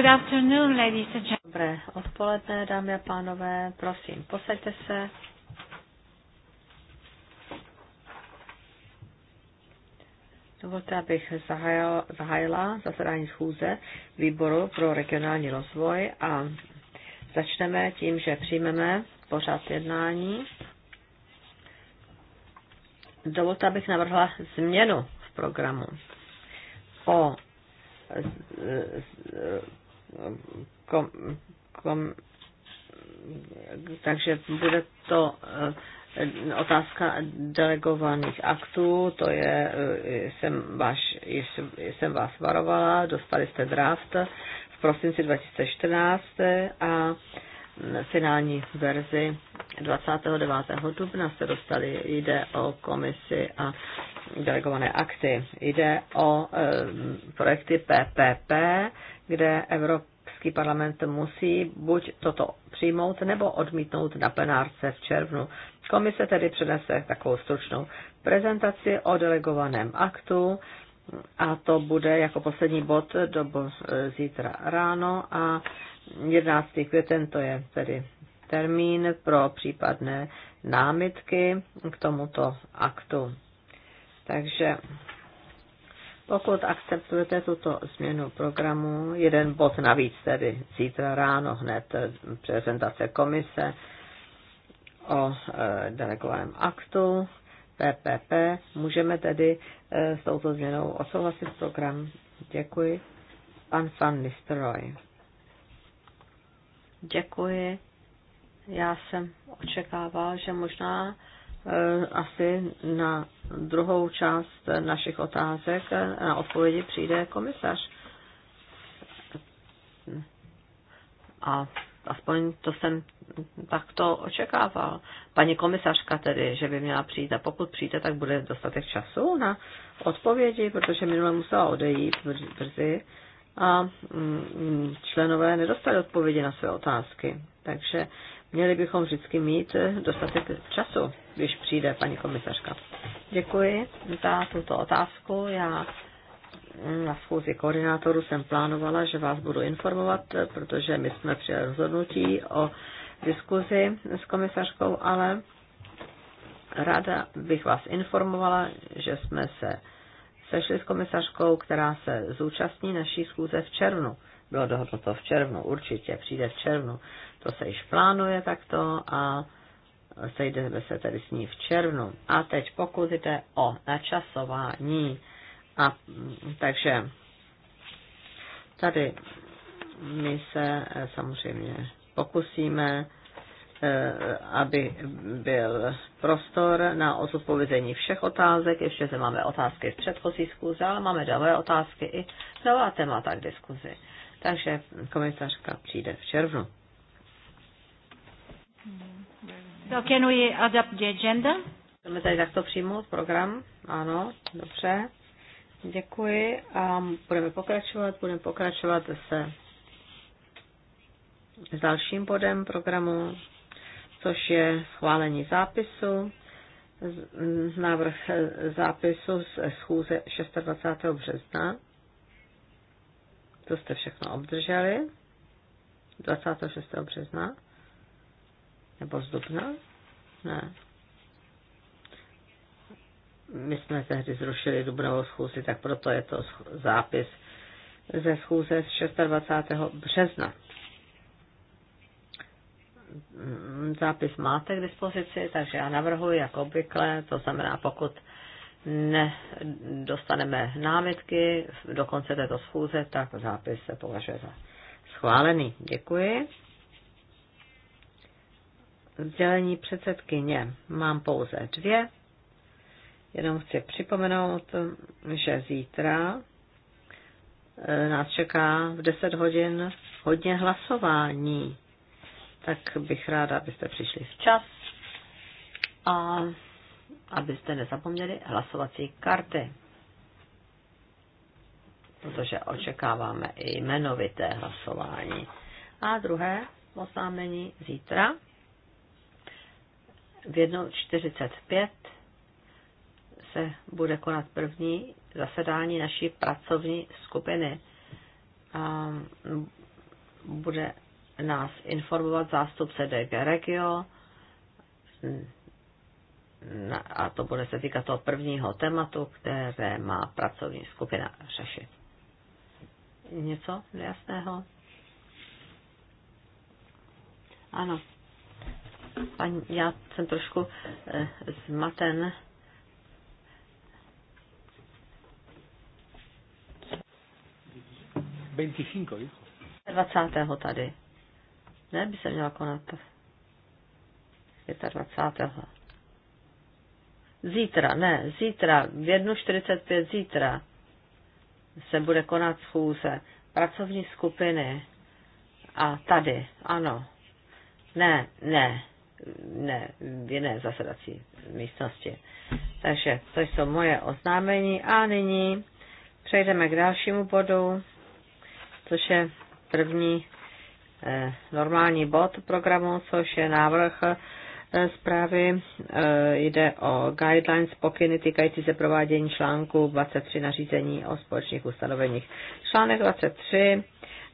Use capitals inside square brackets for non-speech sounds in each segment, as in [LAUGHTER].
Good afternoon, ladies and gentlemen. Dobré odpoledne, dámy a pánové. Prosím, posaďte se. Dovolte, abych zahájil, zahájila zasedání schůze výboru pro regionální rozvoj a začneme tím, že přijmeme pořád jednání. Dovolte, abych navrhla změnu v programu. O kom, kom, takže bude to eh, otázka delegovaných aktů, to je, eh, jsem, vaš, jsem vás varovala, dostali jste draft v prosinci 2014 a finální verzi 29. dubna se dostali. Jde o komisi a delegované akty. Jde o e, projekty PPP, kde Evropský parlament musí buď toto přijmout nebo odmítnout na plenárce v červnu. Komise tedy přinese takovou stručnou prezentaci o delegovaném aktu a to bude jako poslední bod do zítra ráno a 11. květen to je tedy termín pro případné námitky k tomuto aktu. Takže pokud akceptujete tuto změnu programu, jeden bod navíc tedy zítra ráno hned eh, prezentace komise o eh, delegovaném aktu PPP, můžeme tedy eh, s touto změnou odsouhlasit program. Děkuji. Pan Van Nistelrooy. Děkuji. Já jsem očekával, že možná Eh, asi na druhou část našich otázek eh, na odpovědi přijde komisař. A aspoň to jsem takto očekával. Paní komisařka tedy, že by měla přijít a pokud přijde, tak bude dostatek času na odpovědi, protože minule musela odejít brzy a mm, mm, členové nedostali odpovědi na své otázky. Takže Měli bychom vždycky mít eh, dostatek času, když přijde paní komisařka. Děkuji za tuto otázku. Já mm, na schůzi koordinátoru jsem plánovala, že vás budu informovat, eh, protože my jsme přijali rozhodnutí o diskuzi s komisařkou, ale ráda bych vás informovala, že jsme se sešli s komisařkou, která se zúčastní naší schůze v červnu. Bylo dohodnuto v červnu, určitě přijde v červnu to se již plánuje takto a sejdeme se tedy s ní v červnu. A teď pokud jde o načasování, a, mm, takže tady my se eh, samozřejmě pokusíme, eh, aby byl prostor na odpovězení všech otázek. Ještě se máme otázky z předchozí zkuze, ale máme nové otázky i nová témata k diskuzi. Takže komisařka přijde v červnu. Hmm. So can we adapt the agenda? Můžeme tady takto přijmout program? Ano, dobře. Děkuji a budeme pokračovat. Budeme pokračovat se s dalším bodem programu, což je schválení zápisu. Návrh zápisu z schůze 26. března. To jste všechno obdrželi. 26. března. Nebo z dubna? Ne. My jsme tehdy zrušili dubnovou schůzi, tak proto je to zápis ze schůze z 26. března. Mm, zápis máte k dispozici, takže já navrhuji, jako obvykle, to znamená, pokud ne dostaneme námitky do konce této schůze, tak zápis se považuje za schválený. Děkuji sdělení předsedkyně mám pouze dvě. Jenom chci připomenout, že zítra e, nás čeká v 10 hodin hodně hlasování. Tak bych ráda, abyste přišli včas a abyste nezapomněli hlasovací karty. Protože očekáváme i jmenovité hlasování. A druhé oznámení zítra v 1.45 se bude konat první zasedání naší pracovní skupiny. A bude nás informovat zástupce DG Regio a to bude se týkat toho prvního tématu, které má pracovní skupina řešit. Něco nejasného? Ano. Pani, já jsem trošku eh, zmaten. Veinticinco, 20. tady. Ne, by se měla konat 25. Zítra, ne, zítra, v 1.45 zítra se bude konat schůze pracovní skupiny. A tady, ano. Ne, ne, ne, v jiné zasedací místnosti. Takže to jsou moje oznámení a nyní přejdeme k dalšímu bodu, což je první eh, normální bod programu, což je návrh eh, zprávy. Eh, jde o guidelines pokyny týkající se provádění článku 23 nařízení o společných ustanoveních. Článek 23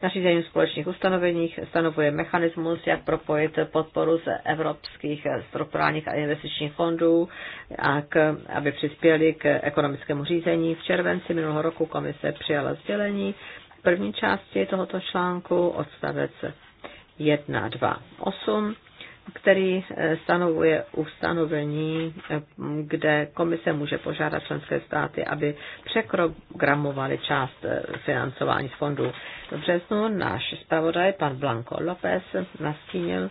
nařízením společných ustanoveních stanovuje mechanismus, jak propojit podporu z evropských strukturálních a investičních fondů, k, aby přispěli k ekonomickému řízení. V červenci minulého roku komise přijala sdělení první části tohoto článku, odstavec 1, 2, 8 který eh, stanovuje ustanovení, eh, kde komise může požádat členské státy, aby překrogramovali část eh, financování z fondů. V březnu náš zpravodaj, pan Blanco López, nastínil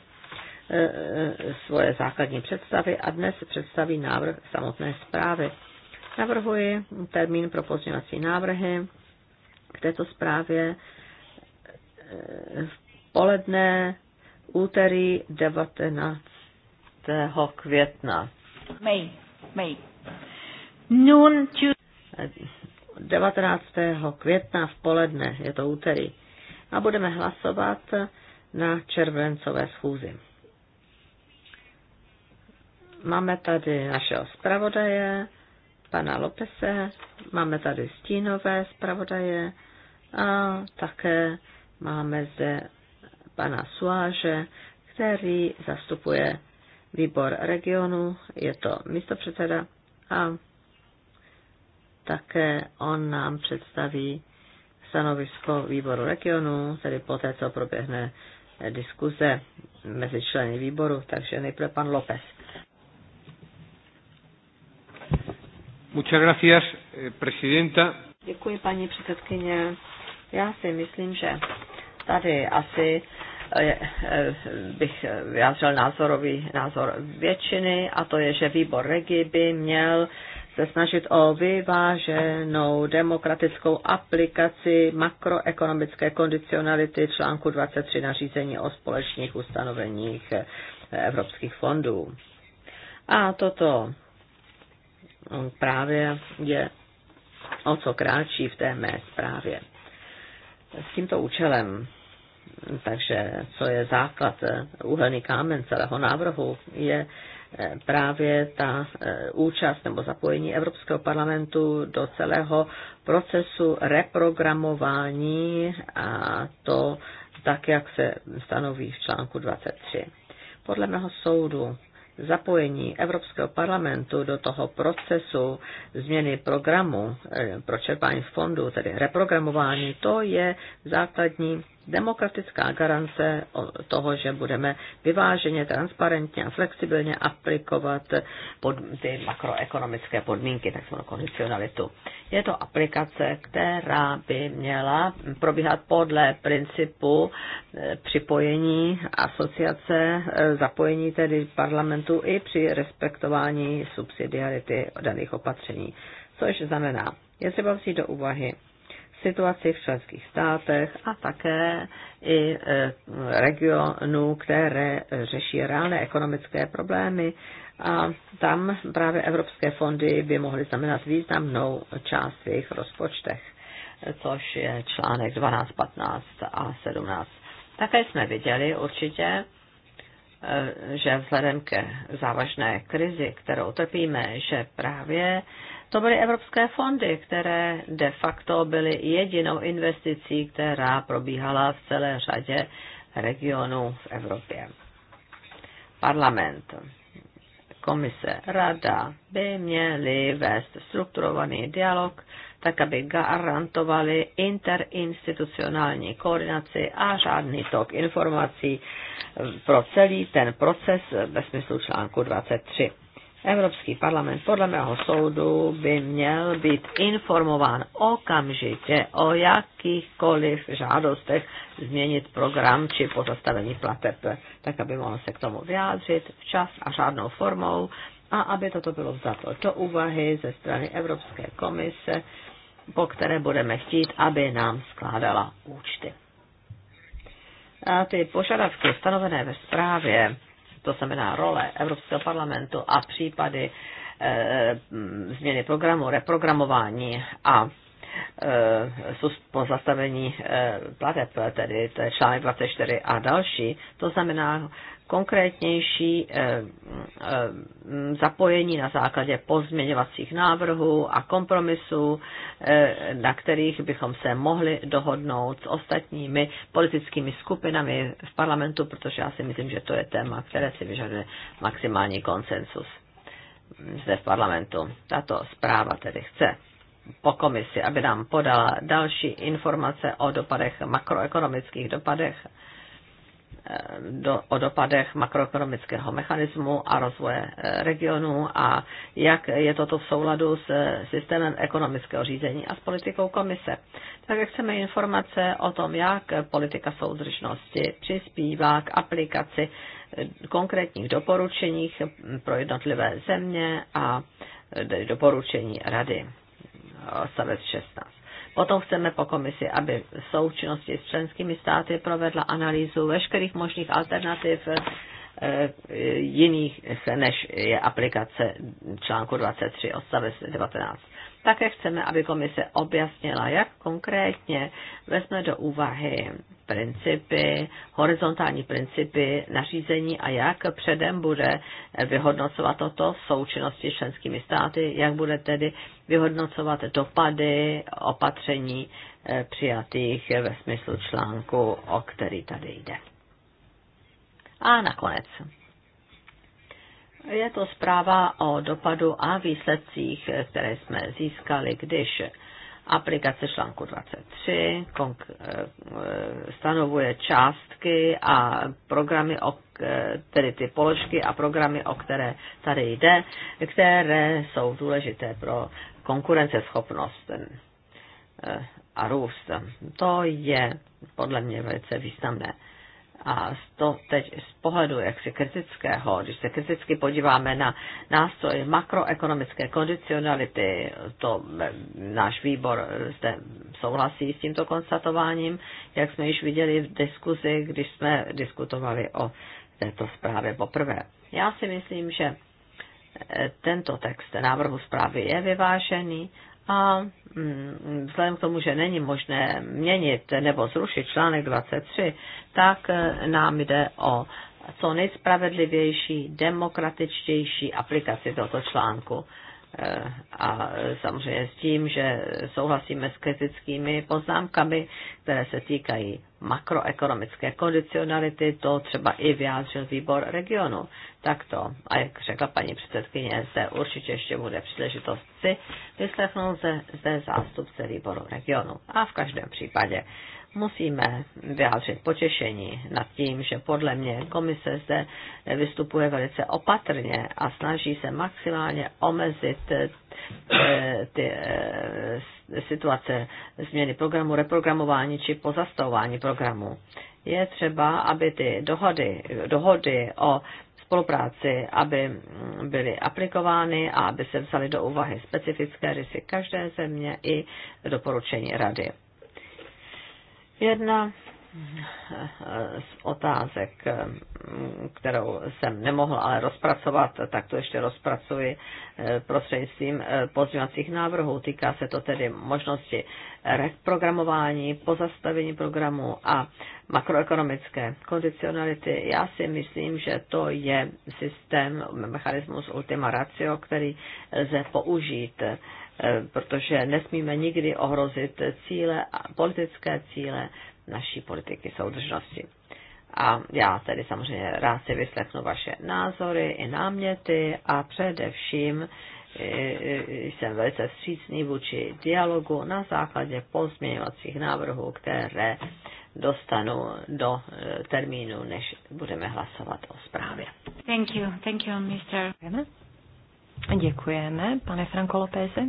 svoje základní představy a dnes představí návrh samotné zprávy. Navrhuji termín pro pozměňovací návrhy k této zprávě v poledne úterý 19. května. May. May. Noon to... 19. května v poledne, je to úterý. A budeme hlasovat na červencové schůzi. Máme tady našeho zpravodaje, pana Lopese, máme tady stínové zpravodaje a také máme zde pana Suáže, který zastupuje výbor regionu, je to místopředseda a také on nám představí stanovisko výboru regionu, tedy poté, co proběhne diskuze mezi členy výboru, takže nejprve pan López. Muchas gracias, eh, presidenta. Děkuji, paní předsedkyně. Já si myslím, že Tady asi eh, eh, bych vyjádřil názorový názor většiny a to je, že výbor Regi by měl se snažit o vyváženou demokratickou aplikaci makroekonomické kondicionality článku 23 nařízení o společných ustanoveních evropských fondů. A toto právě je o co kráčí v té mé zprávě. S tímto účelem takže co je základ, eh, uhelný kámen celého návrhu, je eh, právě ta eh, účast nebo zapojení Evropského parlamentu do celého procesu reprogramování a to tak, jak se stanoví v článku 23. Podle mého soudu zapojení Evropského parlamentu do toho procesu změny programu pro čerpání fondů, tedy reprogramování, to je základní demokratická garance toho, že budeme vyváženě, transparentně a flexibilně aplikovat pod ty makroekonomické podmínky, takzvanou kondicionalitu. Je to aplikace, která by měla probíhat podle principu eh, připojení asociace, eh, zapojení tedy parlamentu i při respektování subsidiarity daných opatření. Což znamená, je třeba vzít do úvahy situaci v členských státech a také i e, regionů, které řeší reálné ekonomické problémy. A tam právě evropské fondy by mohly znamenat významnou část v jejich rozpočtech, což je článek 12, 15 a 17. Také jsme viděli určitě, e, že vzhledem ke závažné krizi, kterou trpíme, že právě to byly evropské fondy, které de facto byly jedinou investicí, která probíhala v celé řadě regionů v Evropě. Parlament, komise, rada by měly vést strukturovaný dialog, tak aby garantovali interinstitucionální koordinaci a žádný tok informací pro celý ten proces ve smyslu článku 23. Evropský parlament podle mého soudu by měl být informován okamžitě o jakýchkoliv žádostech změnit program či pozastavení plateb, tak aby mohl se k tomu vyjádřit včas a žádnou formou a aby toto bylo vzato do úvahy ze strany Evropské komise, po které budeme chtít, aby nám skládala účty. A ty požadavky stanovené ve zprávě to znamená role Evropského parlamentu a případy e, změny programu, reprogramování a eh, po zastavení eh, plateb, tedy to je článek 24 a další. To znamená konkrétnější eh, eh, zapojení na základě pozměňovacích návrhů a kompromisů, eh, na kterých bychom se mohli dohodnout s ostatními politickými skupinami v parlamentu, protože já si myslím, že to je téma, které si vyžaduje maximální konsensus zde v parlamentu. Tato zpráva tedy chce po komisi, aby nám podala další informace o dopadech, makroekonomických dopadech do, o dopadech makroekonomického mechanismu a rozvoje eh, regionu a jak je toto v souladu s eh, systémem ekonomického řízení a s politikou komise. Také chceme informace o tom, jak politika soudržnosti přispívá k aplikaci eh, konkrétních doporučeních pro jednotlivé země a doporučení rady. Odstavec 16. Potom chceme po komisi, aby v součinnosti s členskými státy provedla analýzu veškerých možných alternativ eh, jiných než je aplikace článku 23 odstavec 19. Také chceme, aby komise objasnila, jak konkrétně vezme do úvahy principy, horizontální principy nařízení a jak předem bude vyhodnocovat toto v součinnosti s členskými státy, jak bude tedy vyhodnocovat dopady opatření eh, přijatých ve smyslu článku, o který tady jde. A nakonec je to zpráva o dopadu a výsledcích, které jsme získali, když aplikace článku 23 eh, stanovuje částky a programy, o, eh, tedy ty položky a programy, o které tady jde, které jsou důležité pro konkurenceschopnost eh, a růst. To je podle mě velice významné. A to teď z pohledu jaksi kritického, když se kriticky podíváme na nástroj makroekonomické kondicionality, to náš výbor zde souhlasí s tímto konstatováním, jak jsme již viděli v diskuzi, když jsme diskutovali o této zprávě poprvé. Já si myslím, že eh, tento text návrhu zprávy je vyvážený a mm, vzhledem k tomu, že není možné měnit nebo zrušit článek 23, tak e, nám jde o co nejspravedlivější, demokratičtější aplikaci tohoto článku. Eh, a samozřejmě s tím, že souhlasíme s kritickými poznámkami, které se týkají makroekonomické kondicionality, to třeba i vyjádřil výbor regionu. Takto, a jak řekla paní předsedkyně, se určitě ještě bude příležitost si vyslechnout zde zástupce výboru regionu. A v každém případě musíme vyjádřit potěšení nad tím, že podle mě komise zde vystupuje velice opatrně a snaží se maximálně omezit eh, ty eh, situace změny programu, reprogramování či pozastavování programu. Je třeba, aby ty dohody, dohody o spolupráci, aby byly aplikovány a aby se vzaly do úvahy specifické rysy každé země i doporučení rady. Jedna z otázek, kterou jsem nemohl ale rozpracovat, tak to ještě rozpracuji eh, prostřednictvím eh, pozměňovacích návrhů. Týká se to tedy možnosti reprogramování, pozastavení programu a makroekonomické kondicionality. Já si myslím, že to je systém, mechanismus ultima ratio, který lze použít Eh, protože nesmíme nikdy ohrozit cíle, politické cíle naší politiky soudržnosti. A já tedy samozřejmě rád si vyslechnu vaše názory i náměty a především eh, eh, jsem velice vstřícný vůči dialogu na základě pozměňovacích návrhů, které dostanu do termínu, než budeme hlasovat o zprávě. Thank you, thank you, Mr. Děkujeme, pane Franko Lopéze.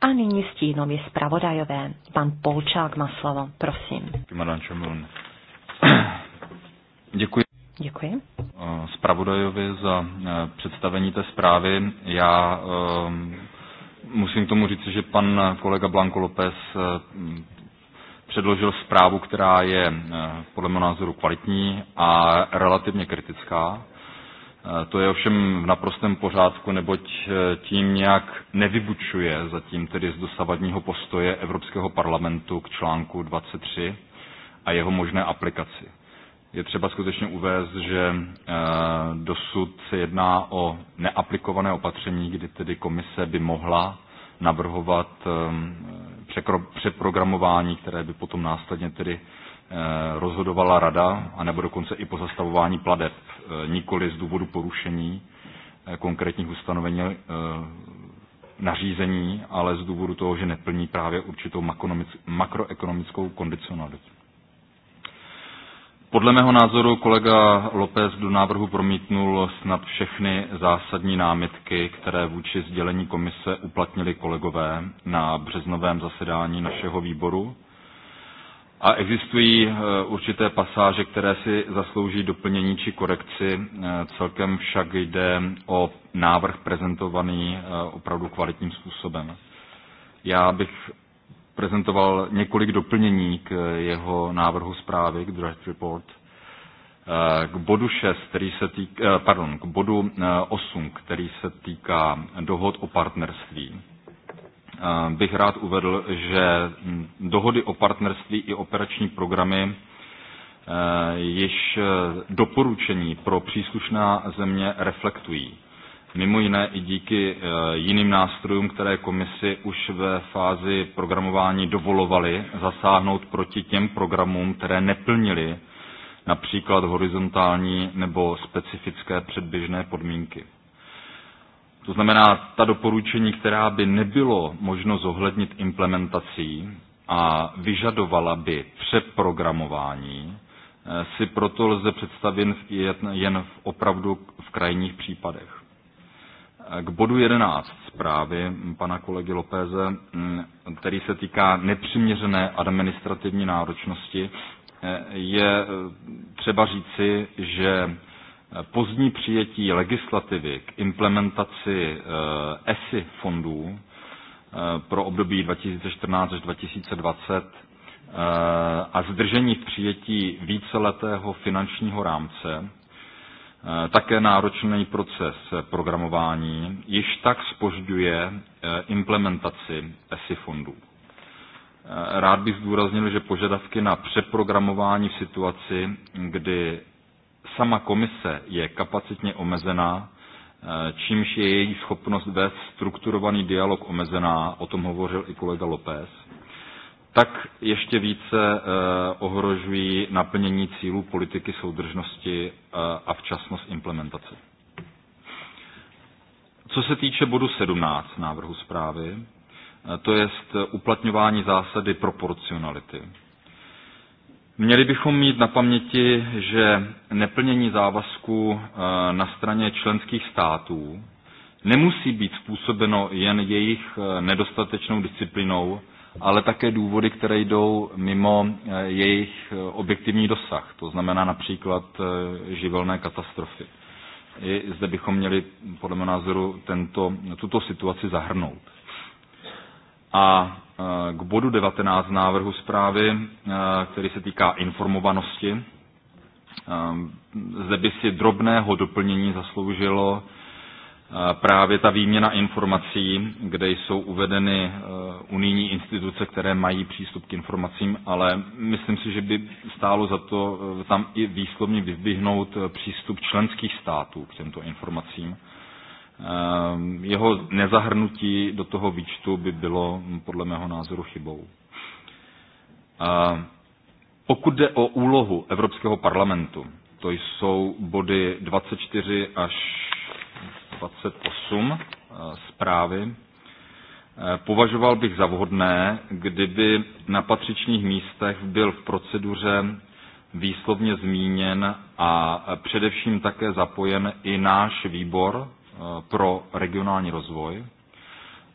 A nyní je zpravodajové. Pan Polčák má slovo, prosím. Děkuji. [CLEARS THROAT] Děkuji. Spravodajovi eh, za eh, představení té zprávy. Já ehm, musím k tomu říct, že pan kolega Blanco López eh, předložil zprávu, která je podle mého názoru kvalitní a relativně kritická Eh, to je ovšem v naprostém pořádku, neboť eh, tím nějak nevybučuje zatím tedy z dosavadního postoje Evropského parlamentu k článku 23 a jeho možné aplikaci. Je třeba skutečně uvést, že eh, dosud se jedná o neaplikované opatření, kdy tedy komise by mohla navrhovat přeprogramování, které by potom následně tedy Eh, rozhodovala rada, anebo dokonce i pozastavování pladeb, eh, nikoli z důvodu porušení eh, konkrétních ustanovení nařízení, ale z důvodu toho, že neplní právě určitou makroekonomickou kondicionalitu. Podle mého názoru kolega López do návrhu promítnul snad všechny zásadní námitky, které vůči sdělení komise uplatnili kolegové na březnovém zasedání našeho výboru a existují eh, určité pasáže, které si zaslouží doplnění či korekci. Eh, celkem však jde o návrh prezentovaný eh, opravdu kvalitním způsobem. Já bych prezentoval několik doplnění k jeho návrhu zprávy, k draft report. K bodu 6, který se týká, pardon, k bodu 8, který se týká dohod o partnerství bych rád uvedl, že hm, dohody o partnerství i operační programy eh, již eh, doporučení pro příslušná země reflektují. Mimo jiné i díky eh, jiným nástrojům, které komisi už ve fázi programování dovolovaly zasáhnout proti těm programům, které neplnily například horizontální nebo specifické předběžné podmínky. To znamená, ta doporučení, která by nebylo možno zohlednit implementací a vyžadovala by přeprogramování, eh, si proto lze představit jen v opravdu v krajních případech. Eh, k bodu 11 zprávy pana kolegy Lopéze, mm, který se týká nepřiměřené administrativní náročnosti, eh, je třeba říci, že pozdní přijetí legislativy k implementaci eh, ESI fondů eh, pro období 2014 až 2020 eh, a zdržení v přijetí víceletého finančního rámce, také náročný proces programování, již tak spožďuje implementaci ESI fondů. Rád bych zdůraznil, že požadavky na přeprogramování v situaci, kdy sama komise je kapacitně omezená, eh, čímž je její schopnost vést strukturovaný dialog omezená, o tom hovořil i kolega López, tak ještě více eh, ohrožují naplnění cílů politiky soudržnosti eh, a včasnost implementace. Co se týče bodu 17 návrhu zprávy, to je uplatňování zásady proporcionality Měli bychom mít na paměti, že neplnění závazků eh, na straně členských států nemusí být způsobeno jen jejich eh, nedostatečnou disciplinou, ale také důvody, které jdou mimo eh, jejich objektivní dosah, to znamená například živelné katastrofy. I zde bychom měli podle mého názoru tento, tuto situaci zahrnout. A k bodu 19 návrhu zprávy, eh, který se týká informovanosti. Eh, zde by si drobného doplnění zasloužilo eh, právě ta výměna informací, kde jsou uvedeny unijní instituce, které mají přístup k informacím, ale myslím si, že by stálo za to tam i výslovně vyvihnout přístup členských států k těmto informacím Ehm, jeho nezahrnutí do toho výčtu by bylo hm, podle mého názoru chybou. Ehm, pokud jde o úlohu Evropského parlamentu, to jsou body 24 až 28 eh, zprávy, eh, považoval bych za vhodné, kdyby na patřičných místech byl v proceduře výslovně zmíněn a eh, především také zapojen i náš výbor Eh, pro regionální rozvoj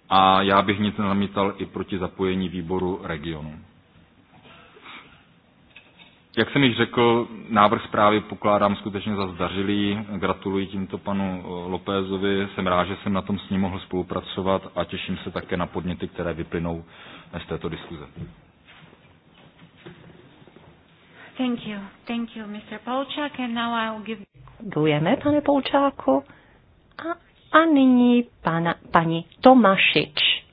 a já bych nic nenamítal i proti zapojení výboru regionu. Jak jsem již řekl, návrh zprávy pokládám skutečně za zdařilý. Gratuluji tímto panu eh, Lópezovi. Jsem rád, že jsem na tom s ním mohl spolupracovat a těším se také na podněty, které vyplynou z této diskuze. Thank you. Thank you, Mr. Polčák. And now I'll give... pane Polčáku. A, a nyní pana, paní Tomašič.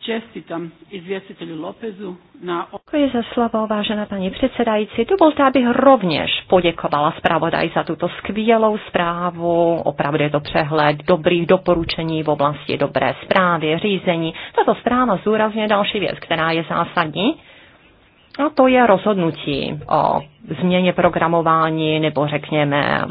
Čestitam izvěstiteli Lopezu na... Děkuji za slovo, vážená paní předsedající. Dovolte, abych rovněž poděkovala zpravodaj za tuto skvělou zprávu. Opravdu je to přehled dobrých doporučení v oblasti dobré zprávy, řízení. Tato zpráva zúrazně další věc, která je zásadní. A to je rozhodnutí o změně programování nebo řekněme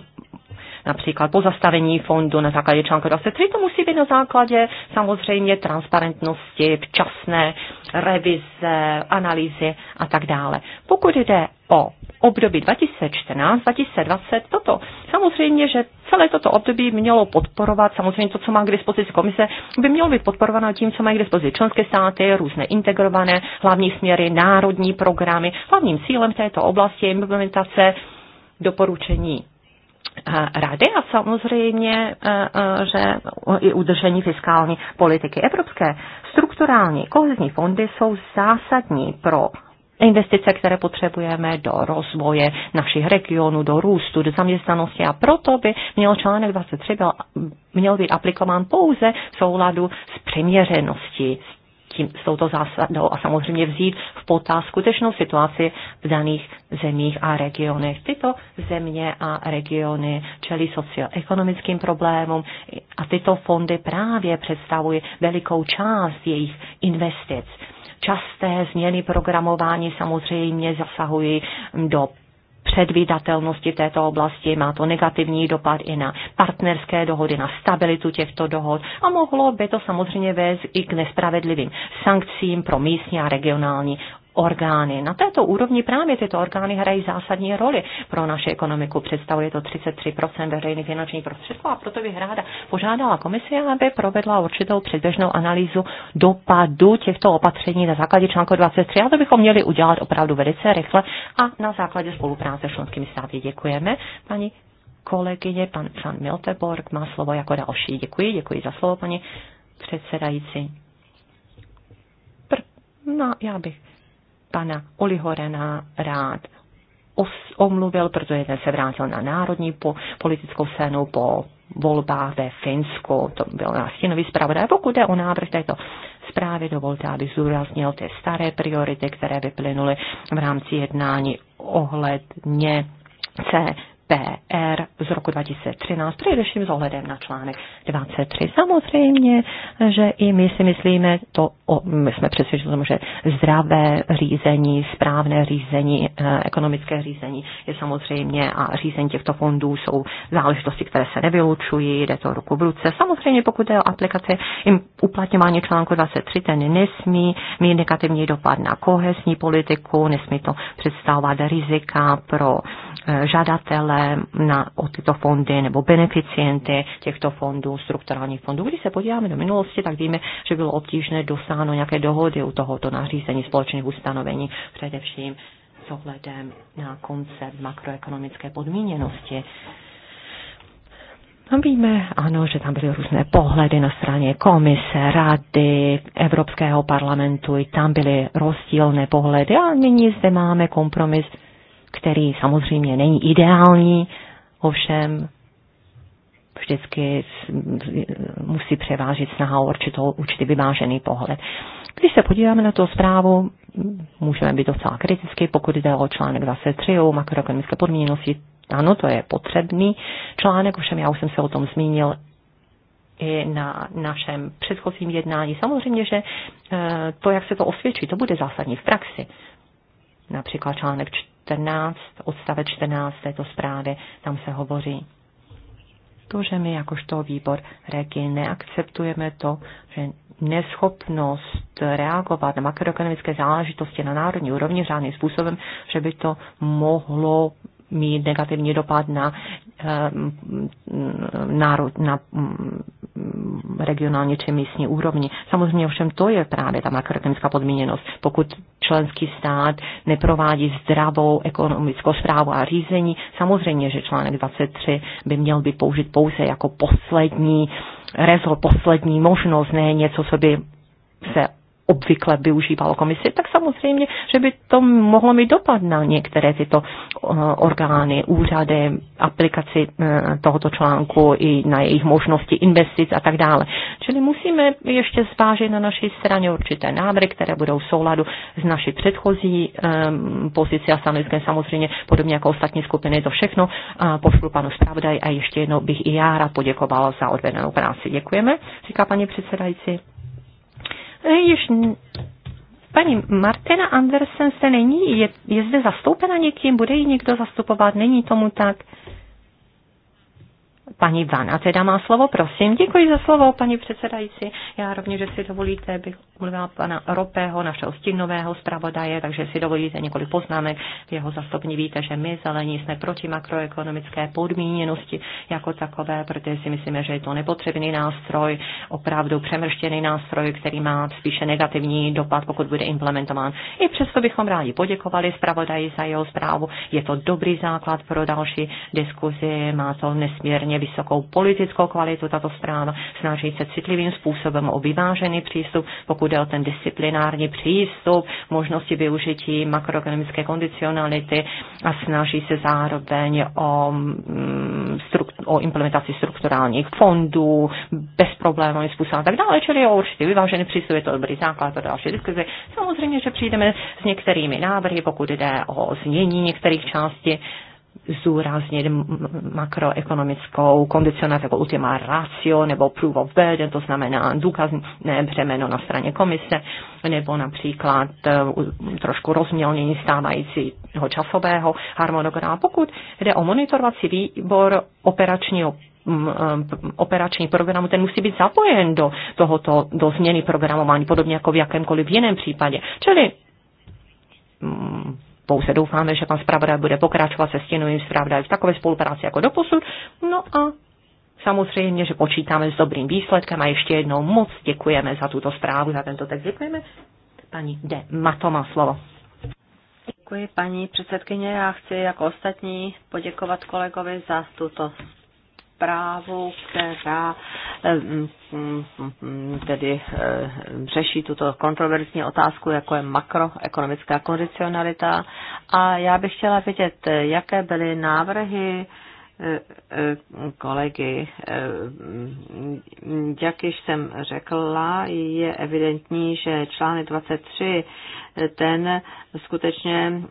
například pozastavení fondu na základě článku 23, to musí být na základě samozřejmě transparentnosti, včasné revize, analýzy a tak dále. Pokud jde o období 2014-2020, toto samozřejmě, že celé toto období mělo podporovat, samozřejmě to, co má k dispozici komise, by mělo být podporováno tím, co mají k dispozici členské státy, různé integrované hlavní směry, národní programy. Hlavním cílem této oblasti je implementace doporučení Eh, rady a samozřejmě, eh, eh, že i udržení fiskální politiky evropské. Strukturální kohezní fondy jsou zásadní pro investice, které potřebujeme do rozvoje našich regionů, do růstu, do zaměstnanosti a proto by měl článek 23 byl, měl být aplikován pouze v souladu s přiměřeností, tím, s touto zásadou a samozřejmě vzít v potaz skutečnou situaci v daných zemích a regionech. Tyto země a regiony čelí socioekonomickým problémům a tyto fondy právě představují velikou část jejich investic. Časté změny programování samozřejmě zasahují do předvídatelnosti této oblasti, má to negativní dopad i na partnerské dohody, na stabilitu těchto dohod a mohlo by to samozřejmě vést i k nespravedlivým sankcím pro místní a regionální orgány. Na této úrovni právě tyto orgány hrají zásadní roli pro naši ekonomiku. Představuje to 33% veřejných finančních prostředků a proto bych ráda požádala komisi, aby provedla určitou předběžnou analýzu dopadu těchto opatření na základě článku 23 a to bychom měli udělat opravdu velice rychle a na základě spolupráce s členskými státy. Děkujeme. Paní kolegyně, pan, pan Milteborg má slovo jako další. Děkuji, děkuji za slovo, paní předsedající. Pr- no, já bych pana Olihorena rád omluvil, protože ten se vrátil na národní po, politickou scénu po volbách ve Finsku. To byl nástinový zpravodaj. Pokud jde o návrh této zprávy, dovolte, aby zúraznil ty staré priority, které vyplynuly v rámci jednání ohledně se PR z roku 2013, především s ohledem na článek 23. Samozřejmě, že i my si myslíme, to, o, my jsme přesvědčili tomu, že zdravé řízení, správné řízení, eh, ekonomické řízení je samozřejmě a řízení těchto fondů jsou záležitosti, které se nevylučují, jde to ruku v ruce. Samozřejmě, pokud je o im uplatňování článku 23, ten nesmí mít negativní dopad na kohesní politiku, nesmí to představovat rizika pro eh, žadatele, žadatele na, o tyto fondy nebo beneficienty těchto fondů, strukturálních fondů. Když se podíváme do minulosti, tak víme, že bylo obtížné dosáhnout nějaké dohody u tohoto nařízení společných ustanovení, především s ohledem na koncept makroekonomické podmíněnosti. No víme, ano, že tam byly různé pohledy na straně komise, rady, Evropského parlamentu, i tam byly rozdílné pohledy a nyní zde máme kompromis který samozřejmě není ideální, ovšem vždycky musí převážit snaha o určitou, určitý vyvážený pohled. Když se podíváme na tu zprávu, můžeme být docela kriticky, pokud jde o článek 23 o makroekonomické podmíněnosti. Ano, to je potřebný článek, ovšem já už jsem se o tom zmínil i na našem předchozím jednání. Samozřejmě, že eh, to, jak se to osvědčí, to bude zásadní v praxi. Například článek 14, odstavec 14 této zprávy, tam se hovoří. To, že my jakožto výbor regi neakceptujeme to, že neschopnost reagovat na makroekonomické záležitosti na národní úrovni řádným způsobem, že by to mohlo mít negativní dopad na Eh, národ, na mm, regionální či místní úrovni. Samozřejmě ovšem to je právě ta makroekonomická podmíněnost. Pokud členský stát neprovádí zdravou ekonomickou zprávu a řízení, samozřejmě, že článek 23 by měl by použit pouze jako poslední rezol, poslední možnost, ne něco, co by se obvykle využívalo komisie, tak samozřejmě, že by to mohlo mít dopad na některé tyto eh, orgány, úřady, aplikaci eh, tohoto článku i na jejich možnosti investic a tak dále. Čili musíme ještě zvážit na naší straně určité návrhy, které budou v souladu s naší předchozí eh, pozici a stanoviskem samozřejmě, podobně jako ostatní skupiny, to všechno pošlu panu zpravodaj a ještě jednou bych i já rád poděkovala za odvedenou práci. Děkujeme, říká paní předsedající. Eh, již paní Martina Andersen se není, je, je zde zastoupena někým, bude ji někdo zastupovat, není tomu tak. Pani Vana teda má slovo, prosím. Děkuji za slovo, paní předsedající. Já rovněž, že si dovolíte, bych mluvila pana Ropého, našeho stínového zpravodaje, takže si dovolíte několik poznámek. V jeho zastupní víte, že my zelení jsme proti makroekonomické podmíněnosti jako takové, protože si myslíme, že je to nepotřebný nástroj, opravdu přemrštěný nástroj, který má spíše negativní dopad, pokud bude implementován. I přesto bychom rádi poděkovali zpravodaji za jeho zprávu. Je to dobrý základ pro další diskuzi, má to nesmírně poměrně vysokou politickou kvalitu tato zpráva, snaží se citlivým způsobem o vyvážený přístup, pokud jde o ten disciplinární přístup, možnosti využití makroekonomické kondicionality a snaží se zároveň o, mm, o implementaci strukturálních fondů, problémů. způsobem a tak dále, čili o určitě vyvážený přístup, je to dobrý základ pro další diskuzi. Samozřejmě, že přijdeme s některými návrhy, pokud jde o znění některých částí zúrazně makroekonomickou kondicionát jako ultima ratio nebo proof of burden, to znamená důkazné břemeno na straně komise, nebo například eh, trošku rozmělnění stávajícího časového harmonogramu. Pokud jde o monitorovací výbor operačního mm, eh, operační programu, ten musí být zapojen do tohoto, do změny programování, podobně jako v jakémkoliv jiném případě. Čili mm, pouze doufáme, že pan zpravodaj bude pokračovat se stěnovým zpravodajem v takové spolupráci jako doposud. No a samozřejmě, že počítáme s dobrým výsledkem a ještě jednou moc děkujeme za tuto zprávu, za tento text. Děkujeme. Paní De Mato má slovo. Děkuji, paní předsedkyně. Já chci jako ostatní poděkovat kolegovi za tuto zprávu, která eh, tedy eh, řeší tuto kontroverzní otázku, jako je makroekonomická kondicionalita. A já bych chtěla vědět, jaké byly návrhy eh, kolegy. Jak již jsem řekla, je evidentní, že článek 23 ten skutečně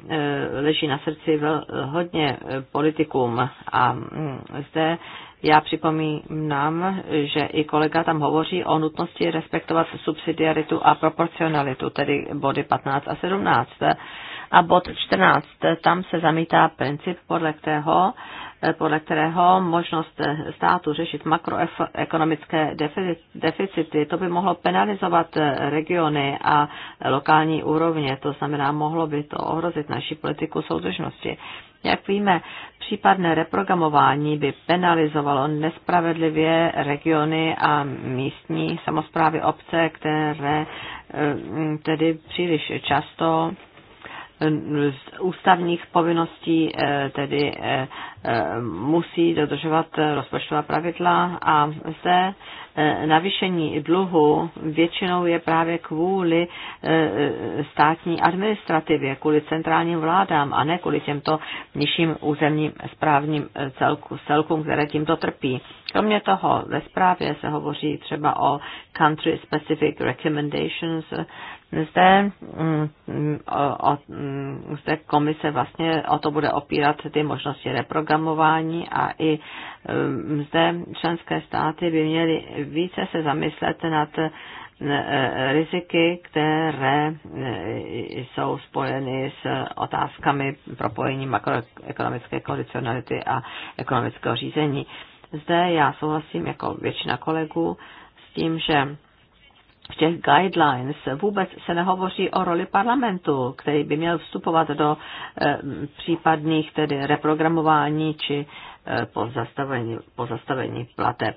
leží na srdci hodně politikům a mm, zde já připomínám, že i kolega tam hovoří o nutnosti respektovat subsidiaritu a proporcionalitu, tedy body 15 a 17. A bod 14, tam se zamítá princip, podle kterého, podle kterého možnost státu řešit makroekonomické deficity, to by mohlo penalizovat regiony a lokální úrovně, to znamená, mohlo by to ohrozit naši politiku soudržnosti. Jak víme, případné reprogramování by penalizovalo nespravedlivě regiony a místní samozprávy obce, které eh, tedy příliš často z ústavních povinností eh, tedy eh, eh, musí dodržovat rozpočtová pravidla a zde navýšení dluhu většinou je právě kvůli státní administrativě, kvůli centrálním vládám a ne kvůli těmto nižším územním správním celku, celkům, které tímto trpí. Kromě toho ve zprávě se hovoří třeba o country specific recommendations, zde, mm, o, mm, zde komise vlastně o to bude opírat ty možnosti reprogramování a i mm, zde členské státy by měly více se zamyslet nad e, riziky, které e, jsou spojeny s otázkami propojení makroekonomické kondicionality a ekonomického řízení. Zde já souhlasím jako většina kolegů s tím, že v těch guidelines vůbec se nehovoří o roli parlamentu, který by měl vstupovat do e, případných tedy reprogramování či e, pozastavení, pozastavení plateb.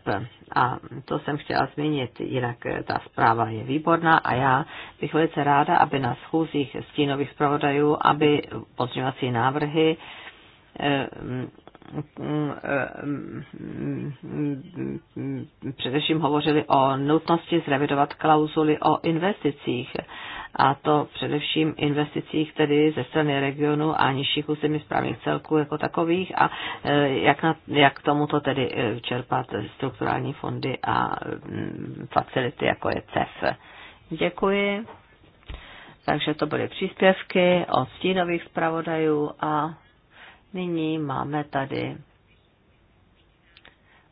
A to jsem chtěla zmínit, jinak eh, ta zpráva je výborná a já bych velice ráda, aby na schůzích stínových zpravodajů, aby pozměňovací návrhy e, především hovořili o nutnosti zrevidovat klauzuly o investicích, a to především investicích tedy ze strany regionu a nižších území správních celků jako takových a e, jak, na, jak tomuto tedy e, čerpat strukturální fondy a mm, facility jako je CEF. Děkuji. Takže to byly příspěvky od stínových zpravodajů a Nyní máme tady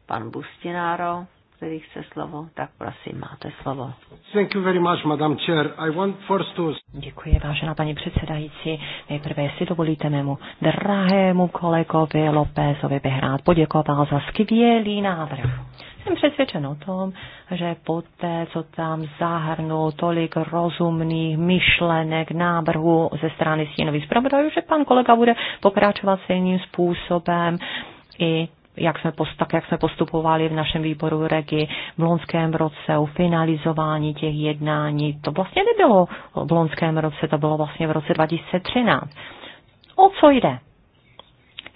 pan Bustináro, který chce slovo, tak prosím, máte slovo. Thank you very much, Madam Chair. I want first to... Děkuji, vážená paní předsedající. Nejprve, jestli dovolíte mému drahému kolegovi Lópezovi bych rád poděkoval za skvělý návrh. Jsem přesvědčen o tom, že poté, co tam zahrnul tolik rozumných myšlenek, návrhů ze strany stínových zpravodajů, že pan kolega bude pokračovat stejným způsobem i jak jsme, post, tak, jak jsme postupovali v našem výboru Regi v loňském roce, u finalizování těch jednání. To vlastně nebylo v loňském roce, to bylo vlastně v roce 2013. O co jde?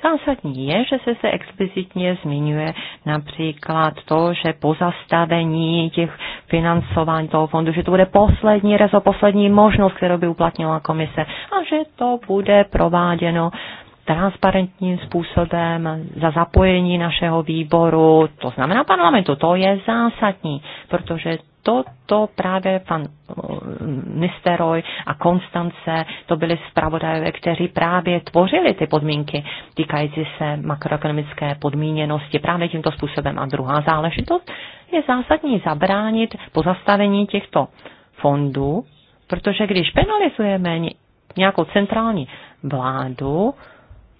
Zásadní je, že se se explicitně zmiňuje například to, že pozastavení těch financování toho fondu, že to bude poslední rezo, poslední možnost, kterou by uplatnila komise a že to bude prováděno transparentním způsobem za zapojení našeho výboru, to znamená parlamentu, to je zásadní, protože toto právě pan Nisteroj eh, a Konstance, to byli zpravodajové, kteří právě tvořili ty podmínky týkající se makroekonomické podmíněnosti právě tímto způsobem. A druhá záležitost je zásadní zabránit pozastavení těchto fondů, protože když penalizujeme nějakou centrální vládu,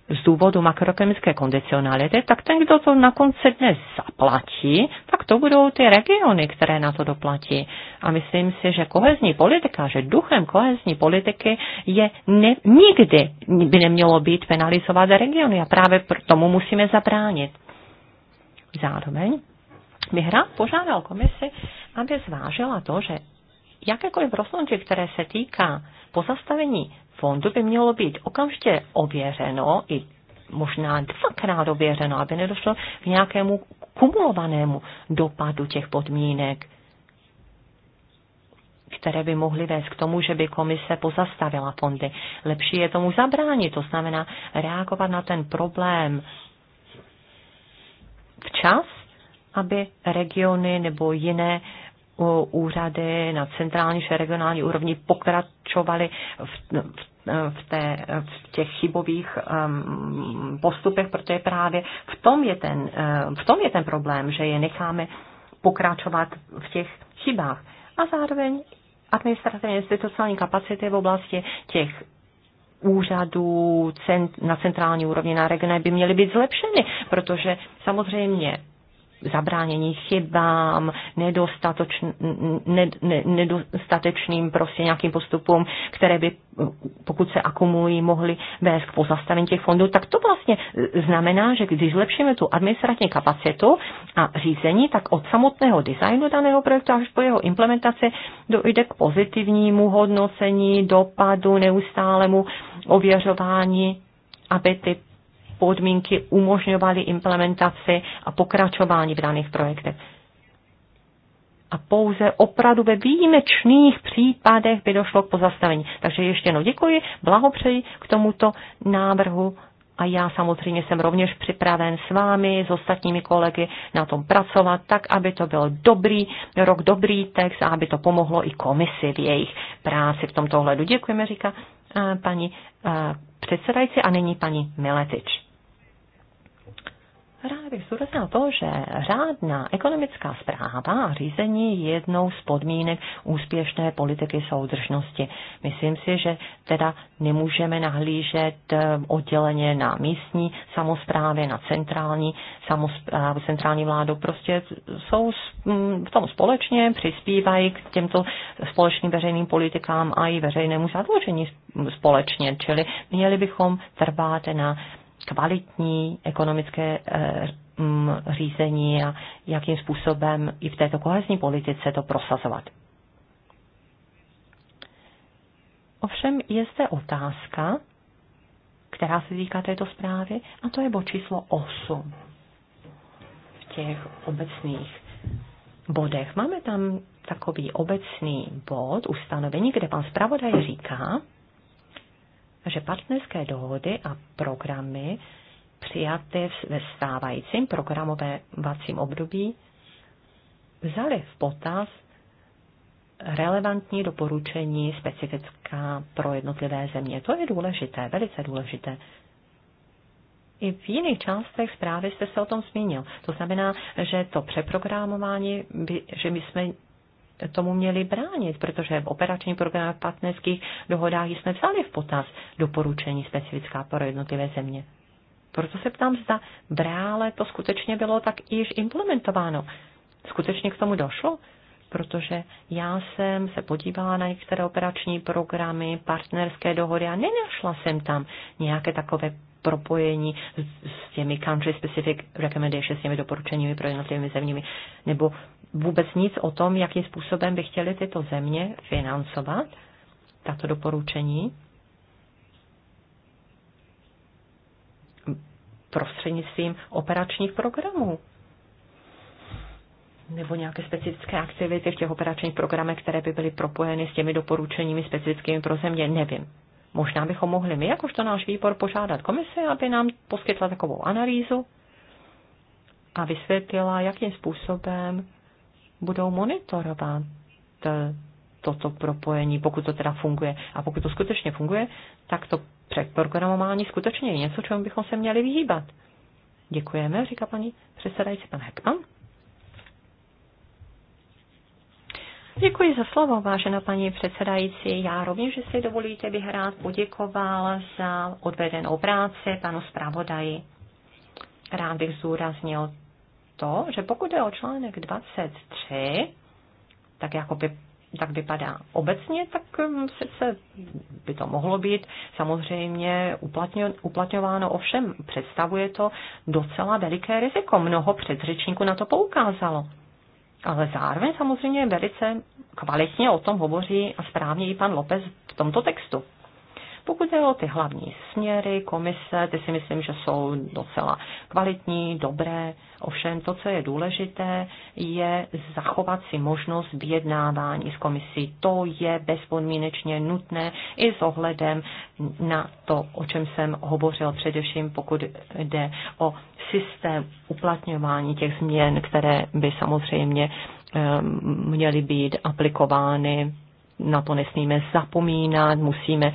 z důvodu makroekonomické kondicionality, tak ten, kdo to na konci dne zaplatí, tak to budou ty regiony, které na to doplatí. A myslím si, že kohezní politika, že duchem kohezní politiky je ne, nikdy by nemělo být penalizovat regiony a právě tomu musíme zabránit. Zároveň bych rád požádal komisi, aby zvážila to, že jakékoliv rozhodnutí, které se týká pozastavení fondu by mělo být okamžitě ověřeno i možná dvakrát ověřeno, aby nedošlo k nějakému kumulovanému dopadu těch podmínek, které by mohly vést k tomu, že by komise pozastavila fondy. Lepší je tomu zabránit, to znamená reagovat na ten problém včas, aby regiony nebo jiné úřady na centrální či regionální úrovni pokračovaly v, v v, té, v těch chybových um, postupech, protože právě v tom, je ten, uh, v tom je ten problém, že je necháme pokračovat v těch chybách. A zároveň administrativní institucionální kapacity v oblasti těch úřadů cent, na centrální úrovni, na regioně by měly být zlepšeny, protože samozřejmě zabránění chybám, nedostatečným prostě nějakým postupům, které by, pokud se akumulují, mohly vést k pozastavení těch fondů, tak to vlastně znamená, že když zlepšíme tu administrativní kapacitu a řízení, tak od samotného designu daného projektu až po jeho implementaci dojde k pozitivnímu hodnocení, dopadu, neustálemu ověřování, aby ty podmínky umožňovaly implementaci a pokračování v daných projektech. A pouze opravdu ve výjimečných případech by došlo k pozastavení. Takže ještě jednou děkuji, blahopřeji k tomuto návrhu a já samozřejmě jsem rovněž připraven s vámi, s ostatními kolegy na tom pracovat, tak, aby to byl dobrý rok, dobrý text a aby to pomohlo i komisi v jejich práci v tomto ohledu. Děkujeme, říká eh, paní eh, předsedající a nyní paní Miletič. Rád bych zdůraznil to, že řádná ekonomická zpráva a řízení je jednou z podmínek úspěšné politiky soudržnosti. Myslím si, že teda nemůžeme nahlížet eh, odděleně na místní samozprávy, na centrální, samozprávu, centrální vládu. Prostě jsou mm, v tom společně, přispívají k těmto společným veřejným politikám a i veřejnému zadlužení společně. Čili měli bychom trvat na kvalitní ekonomické eh, řízení a jakým způsobem i v této kohezní politice to prosazovat. Ovšem je zde otázka, která se týká této zprávy, a to je bod číslo 8 v těch obecných bodech. Máme tam takový obecný bod, ustanovení, kde pan zpravodaj říká, že partnerské dohody a programy přijaté ve stávajícím programovacím období vzaly v potaz relevantní doporučení specifická pro jednotlivé země. To je důležité, velice důležité. I v jiných částech zprávy jste se o tom zmínil. To znamená, že to přeprogramování, by, že my jsme tomu měli bránit, protože v operačních programech partnerských dohodách jsme vzali v potaz doporučení specifická pro jednotlivé země. Proto se ptám, zda brále to skutečně bylo tak již implementováno. Skutečně k tomu došlo? Protože já jsem se podívala na některé operační programy, partnerské dohody a nenašla jsem tam nějaké takové propojení s těmi country specific recommendations, s těmi doporučeními pro jednotlivými zeměmi, nebo vůbec nic o tom, jakým způsobem by chtěli tyto země financovat tato doporučení prostřednictvím operačních programů nebo nějaké specifické aktivity v těch operačních programech, které by byly propojeny s těmi doporučeními specifickými pro země, nevím. Možná bychom mohli my, jakožto náš výbor, požádat komisi, aby nám poskytla takovou analýzu a vysvětlila, jakým způsobem budou monitorovat eh, toto propojení, pokud to teda funguje. A pokud to skutečně funguje, tak to předprogramování skutečně je něco, čemu bychom se měli vyhýbat. Děkujeme, říká paní předsedající pan Hekman. Děkuji za slovo, vážená paní předsedající. Já rovněž, že si dovolíte, bych rád poděkoval za odvedenou práci panu zpravodaji. Rád bych zúraznil to, že pokud je o článek 23, tak jakoby tak vypadá obecně, tak mm, sice by to mohlo být samozřejmě uplatňováno, ovšem představuje to docela veliké riziko. Mnoho předřečníků na to poukázalo. Ale zároveň samozřejmě velice kvalitně o tom hovoří a správně i pan Lopez v tomto textu. Pokud je o ty hlavní směry, komise, ty si myslím, že jsou docela kvalitní, dobré. Ovšem to, co je důležité, je zachovat si možnost vyjednávání s komisí. To je bezpodmínečně nutné i s ohledem na to, o čem jsem hovořil především, pokud jde o systém uplatňování těch změn, které by samozřejmě ehm, měly být aplikovány na to nesmíme zapomínat, musíme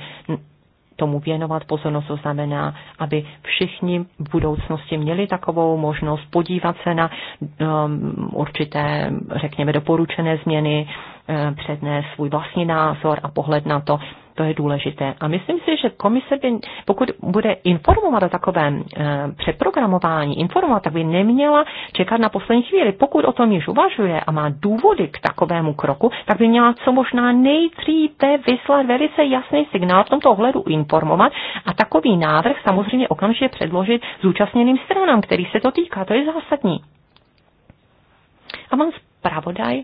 tomu věnovat pozornost, to znamená, aby všichni v budoucnosti měli takovou možnost podívat se na um, určité, řekněme, doporučené změny, um, přednést svůj vlastní názor a pohled na to, to je důležité. A myslím si, že komise by, pokud bude informovat o takovém e, přeprogramování, informovat, tak by neměla čekat na poslední chvíli. Pokud o tom již uvažuje a má důvody k takovému kroku, tak by měla co možná nejdříve vyslat velice jasný signál v tomto ohledu informovat a takový návrh samozřejmě okamžitě předložit zúčastněným stranám, který se to týká. To je zásadní. A mám zpravodaj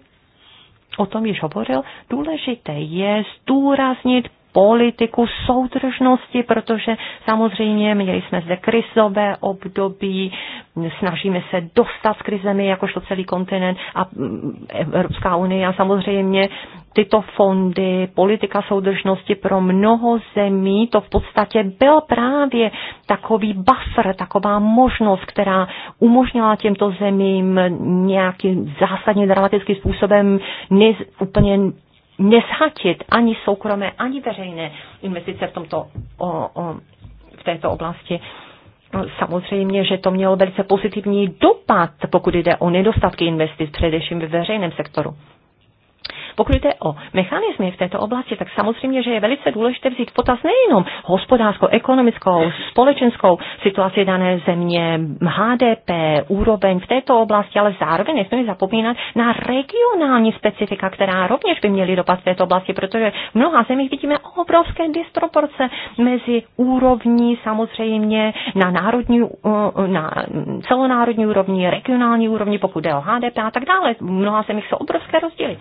o tom již hovořil, důležité je zdůraznit politiku soudržnosti, protože samozřejmě měli jsme zde krizové období, snažíme se dostat s krizemi jakožto celý kontinent a mm, Evropská unie a samozřejmě tyto fondy, politika soudržnosti pro mnoho zemí, to v podstatě byl právě takový buffer, taková možnost, která umožnila těmto zemím nějakým zásadně dramatickým způsobem ne, úplně neshatit ani soukromé, ani veřejné investice v, tomto, o, o, v této oblasti. No, samozřejmě, že to mělo velice pozitivní dopad, pokud jde o nedostatky investic, především ve veřejném sektoru. Pokud jde o mechanismy v této oblasti, tak samozřejmě, že je velice důležité vzít v potaz nejenom hospodářskou, ekonomickou, společenskou situaci dané země, HDP, úroveň v této oblasti, ale zároveň nesmíme zapomínat na regionální specifika, která rovněž by měly dopad v této oblasti, protože v mnoha zemích vidíme obrovské disproporce mezi úrovní samozřejmě na národní, uh, na celonárodní úrovni, regionální úrovni, pokud jde o HDP a tak dále. V mnoha zemích jsou obrovské rozdíly.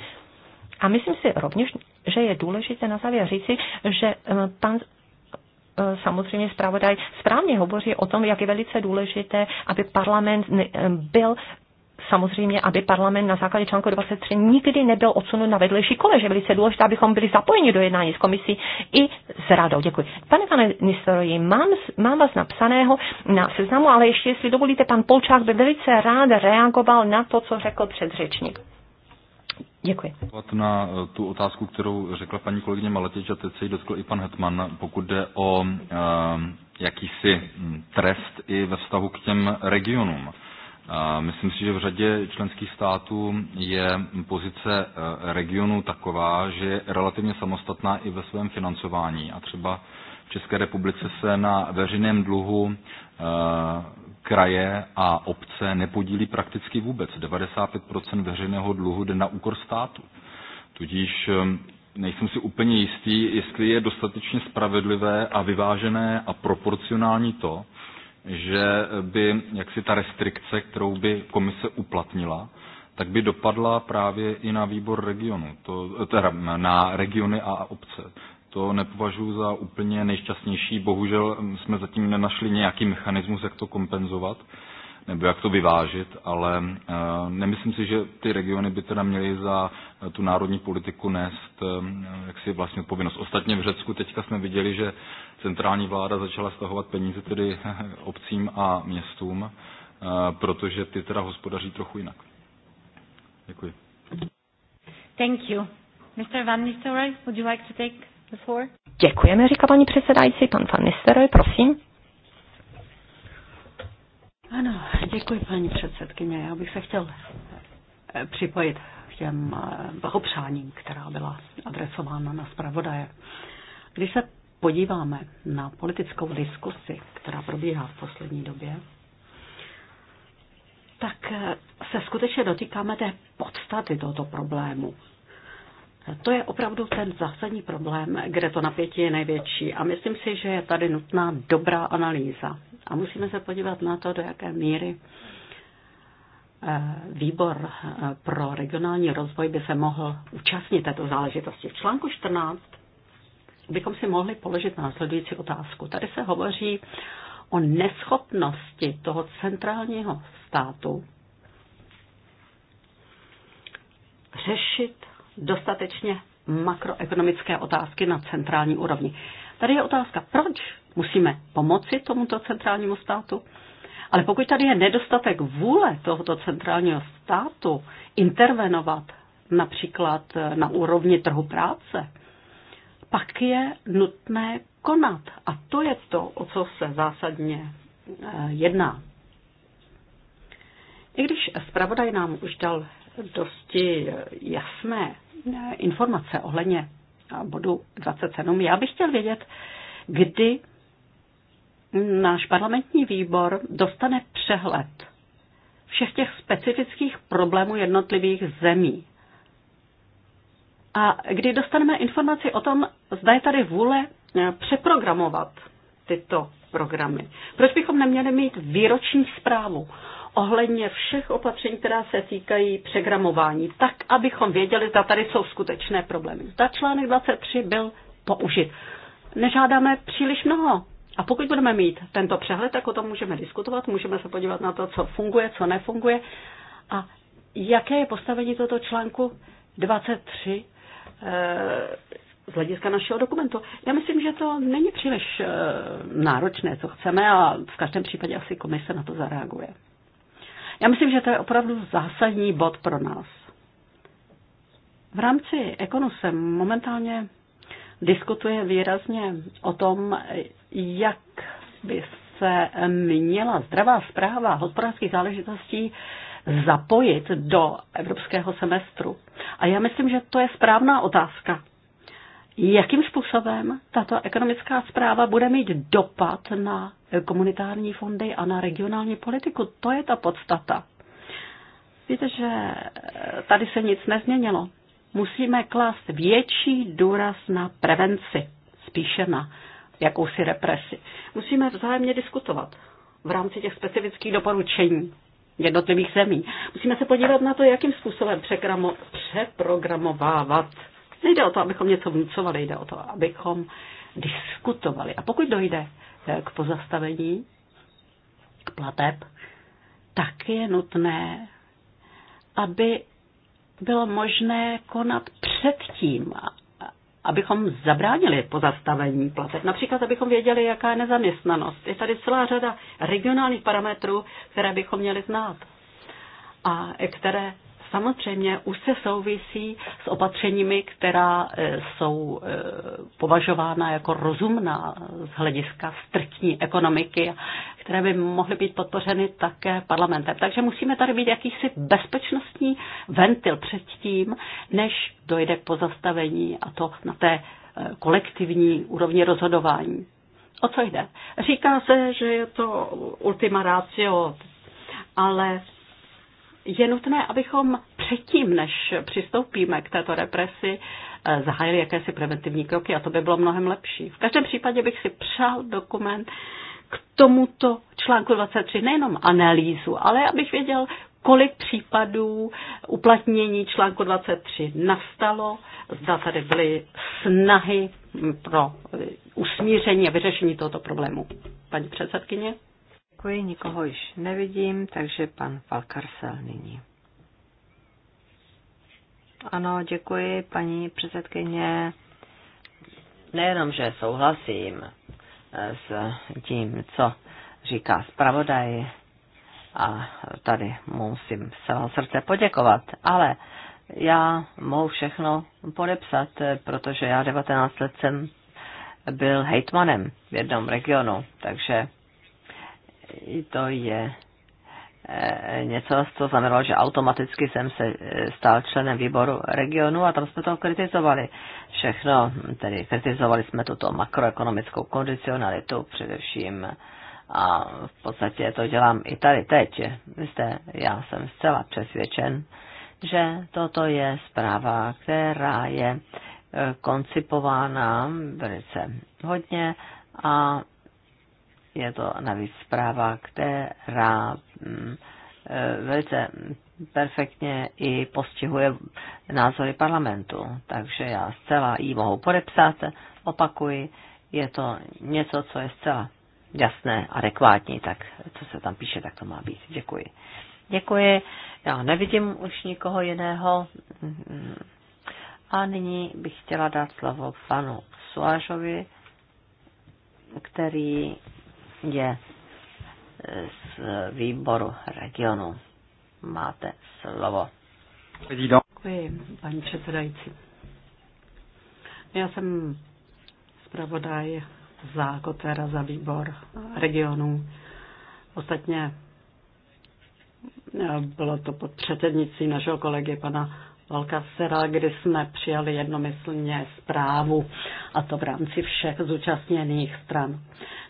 A myslím si rovněž, že je důležité na závěr říci, že eh, pan eh, samozřejmě zpravodaj správně hovoří o tom, jak je velice důležité, aby parlament eh, byl samozřejmě, aby parlament na základě článku 23 nikdy nebyl odsunut na vedlejší kole, že velice důležité, abychom byli zapojeni do jednání s komisí i s radou. Děkuji. Pane pane Nistoroji, mám, mám vás napsaného na seznamu, ale ještě, jestli dovolíte, pan Polčák by velice rád reagoval na to, co řekl předřečník. Děkuji. Na eh, tu otázku, kterou řekla paní kolegyně Maletěč a teď se ji dotkl i pan Hetman, pokud jde o eh, jakýsi hm, trest i ve vztahu k těm regionům. Eh, myslím si, že v řadě členských států je pozice regionu taková, že je relativně samostatná i ve svém financování. A třeba v České republice se na veřejném dluhu kraje a obce nepodílí prakticky vůbec. 95 veřejného dluhu jde na úkor státu. Tudíž ehm, nejsem si úplně jistý, jestli je dostatečně spravedlivé a vyvážené a proporcionální to, že by jaksi ta restrikce, kterou by komise uplatnila, tak by dopadla právě i na výbor regionu, to, eh, teda na regiony a obce to nepovažuji za úplně nejšťastnější. Bohužel mm, jsme zatím nenašli nějaký mechanismus, jak to kompenzovat nebo jak to vyvážit, ale eh, nemyslím si, že ty regiony by teda měly za eh, tu národní politiku nést eh, jaksi vlastně odpovědnost. Ostatně v Řecku teďka jsme viděli, že centrální vláda začala stahovat peníze tedy [LAUGHS] obcím a městům, protože ty teda hospodaří trochu jinak. Děkuji. Thank you. Mr. Van Nistelrooy, would you like to take Děkujeme, říká paní předsedající. Pan Van Nisteroj, prosím. Ano, děkuji, paní předsedkyně. Já bych se chtěl eh, připojit k těm eh, blahopřáním, která byla adresována na zpravodaje. Když se podíváme na politickou diskusi, která probíhá v poslední době, tak eh, se skutečně dotýkáme té podstaty tohoto problému. To je opravdu ten zásadní problém, kde to napětí je největší. A myslím si, že je tady nutná dobrá analýza. A musíme se podívat na to, do jaké míry eh, výbor eh, pro regionální rozvoj by se mohl účastnit této záležitosti. V článku 14 bychom si mohli položit následující otázku. Tady se hovoří o neschopnosti toho centrálního státu řešit dostatečně makroekonomické otázky na centrální úrovni. Tady je otázka, proč musíme pomoci tomuto centrálnímu státu? Ale pokud tady je nedostatek vůle tohoto centrálního státu intervenovat například na úrovni trhu práce, pak je nutné konat. A to je to, o co se zásadně eh, jedná. I když zpravodaj nám už dal dosti jasné informace ohledně bodu 27. Já bych chtěl vědět, kdy náš parlamentní výbor dostane přehled všech těch specifických problémů jednotlivých zemí. A kdy dostaneme informaci o tom, zda je tady vůle přeprogramovat tyto programy. Proč bychom neměli mít výroční zprávu ohledně všech opatření, která se týkají přegramování, tak, abychom věděli, zda tady jsou skutečné problémy. Ta článek 23 byl použit. Nežádáme příliš mnoho. A pokud budeme mít tento přehled, tak o tom můžeme diskutovat, můžeme se podívat na to, co funguje, co nefunguje a jaké je postavení tohoto článku 23 eh, z hlediska našeho dokumentu. Já myslím, že to není příliš eh, náročné, co chceme a v každém případě asi komise na to zareaguje. Já myslím, že to je opravdu zásadní bod pro nás. V rámci Ekonu se momentálně diskutuje výrazně o tom, jak by se měla zdravá zpráva hospodářských záležitostí zapojit do evropského semestru. A já myslím, že to je správná otázka jakým způsobem tato ekonomická zpráva bude mít dopad na komunitární fondy a na regionální politiku. To je ta podstata. Víte, že tady se nic nezměnilo. Musíme klást větší důraz na prevenci, spíše na jakousi represi. Musíme vzájemně diskutovat v rámci těch specifických doporučení jednotlivých zemí. Musíme se podívat na to, jakým způsobem přeprogramovávat Nejde o to, abychom něco vnucovali, jde o to, abychom diskutovali. A pokud dojde eh, k pozastavení, k plateb, tak je nutné, aby bylo možné konat předtím, abychom zabránili pozastavení plateb. Například, abychom věděli, jaká je nezaměstnanost. Je tady celá řada regionálních parametrů, které bychom měli znát a které samozřejmě už se souvisí s opatřeními, která e, jsou e, považována jako rozumná z hlediska striktní ekonomiky, které by mohly být podpořeny také parlamentem. Takže musíme tady být jakýsi bezpečnostní ventil před tím, než dojde k pozastavení a to na té e, kolektivní úrovni rozhodování. O co jde? Říká se, že je to ultima ratio, ale je nutné, abychom předtím, než přistoupíme k této represi, eh, zahájili jakési preventivní kroky a to by bylo mnohem lepší. V každém případě bych si přál dokument k tomuto článku 23 nejenom analýzu, ale abych věděl, kolik případů uplatnění článku 23 nastalo, zda tady byly snahy pro usmíření a vyřešení tohoto problému. Paní předsedkyně? Děkuji, nikoho již nevidím, takže pan Falkarsel nyní. Ano, děkuji, paní předsedkyně. Nejenom, že souhlasím eh, s tím, co říká zpravodaj, a tady musím z celého srdce poděkovat, ale já mohu všechno podepsat, eh, protože já 19 let jsem byl hejtmanem v jednom regionu, takže to je eh, něco, co znamenalo, že automaticky jsem se eh, stal členem výboru regionu a tam jsme to kritizovali všechno, tedy kritizovali jsme tuto makroekonomickou kondicionalitu především a v podstatě to dělám i tady teď. Víte, já jsem zcela přesvědčen, že toto je zpráva, která je eh, koncipována velice hodně a je to navíc zpráva, která mm, e, velice perfektně i postihuje názory parlamentu. Takže já zcela ji mohu podepsat. Opakuji, je to něco, co je zcela jasné, adekvátní, tak co se tam píše, tak to má být. Děkuji. Děkuji. Já nevidím už nikoho jiného. A nyní bych chtěla dát slovo panu Suážovi, který je eh, z výboru regionu. Máte slovo. Děkuji, paní předsedající. Já jsem zpravodaj za Kotera, za výbor regionu. Ostatně eh, bylo to pod předsednicí našeho kolegy pana sera, kdy jsme přijali jednomyslně zprávu, a to v rámci všech zúčastněných stran.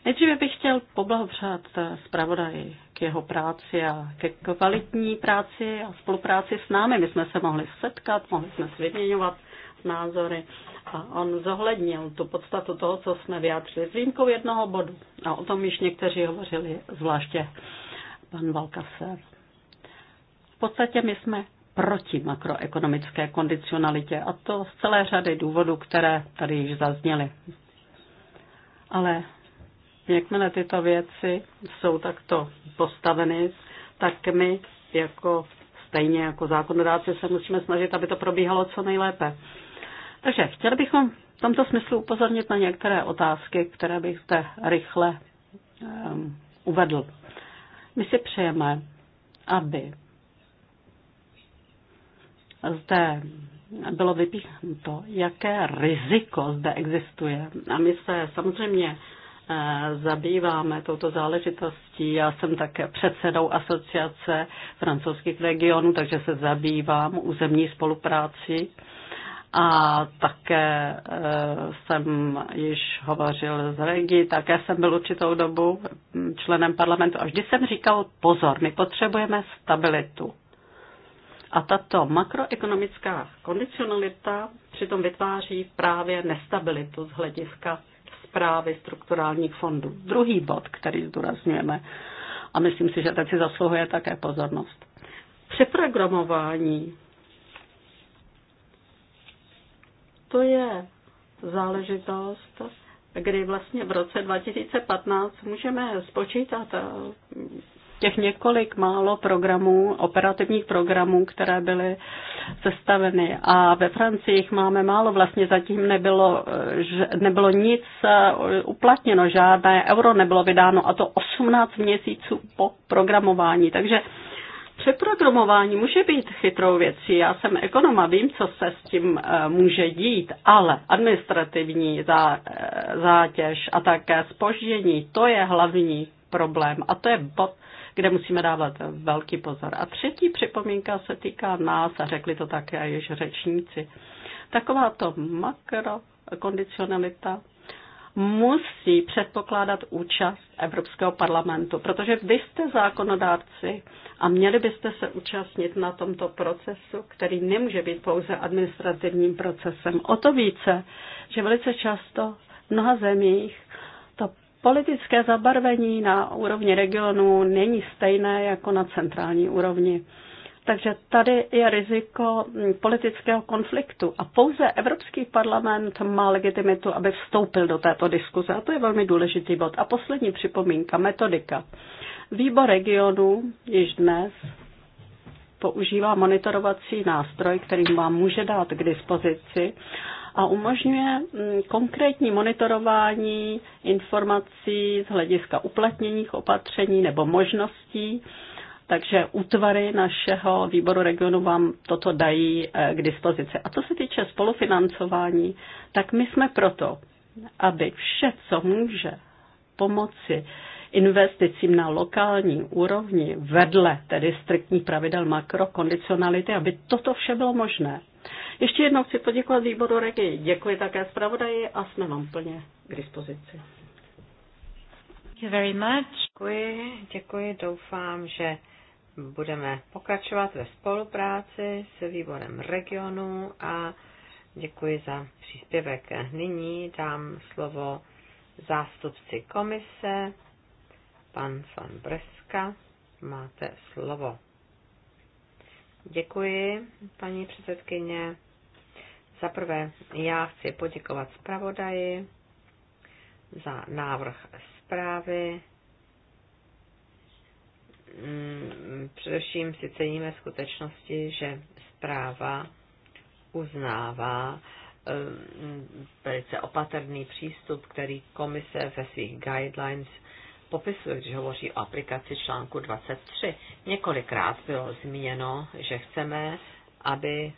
Nejdříve bych chtěl poblahopřát zpravodaji k jeho práci a ke kvalitní práci a spolupráci s námi. My jsme se mohli setkat, mohli jsme si vyměňovat názory a on zohlednil tu podstatu toho, co jsme vyjádřili s výjimkou jednoho bodu. A o tom již někteří hovořili, zvláště pan Valkaser. V podstatě my jsme proti makroekonomické kondicionalitě a to z celé řady důvodů, které tady již zazněly. Ale jakmile tyto věci jsou takto postaveny, tak my jako stejně jako zákonodáci se musíme snažit, aby to probíhalo co nejlépe. Takže chtěli bychom v tomto smyslu upozornit na některé otázky, které bych zde rychle um, uvedl. My si přejeme, aby zde bylo vypíchnuto, jaké riziko zde existuje. A my se samozřejmě eh, zabýváme touto záležitostí. Já jsem také předsedou asociace francouzských regionů, takže se zabývám územní spolupráci. A také eh, jsem již hovořil z Regi, také jsem byl určitou dobu členem parlamentu a vždy jsem říkal, pozor, my potřebujeme stabilitu. A tato makroekonomická kondicionalita přitom vytváří právě nestabilitu z hlediska zprávy strukturálních fondů. Druhý bod, který zdůrazňujeme, a myslím si, že teď si zasluhuje také pozornost. Přeprogramování to je záležitost, kdy vlastně v roce 2015 můžeme spočítat těch několik málo programů, operativních programů, které byly sestaveny. A ve Francii jich máme málo, vlastně zatím nebylo, nebylo nic eh, uplatněno, žádné euro nebylo vydáno a to 18 měsíců po programování. Takže Přeprogramování může být chytrou věcí. Já jsem ekonoma, vím, co se s tím eh, může dít, ale administrativní zá, eh, zátěž a také spoždění, to je hlavní problém. A to je bod, kde musíme dávat velký pozor. A třetí připomínka se týká nás, a řekli to také již řečníci. Taková to makrokondicionalita musí předpokládat účast Evropského parlamentu, protože vy jste zákonodárci a měli byste se účastnit na tomto procesu, který nemůže být pouze administrativním procesem. O to více, že velice často v mnoha zemích Politické zabarvení na úrovni regionu není stejné jako na centrální úrovni. Takže tady je riziko politického konfliktu a pouze Evropský parlament má legitimitu, aby vstoupil do této diskuze a to je velmi důležitý bod. A poslední připomínka, metodika. Výbor regionu již dnes používá monitorovací nástroj, který vám může dát k dispozici a umožňuje mm, konkrétní monitorování informací z hlediska uplatněních opatření nebo možností. Takže útvary našeho výboru regionu vám toto dají eh, k dispozici. A co se týče spolufinancování, tak my jsme proto, aby vše, co může pomoci investicím na lokální úrovni vedle tedy striktní pravidel makrokondicionality, aby toto vše bylo možné. Ještě jednou chci poděkovat výboru Regi. Děkuji také zpravodaji a jsme vám plně k dispozici. Thank you very much. Děkuji, děkuji, doufám, že budeme pokračovat ve spolupráci s výborem regionu a děkuji za příspěvek. Nyní dám slovo zástupci komise. Pan Van Breska, máte slovo. Děkuji, paní předsedkyně. Za prvé, já chci poděkovat zpravodaji za návrh zprávy. Mm, především si ceníme skutečnosti, že zpráva uznává eh, mm, velice opatrný přístup, který komise ve svých guidelines popisuje, když hovoří o aplikaci článku 23. Několikrát bylo zmíněno, že chceme, aby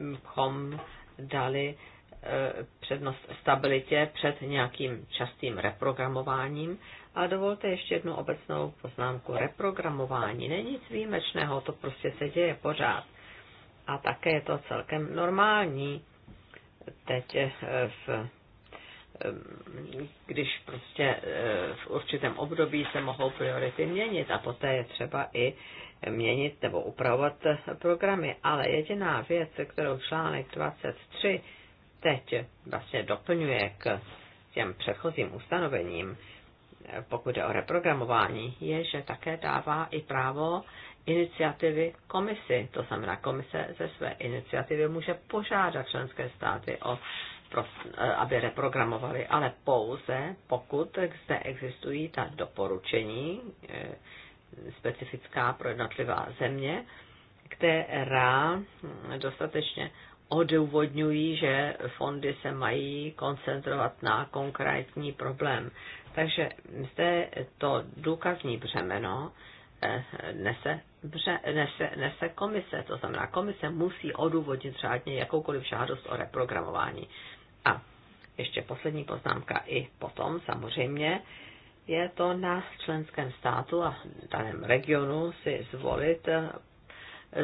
abychom mm, dali e, přednost stabilitě před nějakým častým reprogramováním. A dovolte ještě jednu obecnou poznámku. Reprogramování není nic výjimečného, to prostě se děje pořád. A také je to celkem normální teď e, v Eh, když prostě eh, v určitém období se mohou priority měnit a poté je třeba i měnit nebo upravovat programy. Ale jediná věc, kterou článek 23 teď vlastně doplňuje k těm předchozím ustanovením, eh, pokud je o reprogramování, je, že také dává i právo iniciativy komisy. To znamená, komise ze své iniciativy může požádat členské státy o Eh, aby reprogramovali, ale pouze pokud zde existují ta doporučení eh, specifická pro jednotlivá země, která dostatečně odůvodňují, že fondy se mají koncentrovat na konkrétní problém. Takže zde to důkazní břemeno eh, nese, bře, nese, nese komise, to znamená, komise musí odůvodnit řádně jakoukoliv žádost o reprogramování. A ještě poslední poznámka i potom samozřejmě je to na členském státu a daném regionu si zvolit eh,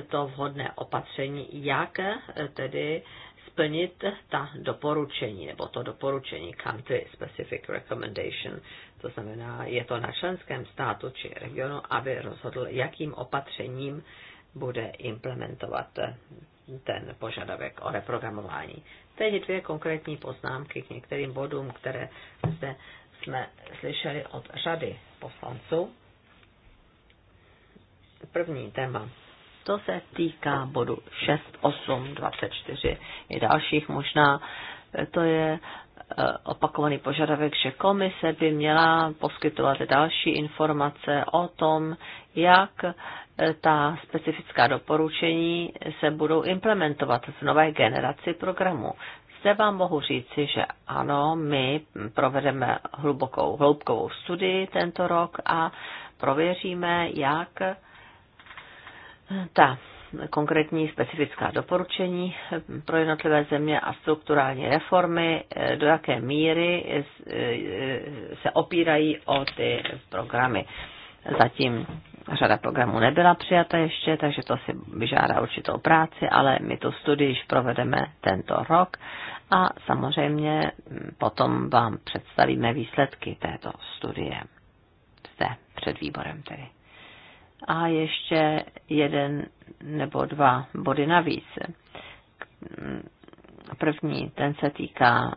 to vhodné opatření, jak eh, tedy splnit ta doporučení, nebo to doporučení Country Specific Recommendation. To znamená, je to na členském státu či regionu, aby rozhodl, jakým opatřením bude implementovat eh, ten požadavek o reprogramování. Teď dvě konkrétní poznámky k některým bodům, které zde jsme slyšeli od řady poslanců. První téma. To se týká bodu 6, 8, 24 i dalších možná. To je e, opakovaný požadavek, že komise by měla poskytovat další informace o tom, jak ta specifická doporučení se budou implementovat v nové generaci programu. Zde vám mohu říci, že ano, my provedeme hlubokou, hloubkovou studii tento rok a prověříme, jak ta konkrétní specifická doporučení pro jednotlivé země a strukturální reformy, do jaké míry se opírají o ty programy. Zatím řada programů nebyla přijata ještě, takže to si vyžádá určitou práci, ale my tu studii již provedeme tento rok a samozřejmě potom vám představíme výsledky této studie. Zde před výborem tedy. A ještě jeden nebo dva body navíc. První, ten se týká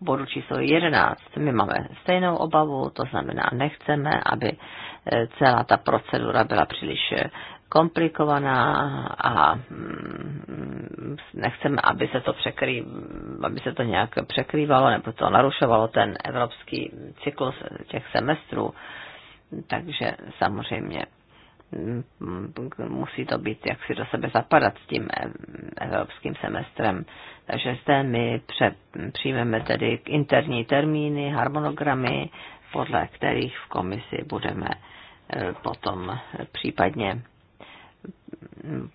bodu číslo 11. My máme stejnou obavu, to znamená, nechceme, aby eh, celá ta procedura byla příliš eh, komplikovaná a mm, nechceme, aby se to překrý, aby se to nějak překrývalo nebo to narušovalo ten evropský cyklus těch semestrů. Takže samozřejmě Mm, musí to být jak si do sebe zapadat s tím evropským semestrem. Takže zde my pře, přijmeme tedy interní termíny, harmonogramy, podle kterých v komisi budeme e, potom případně mm,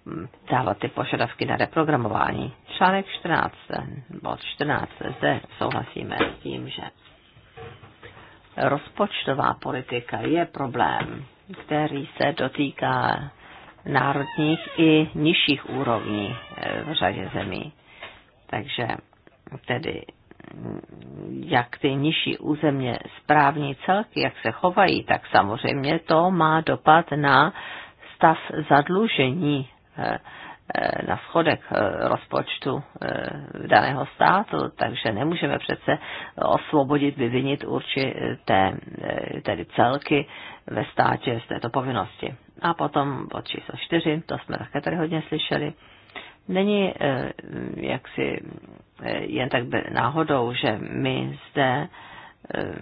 dávat ty požadavky na reprogramování. Článek 14, bod 14, zde souhlasíme s tím, že rozpočtová politika je problém který se dotýká národních i nižších úrovní eh, v řadě zemí. Takže tedy mm, jak ty nižší územně správní celky, jak se chovají, tak samozřejmě to má dopad na stav zadlužení eh, eh, na schodek rozpočtu daného státu, takže nemůžeme přece osvobodit, vyvinit určité tedy celky ve státě z této povinnosti. A potom bod číslo čtyři, to jsme také tady hodně slyšeli, není eh, jaksi eh, jen tak náhodou, že my zde eh,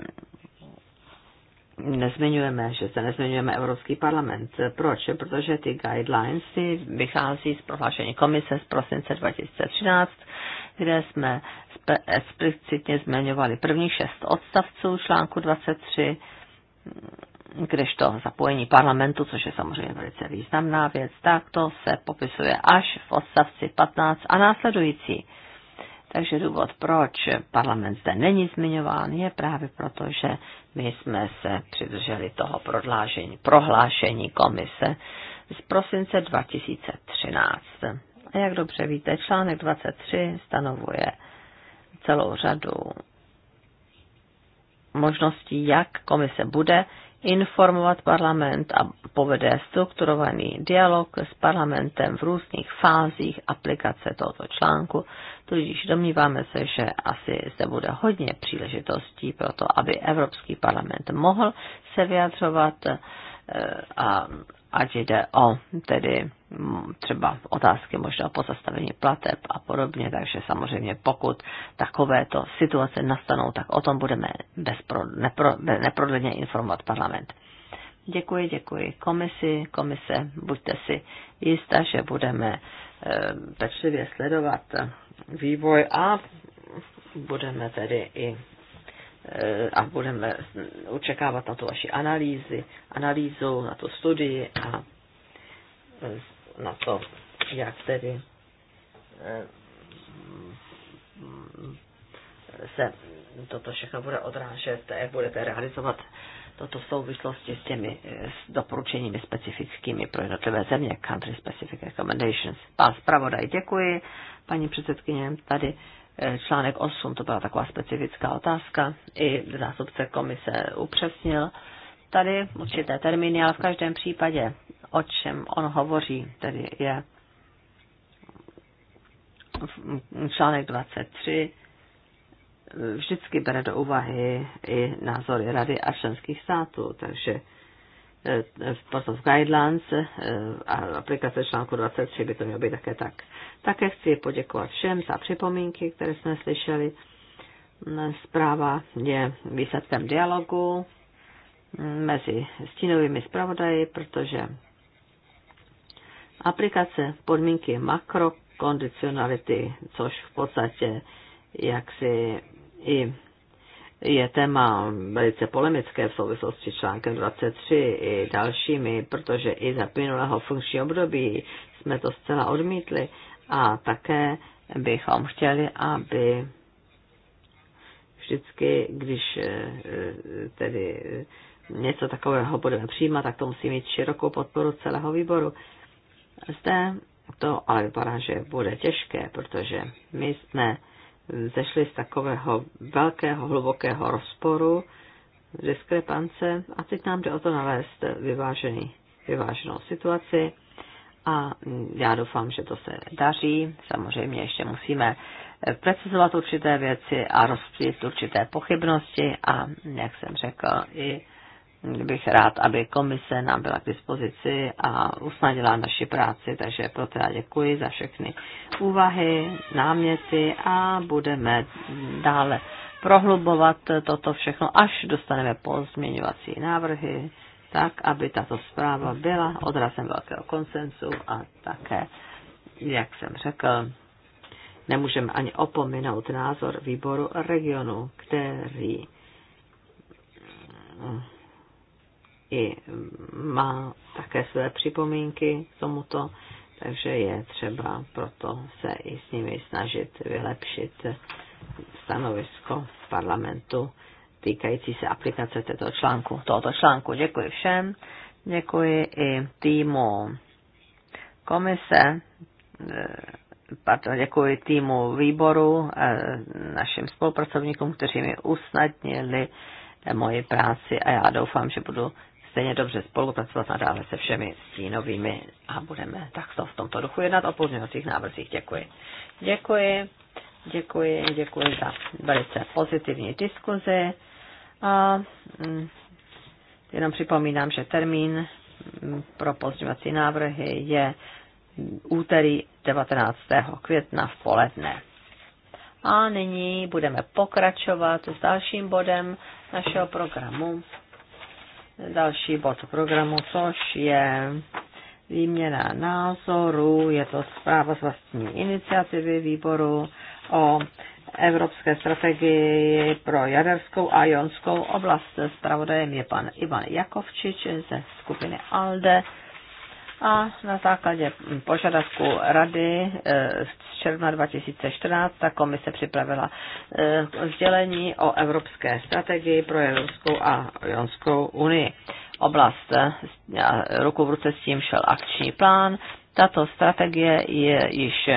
nezmiňujeme, že se nezmiňujeme Evropský parlament. Proč? Protože ty guidelines ty vychází z prohlášení komise z prosince 2013, kde jsme explicitně zmiňovali prvních šest odstavců článku 23 kdežto zapojení parlamentu, což je samozřejmě velice významná věc, tak to se popisuje až v odstavci 15 a následující. Takže důvod, proč parlament zde není zmiňován, je právě proto, že my jsme se přidrželi toho prodlážení, prohlášení komise z prosince 2013. A jak dobře víte, článek 23 stanovuje celou řadu možností, jak komise bude informovat parlament a povede strukturovaný dialog s parlamentem v různých fázích aplikace tohoto článku, tudíž domníváme se, že asi zde bude hodně příležitostí pro to, aby Evropský parlament mohl se vyjadřovat eh, a ať jde o tedy mm, třeba otázky možná pozastavení plateb a podobně, takže samozřejmě pokud takovéto situace nastanou, tak o tom budeme bezpro, nepro, neprodleně informovat parlament. Děkuji, děkuji komisi, komise, buďte si jistá, že budeme e, pečlivě sledovat vývoj a budeme tedy i Eh, a budeme očekávat na to vaši analýzy, analýzu, na to studii a eh, na to, jak tedy eh, se toto všechno bude odrážet, jak budete realizovat toto v souvislosti s těmi s doporučeními specifickými pro jednotlivé země, country specific recommendations. Pán zpravodaj, děkuji, paní předsedkyně, tady Eh, článek 8, to byla taková specifická otázka, i zástupce komise upřesnil tady určité termíny, ale v každém případě, o čem on hovoří, tedy je článek 23, vždycky bere do úvahy i názory Rady a členských států, takže Sport Guidelines eh, a aplikace článku 23 by to mělo být také tak. Také chci poděkovat všem za připomínky, které jsme slyšeli. Zpráva je výsledkem dialogu mezi stínovými zpravodaji, protože aplikace podmínky makrokondicionality, což v podstatě jaksi i je téma velice polemické v souvislosti s článkem 23 i dalšími, protože i za plynulého funkčního období jsme to zcela odmítli a také bychom chtěli, aby vždycky, když eh, tedy eh, něco takového budeme přijímat, tak to musí mít širokou podporu celého výboru. Zde to ale vypadá, že bude těžké, protože my jsme zešli z takového velkého, hlubokého rozporu, diskrepance a teď nám jde o to nalézt vyvážený, vyváženou situaci a já doufám, že to se daří. Samozřejmě ještě musíme precizovat určité věci a rozptýlit určité pochybnosti a, jak jsem řekl, i bych rád, aby komise nám byla k dispozici a usnadila naši práci, takže proto já děkuji za všechny úvahy, náměty a budeme dále prohlubovat toto všechno, až dostaneme pozměňovací návrhy, tak, aby tato zpráva byla odrazem velkého konsensu a také, jak jsem řekl, nemůžeme ani opominout názor výboru regionu, který i má také své připomínky k tomuto, takže je třeba proto se i s nimi snažit vylepšit stanovisko parlamentu týkající se aplikace této článku, tohoto článku. Děkuji všem, děkuji i týmu komise, eh, pardon, děkuji týmu výboru, eh, našim spolupracovníkům, kteří mi usnadnili eh, moji práci a já doufám, že budu stejně dobře spolupracovat nadále se všemi stínovými a budeme takto v tomto duchu jednat o pozměňovacích návrzích. Děkuji. Děkuji. Děkuji, děkuji za velice pozitivní diskuzi. A mm, jenom připomínám, že termín mm, pro pozměňovací návrhy je úterý 19. května v poledne. A nyní budeme pokračovat s dalším bodem našeho programu další bod programu, což je výměna názoru. je to zpráva z vlastní iniciativy výboru o evropské strategii pro jaderskou a jonskou oblast. Spravodajem je pan Ivan Jakovčič ze skupiny ALDE. A na základě požadavku Rady eh, z června 2014 ta komise připravila eh, sdělení o evropské strategii pro Evropskou a Jonskou unii. Oblast eh, ruku v ruce s tím šel akční plán. Tato strategie je již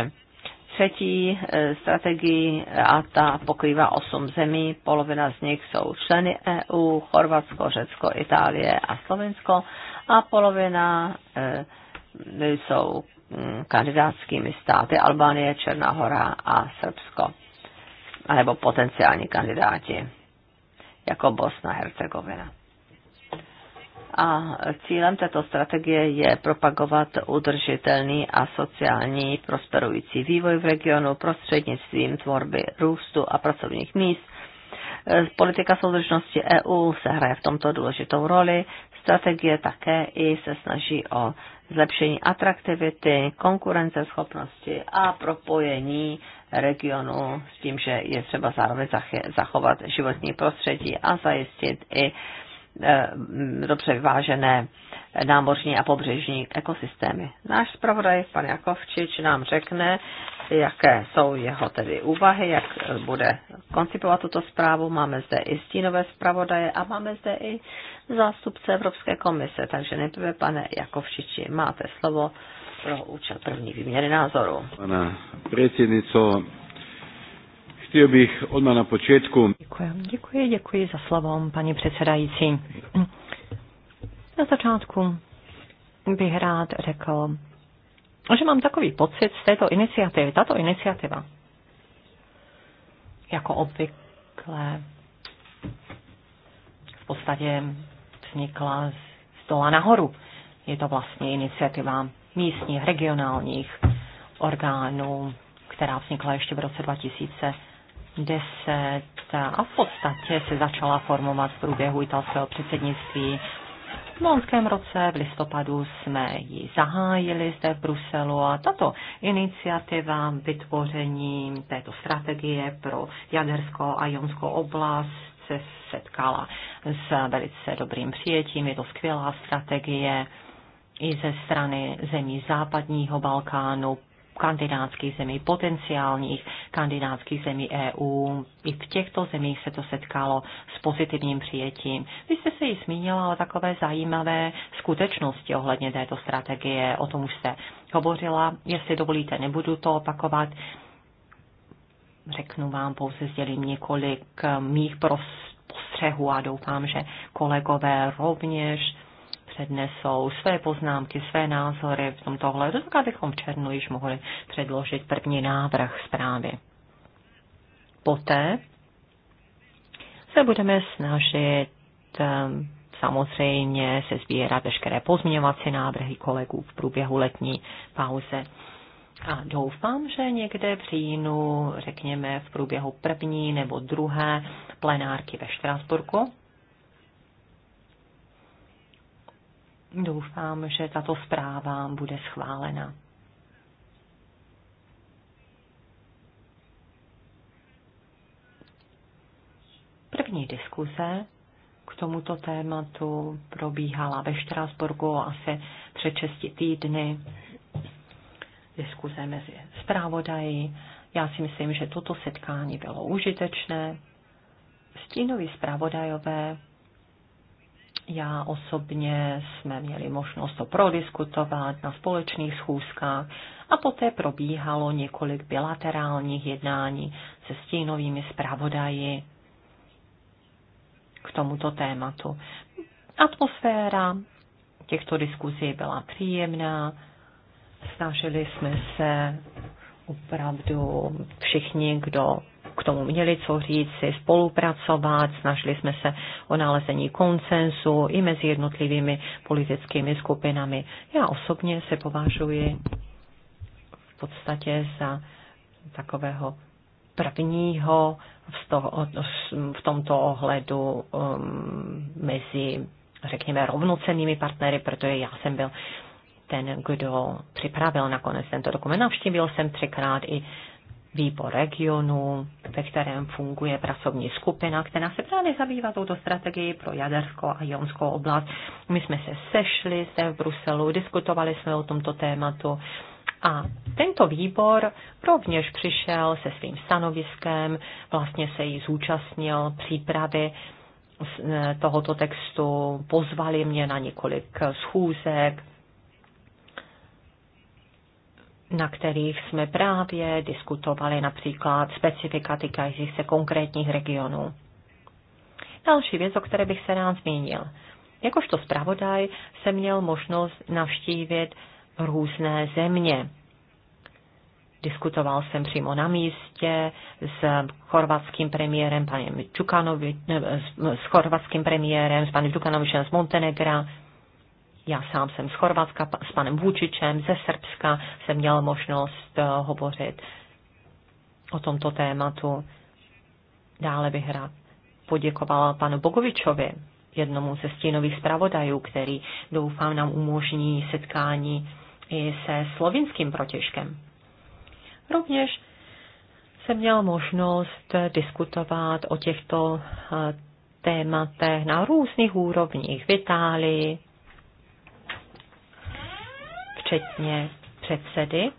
třetí strategii a ta pokrývá osm zemí. Polovina z nich jsou členy EU, Chorvatsko, Řecko, Itálie a Slovensko a polovina eh, jsou mm, kandidátskými státy Albánie, Černá hora a Srbsko, anebo potenciální kandidáti jako Bosna Hercegovina. A cílem této strategie je propagovat udržitelný a sociální prosperující vývoj v regionu prostřednictvím tvorby růstu a pracovních míst. Eh, politika soudržnosti EU se hraje v tomto důležitou roli, strategie také i se snaží o zlepšení atraktivity, konkurenceschopnosti a propojení regionu s tím, že je třeba zároveň zachovat životní prostředí a zajistit i eh, dobře vyvážené námořní a pobřežní ekosystémy. Náš zpravodaj, pan Jakovčič, nám řekne, jaké jsou jeho tedy úvahy, jak bude koncipovat tuto zprávu. Máme zde i stínové zpravodaje a máme zde i zástupce Evropské komise. Takže nejprve, pane Jakovčiči, máte slovo pro účel první výměny názoru. Pane předsednico, chtěl bych odmah na počátku. Děkuji, děkuji, děkuji za slovo, paní předsedající. Na začátku bych rád řekl, že mám takový pocit z této iniciativy. Tato iniciativa, jako obvykle, v podstatě vznikla z dola nahoru. Je to vlastně iniciativa místních, regionálních orgánů, která vznikla ještě v roce 2010 a v podstatě se začala formovat v průběhu italského předsednictví v loňském roce v listopadu jsme ji zahájili zde v Bruselu a tato iniciativa vytvoření této strategie pro jaderskou a jonskou oblast se setkala s velice dobrým přijetím. Je to skvělá strategie i ze strany zemí západního Balkánu kandidátských zemí, potenciálních kandidátských zemí EU. I v těchto zemích se to setkalo s pozitivním přijetím. Vy jste se ji zmínila o takové zajímavé skutečnosti ohledně této strategie, o tom už jste hovořila. Jestli dovolíte, nebudu to opakovat. Řeknu vám, pouze sdělím několik mých prostředků a doufám, že kolegové rovněž přednesou své poznámky, své názory v tomto ohledu, tak abychom v červnu již mohli předložit první návrh zprávy. Poté se budeme snažit ehm, samozřejmě se sbírat veškeré pozměňovací návrhy kolegů v průběhu letní pauze. A doufám, že někde v říjnu, řekněme v průběhu první nebo druhé plenárky ve Štrasburku, doufám, že tato zpráva bude schválena. První diskuze k tomuto tématu probíhala ve Štrásburgu asi před 6 týdny. Diskuze mezi zprávodají. Já si myslím, že toto setkání bylo užitečné. Stínoví zpravodajové já osobně jsme měli možnost to prodiskutovat na společných schůzkách a poté probíhalo několik bilaterálních jednání se stínovými zpravodaji k tomuto tématu. Atmosféra těchto diskuzí byla příjemná, snažili jsme se opravdu všichni, kdo k tomu měli co říci, spolupracovat, snažili jsme se o nalezení koncensu i mezi jednotlivými politickými skupinami. Já osobně se považuji v podstatě za takového prvního v tomto ohledu um, mezi, řekněme, rovnocennými partnery, protože já jsem byl ten, kdo připravil nakonec tento dokument. Navštívil jsem třikrát i výbor regionu, ve kterém funguje pracovní skupina, která se právě zabývá touto strategii pro jadersko a jonskou oblast. My jsme se sešli zde v Bruselu, diskutovali jsme o tomto tématu a tento výbor rovněž přišel se svým stanoviskem, vlastně se jí zúčastnil přípravy eh, tohoto textu, pozvali mě na několik schůzek, na kterých jsme právě diskutovali například specifika týkajících se konkrétních regionů. Další věc, o které bych se rád zmínil. Jakožto zpravodaj jsem měl možnost navštívit různé země. Diskutoval jsem přímo na místě s chorvatským premiérem panem Čukanovi, s chorvatským premiérem, s panem Čukanovičem z Montenegra, já sám jsem z Chorvatska, s panem Vůčičem ze Srbska jsem měl možnost eh, hovořit o tomto tématu. Dále bych rád poděkovala panu Bogovičovi, jednomu ze stínových zpravodajů, který doufám nám umožní setkání i se slovinským protěžkem. Rovněž jsem měl možnost diskutovat o těchto eh, tématech na různých úrovních v Itálii, včetně předsedy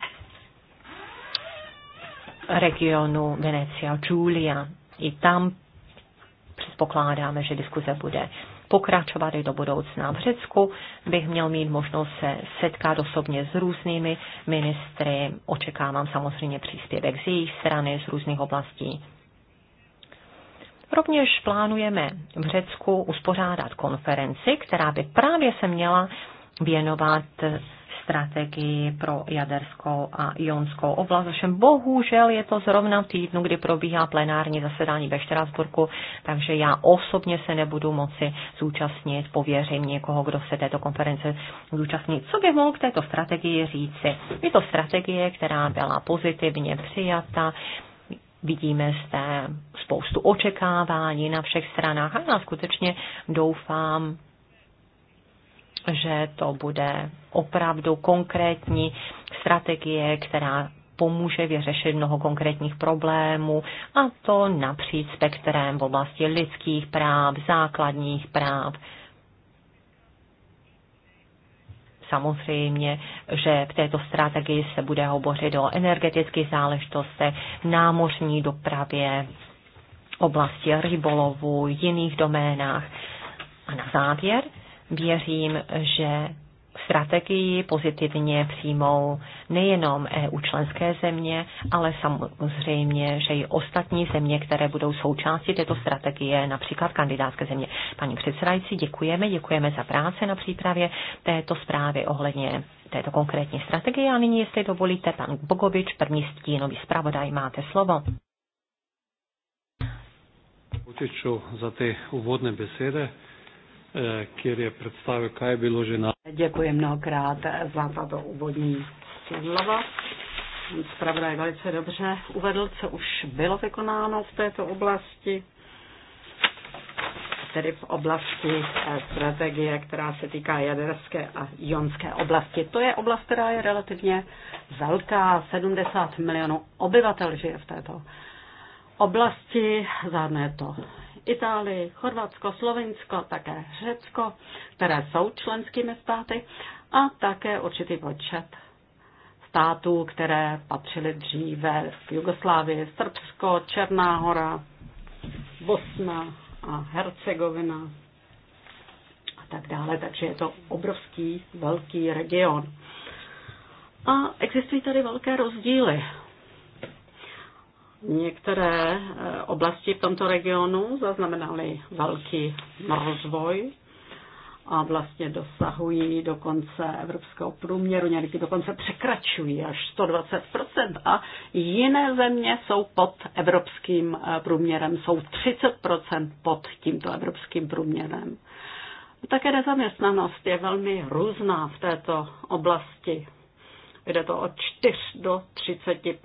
regionu Venecia Giulia. I tam předpokládáme, že diskuze bude pokračovat i do budoucna. V Řecku bych měl mít možnost se setkat osobně s různými ministry. Očekávám samozřejmě příspěvek z jejich strany, z různých oblastí. Rovněž plánujeme v Řecku uspořádat konferenci, která by právě se měla věnovat strategii pro jaderskou a jonskou oblast. Všem bohužel je to zrovna v týdnu, kdy probíhá plenární zasedání ve Štrasburku, takže já osobně se nebudu moci zúčastnit, pověřím někoho, kdo se této konference zúčastní. Co bych mohl k této strategii říci? Je to strategie, která byla pozitivně přijata, vidíme zde spoustu očekávání na všech stranách a já skutečně doufám, že to bude opravdu konkrétní strategie, která pomůže vyřešit mnoho konkrétních problémů, a to napříč spektrem v oblasti lidských práv, základních práv. Samozřejmě, že v této strategii se bude hovořit o energetických záležitostech, námořní dopravě, oblasti rybolovu, jiných doménách. A na závěr Věřím, že strategii pozitivně přijmou nejenom EU členské země, ale samozřejmě, že i ostatní země, které budou součástí této strategie, například kandidátské země. Paní předsedající, děkujeme, děkujeme za práce na přípravě této zprávy ohledně této konkrétní strategie. A nyní, jestli dovolíte, pan Bogovič, první stínový zpravodaj, máte slovo. Děkuji za ty úvodné besedy. Eh, kjer je predstavil, kaj je bilo že na. Děkuji mnohokrát za tato úvodní slova. Spravodaj velice dobře uvedl, co už bylo vykonáno v této oblasti, tedy v oblasti eh, strategie, která se týká jaderské a jonské oblasti. To je oblast, která je relativně velká, 70 milionů obyvatel žije v této oblasti, zahrnuje to Itálii, Chorvatsko, Slovinsko, také Řecko, které jsou členskými státy, a také určitý počet států, které patřily dříve v Jugoslávii, Srbsko, Černá hora, Bosna a Hercegovina a tak dále. Takže je to obrovský, velký region. A existují tady velké rozdíly Některé eh, oblasti v tomto regionu zaznamenaly velký rozvoj a vlastně dosahují dokonce evropského průměru, někdy dokonce překračují až 120% a jiné země jsou pod evropským eh, průměrem, jsou 30% pod tímto evropským průměrem. Také nezaměstnanost je velmi různá v této oblasti. Jde to od 4 do 30 Je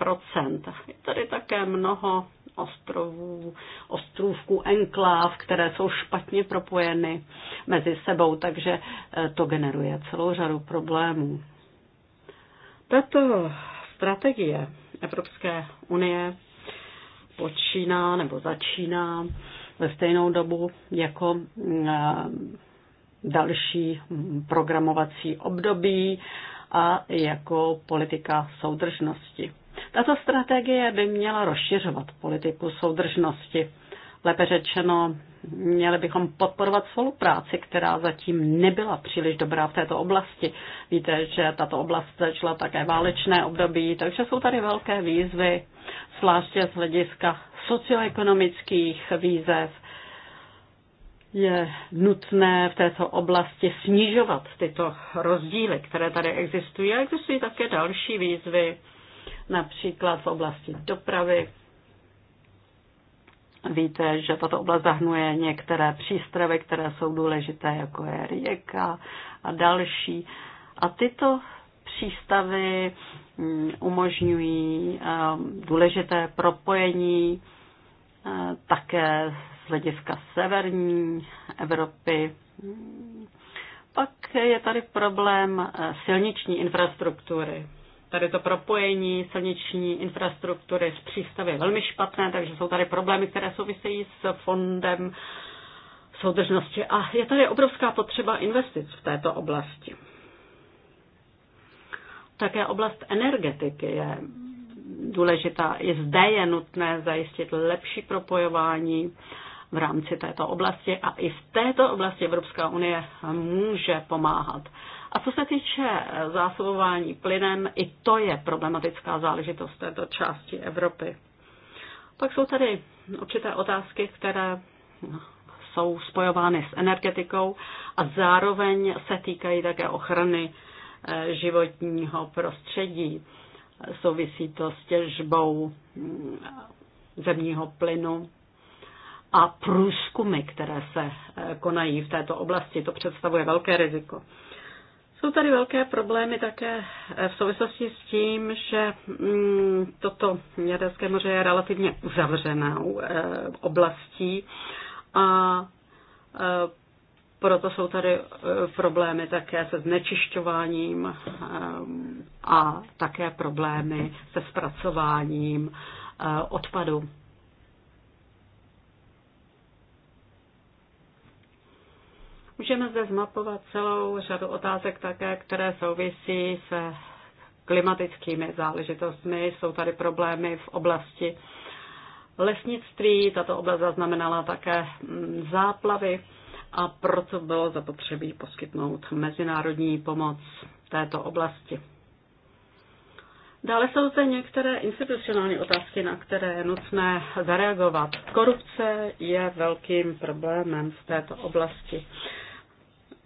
tady také mnoho ostrovů, ostrůvků, enkláv, které jsou špatně propojeny mezi sebou, takže eh, to generuje celou řadu problémů. Tato strategie Evropské unie počíná nebo začíná ve stejnou dobu jako eh, další programovací období a jako politika soudržnosti. Tato strategie by měla rozšiřovat politiku soudržnosti. Lépe řečeno, měli bychom podporovat spolupráci, která zatím nebyla příliš dobrá v této oblasti. Víte, že tato oblast začala také válečné období, takže jsou tady velké výzvy, zvláště z hlediska socioekonomických výzev, je nutné v této oblasti snižovat tyto rozdíly, které tady existují. A existují také další výzvy, například v oblasti dopravy. Víte, že tato oblast zahnuje některé přístravy, které jsou důležité, jako je rieka a další. A tyto přístavy mm, umožňují eh, důležité propojení eh, také z hlediska severní Evropy. Pak je tady problém eh, silniční infrastruktury. Tady to propojení silniční infrastruktury s přístavy je velmi špatné, takže jsou tady problémy, které souvisejí s fondem soudržnosti. A je tady obrovská potřeba investic v této oblasti. Také oblast energetiky je důležitá. I zde je nutné zajistit lepší propojování v rámci této oblasti a i v této oblasti Evropská unie může pomáhat. A co se týče zásobování plynem, i to je problematická záležitost této části Evropy. Pak jsou tady určité otázky, které jsou spojovány s energetikou a zároveň se týkají také ochrany eh, životního prostředí. Souvisí to s těžbou mm, zemního plynu a průzkumy, které se eh, konají v této oblasti. To představuje velké riziko. Jsou tady velké problémy také eh, v souvislosti s tím, že mm, toto Jaderské moře je relativně uzavřenou eh, oblastí a proto jsou tady problémy také se znečišťováním a také problémy se zpracováním odpadu. Můžeme zde zmapovat celou řadu otázek také, které souvisí se klimatickými záležitostmi. Jsou tady problémy v oblasti lesnictví, tato oblast zaznamenala také mm, záplavy a proto bylo zapotřebí poskytnout mezinárodní pomoc této oblasti. Dále jsou zde některé institucionální otázky, na které je nutné zareagovat. Korupce je velkým problémem v této oblasti.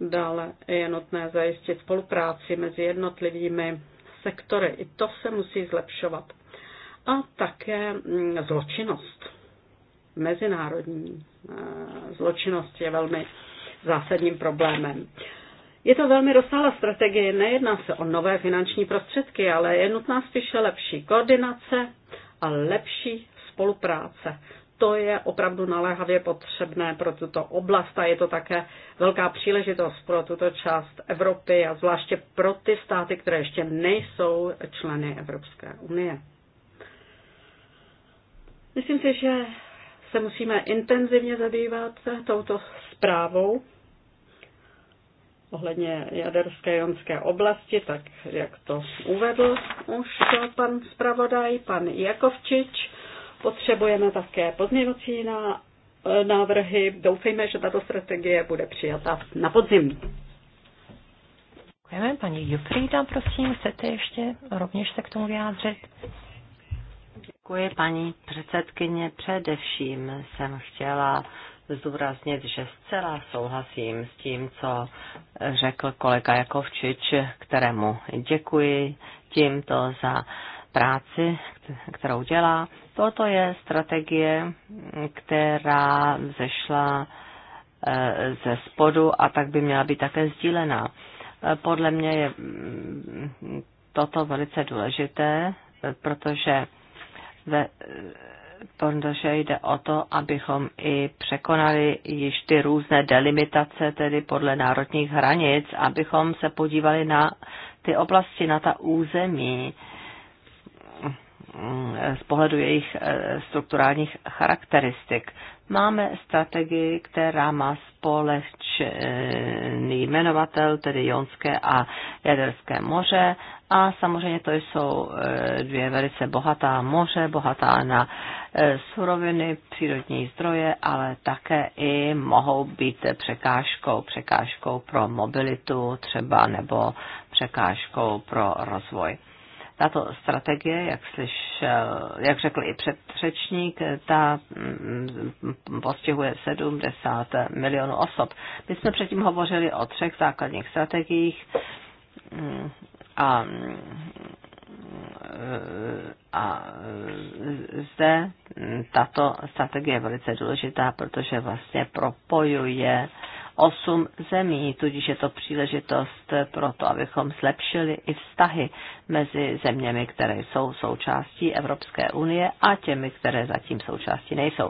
Dále je nutné zajistit spolupráci mezi jednotlivými sektory. I to se musí zlepšovat. A také mm, zločinnost. Mezinárodní eh, zločinnost je velmi zásadním problémem. Je to velmi rozsáhlá strategie, nejedná se o nové finanční prostředky, ale je nutná spíše lepší koordinace a lepší spolupráce to je opravdu naléhavě potřebné pro tuto oblast a je to také velká příležitost pro tuto část Evropy a zvláště pro ty státy, které ještě nejsou členy Evropské unie. Myslím si, že se musíme intenzivně zabývat touto zprávou ohledně jaderské jonské oblasti, tak jak to uvedl už pan zpravodaj, pan Jakovčič. Potřebujeme také pozměňovací e, návrhy. Doufejme, že tato strategie bude přijata na podzim. Děkujeme. Paní Jufrida, prosím, chcete ještě rovněž se k tomu vyjádřit? Děkuji, paní předsedkyně. Především jsem chtěla zdůraznit, že zcela souhlasím s tím, co řekl kolega Jakovčič, kterému děkuji tímto za práci, kterou dělá Toto je strategie, která zešla eh, ze spodu a tak by měla být také sdílená. Eh, podle mě je mm, toto velice důležité, eh, protože ve, protože jde o to, abychom i překonali již ty různé delimitace, tedy podle národních hranic, abychom se podívali na ty oblasti, na ta území, Eh, z pohledu jejich eh, strukturálních charakteristik. Máme strategii, která má společný jmenovatel, tedy Jonské a Jaderské moře. A samozřejmě to jsou eh, dvě velice bohatá moře, bohatá na suroviny, přírodní zdroje, ale také i mohou být překážkou, překážkou pro mobilitu třeba nebo překážkou pro rozvoj. Tato strategie, jak, slyšel, jak řekl i předřečník, ta mm, postihuje 70 milionů osob. My jsme předtím hovořili o třech základních strategiích mm, a mm, a zde tato strategie je velice důležitá, protože vlastně propojuje osm zemí, tudíž je to příležitost pro to, abychom zlepšili i vztahy mezi zeměmi, které jsou součástí Evropské unie a těmi, které zatím součástí nejsou.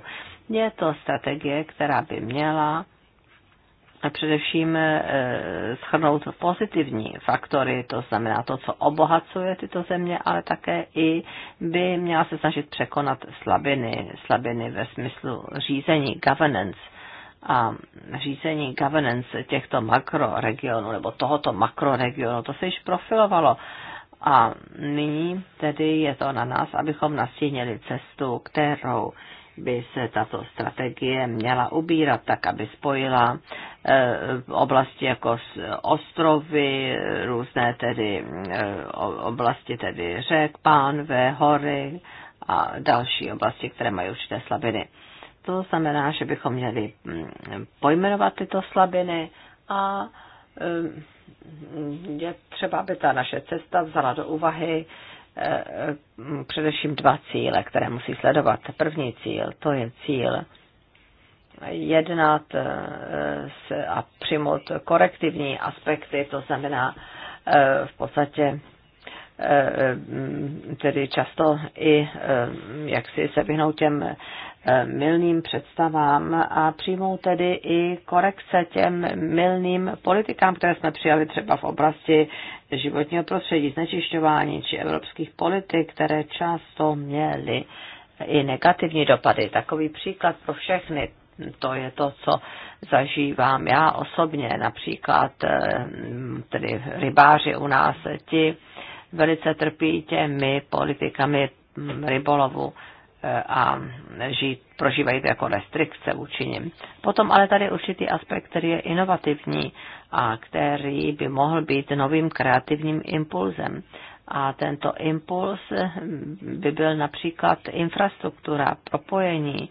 Je to strategie, která by měla a především e, schrnout pozitivní faktory, to znamená to, co obohacuje tyto země, ale také i by měla se snažit překonat slabiny, slabiny ve smyslu řízení, governance a řízení governance těchto makroregionů nebo tohoto makroregionu, to se již profilovalo. A nyní tedy je to na nás, abychom nastínili cestu, kterou by se tato strategie měla ubírat tak, aby spojila eh, oblasti jako ostrovy, různé tedy eh, oblasti tedy řek, pánve, hory a další oblasti, které mají určité slabiny. To znamená, že bychom měli mm, pojmenovat tyto slabiny a mm, je třeba, aby ta naše cesta vzala do úvahy e, e, především dva cíle, které musí sledovat. První cíl, to je cíl jednat e, a přijmout korektivní aspekty, to znamená v podstatě tedy často i jak si se vyhnout těm Eh, milným představám a přijmou tedy i korekce těm milným politikám, které jsme přijali třeba v oblasti životního prostředí, znečišťování či evropských politik, které často měly i negativní dopady. Takový příklad pro všechny, to je to, co zažívám já osobně, například eh, tedy rybáři u nás, ti velice trpí těmi politikami rybolovu a žít, prožívají jako restrikce vůči nim. Potom ale tady je určitý aspekt, který je inovativní a který by mohl být novým kreativním impulzem. A tento impuls by byl například infrastruktura, propojení,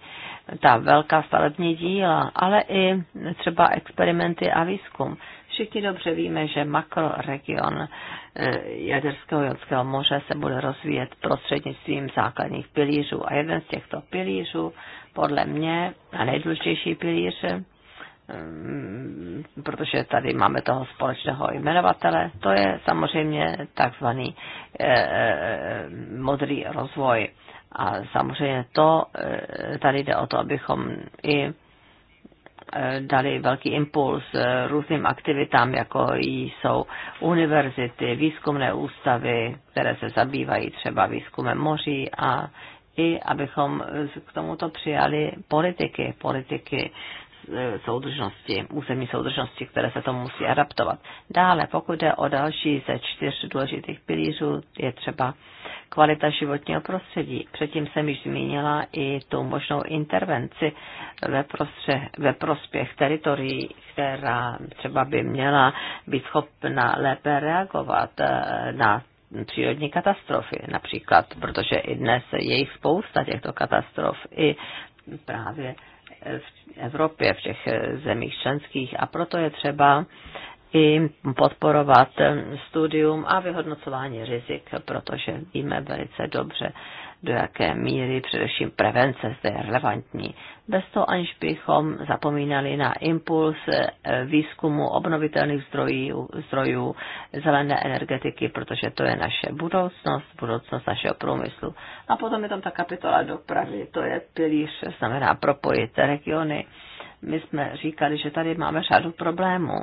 ta velká stavební díla, ale i třeba experimenty a výzkum všichni dobře víme, že makroregion eh, Jaderského Jonského moře se bude rozvíjet prostřednictvím základních pilířů. A jeden z těchto pilířů, podle mě, a nejdůležitější pilíř, eh, mm, protože tady máme toho společného jmenovatele, to je samozřejmě takzvaný eh, modrý rozvoj. A samozřejmě to, tady jde o to, abychom i Eh, dali velký impuls eh, různým aktivitám, jako jsou univerzity, výzkumné ústavy, které se zabývají třeba výzkumem moří a i abychom k tomuto přijali politiky, politiky eh, soudržnosti, územní soudržnosti, které se tomu musí adaptovat. Dále, pokud jde o další ze čtyř důležitých pilířů, je třeba kvalita životního prostředí. Předtím jsem již zmínila i tu možnou intervenci ve, prostře, ve prospěch teritorií, která třeba by měla být schopna lépe reagovat eh, na přírodní katastrofy například, protože i dnes je jich spousta těchto katastrof i právě v Evropě, v těch eh, zemích členských a proto je třeba i podporovat studium a vyhodnocování rizik, protože víme velice dobře, do jaké míry především prevence zde je relevantní. Bez toho, aniž bychom zapomínali na impuls eh, výzkumu obnovitelných zdrojů, zdrojů zelené energetiky, protože to je naše budoucnost, budoucnost našeho průmyslu. A potom je tam ta kapitola dopravy, to je pilíř, znamená propojit regiony. My jsme říkali, že tady máme řadu problémů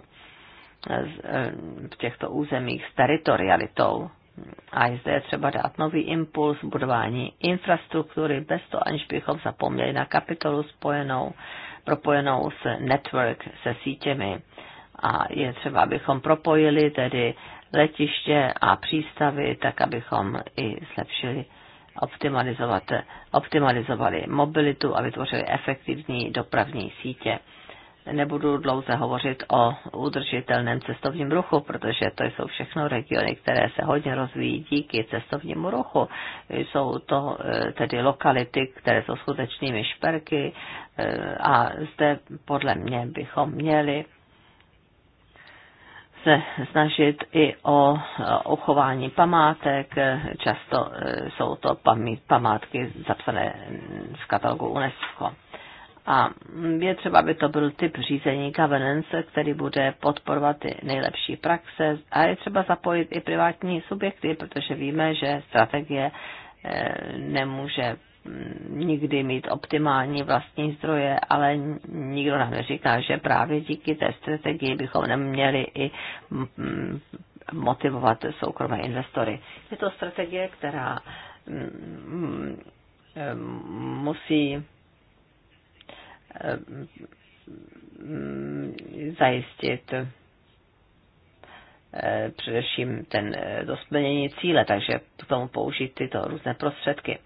Eh, v těchto územích s teritorialitou. A je zde je třeba dát nový impuls budování infrastruktury, bez toho aniž bychom zapomněli na kapitolu spojenou, propojenou s network, se sítěmi. A je třeba, abychom propojili tedy letiště a přístavy, tak abychom i zlepšili optimalizovat, optimalizovali mobilitu a vytvořili efektivní dopravní sítě nebudu dlouze hovořit o udržitelném cestovním ruchu, protože to jsou všechno regiony, které se hodně rozvíjí díky cestovnímu ruchu. Jsou to e, tedy lokality, které jsou skutečnými šperky e, a zde podle mě bychom měli se snažit i o uchování památek. Často e, jsou to památky zapsané v katalogu UNESCO. A je třeba, aby to byl typ řízení governance, který bude podporovat ty nejlepší praxe a je třeba zapojit i privátní subjekty, protože víme, že strategie eh, nemůže mm, nikdy mít optimální vlastní zdroje, ale nikdo nám neříká, že právě díky té strategii bychom neměli i mm, motivovat soukromé investory. Je to strategie, která mm, musí Eh, zajistit eh, především ten eh, dosplnění cíle, takže k tomu použít tyto různé prostředky.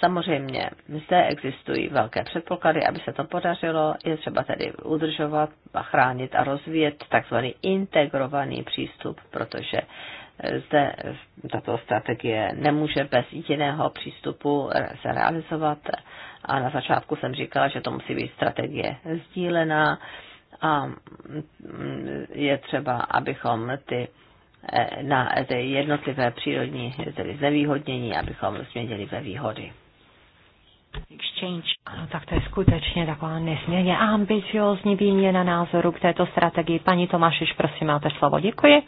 Samozřejmě, zde existují velké předpoklady, aby se to podařilo, je třeba tedy udržovat a chránit a rozvíjet takzvaný integrovaný přístup, protože zde tato strategie nemůže bez jiného přístupu se realizovat a na začátku jsem říkala, že to musí být strategie sdílená a je třeba, abychom ty eh, na ty jednotlivé přírodní tedy znevýhodnění, abychom změnili ve výhody. Exchange. Ano, tak to je skutečně taková nesmírně ambiciozní výměna názoru k této strategii. Paní Tomášiš, prosím, máte slovo. Děkuji.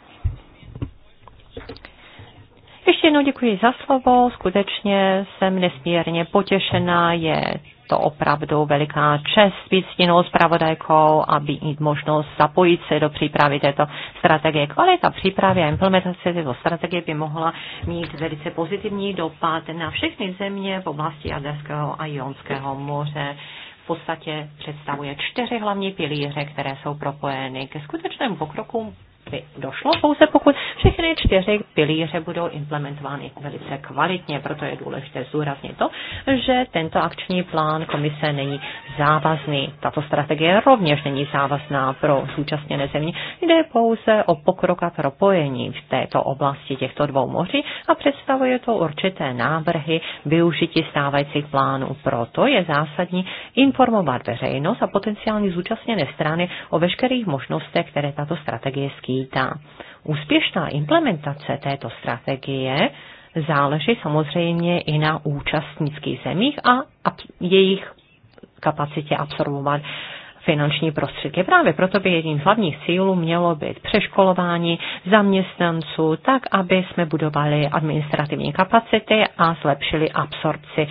Ještě jednou děkuji za slovo, skutečně jsem nesmírně potěšená, je to opravdu veliká čest být stínou zpravodajkou a mít možnost zapojit se do přípravy této strategie. Kvalita přípravy a implementace této strategie by mohla mít velice pozitivní dopad na všechny země v oblasti Jaderského a Jonského moře. V podstatě představuje čtyři hlavní pilíře, které jsou propojeny ke skutečnému pokroku by došlo, pouze pokud všechny čtyři pilíře budou implementovány velice kvalitně. Proto je důležité zúraznit to, že tento akční plán komise není závazný. Tato strategie rovněž není závazná pro současné země. Jde pouze o pokrok a propojení v této oblasti těchto dvou moří a představuje to určité návrhy využití stávajících plánů. Proto je zásadní informovat veřejnost a potenciální zúčastněné strany o veškerých možnostech, které tato strategie skýtá odmítá. úspěšná implementace této strategie záleží samozřejmě i na účastnických zemích a jejich kapacitě absorbovat finanční prostředky. Právě proto by jedním z hlavních cílů mělo být přeškolování zaměstnanců tak, aby jsme budovali administrativní kapacity a zlepšili absorpci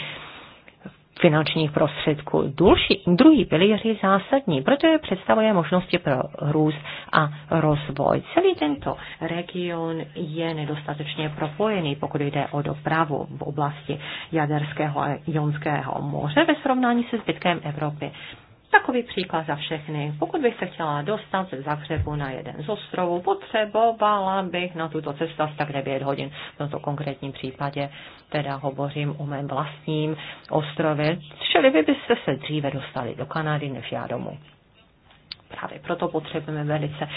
finančních prostředků. Důlší, druhý pilíř je zásadní, protože představuje možnosti pro růst a rozvoj. Celý tento region je nedostatečně propojený, pokud jde o dopravu v oblasti Jaderského a Jonského moře ve srovnání se zbytkem Evropy. Takový příklad za všechny. Pokud bych se chtěla dostat ze Zagřebu na jeden z ostrovů, potřebovala bych na tuto cestu asi tak 9 hodin. V tomto konkrétním případě teda hovořím o mém vlastním ostrově, čili vy byste se dříve dostali do Kanady než já domů. Právě proto potřebujeme velice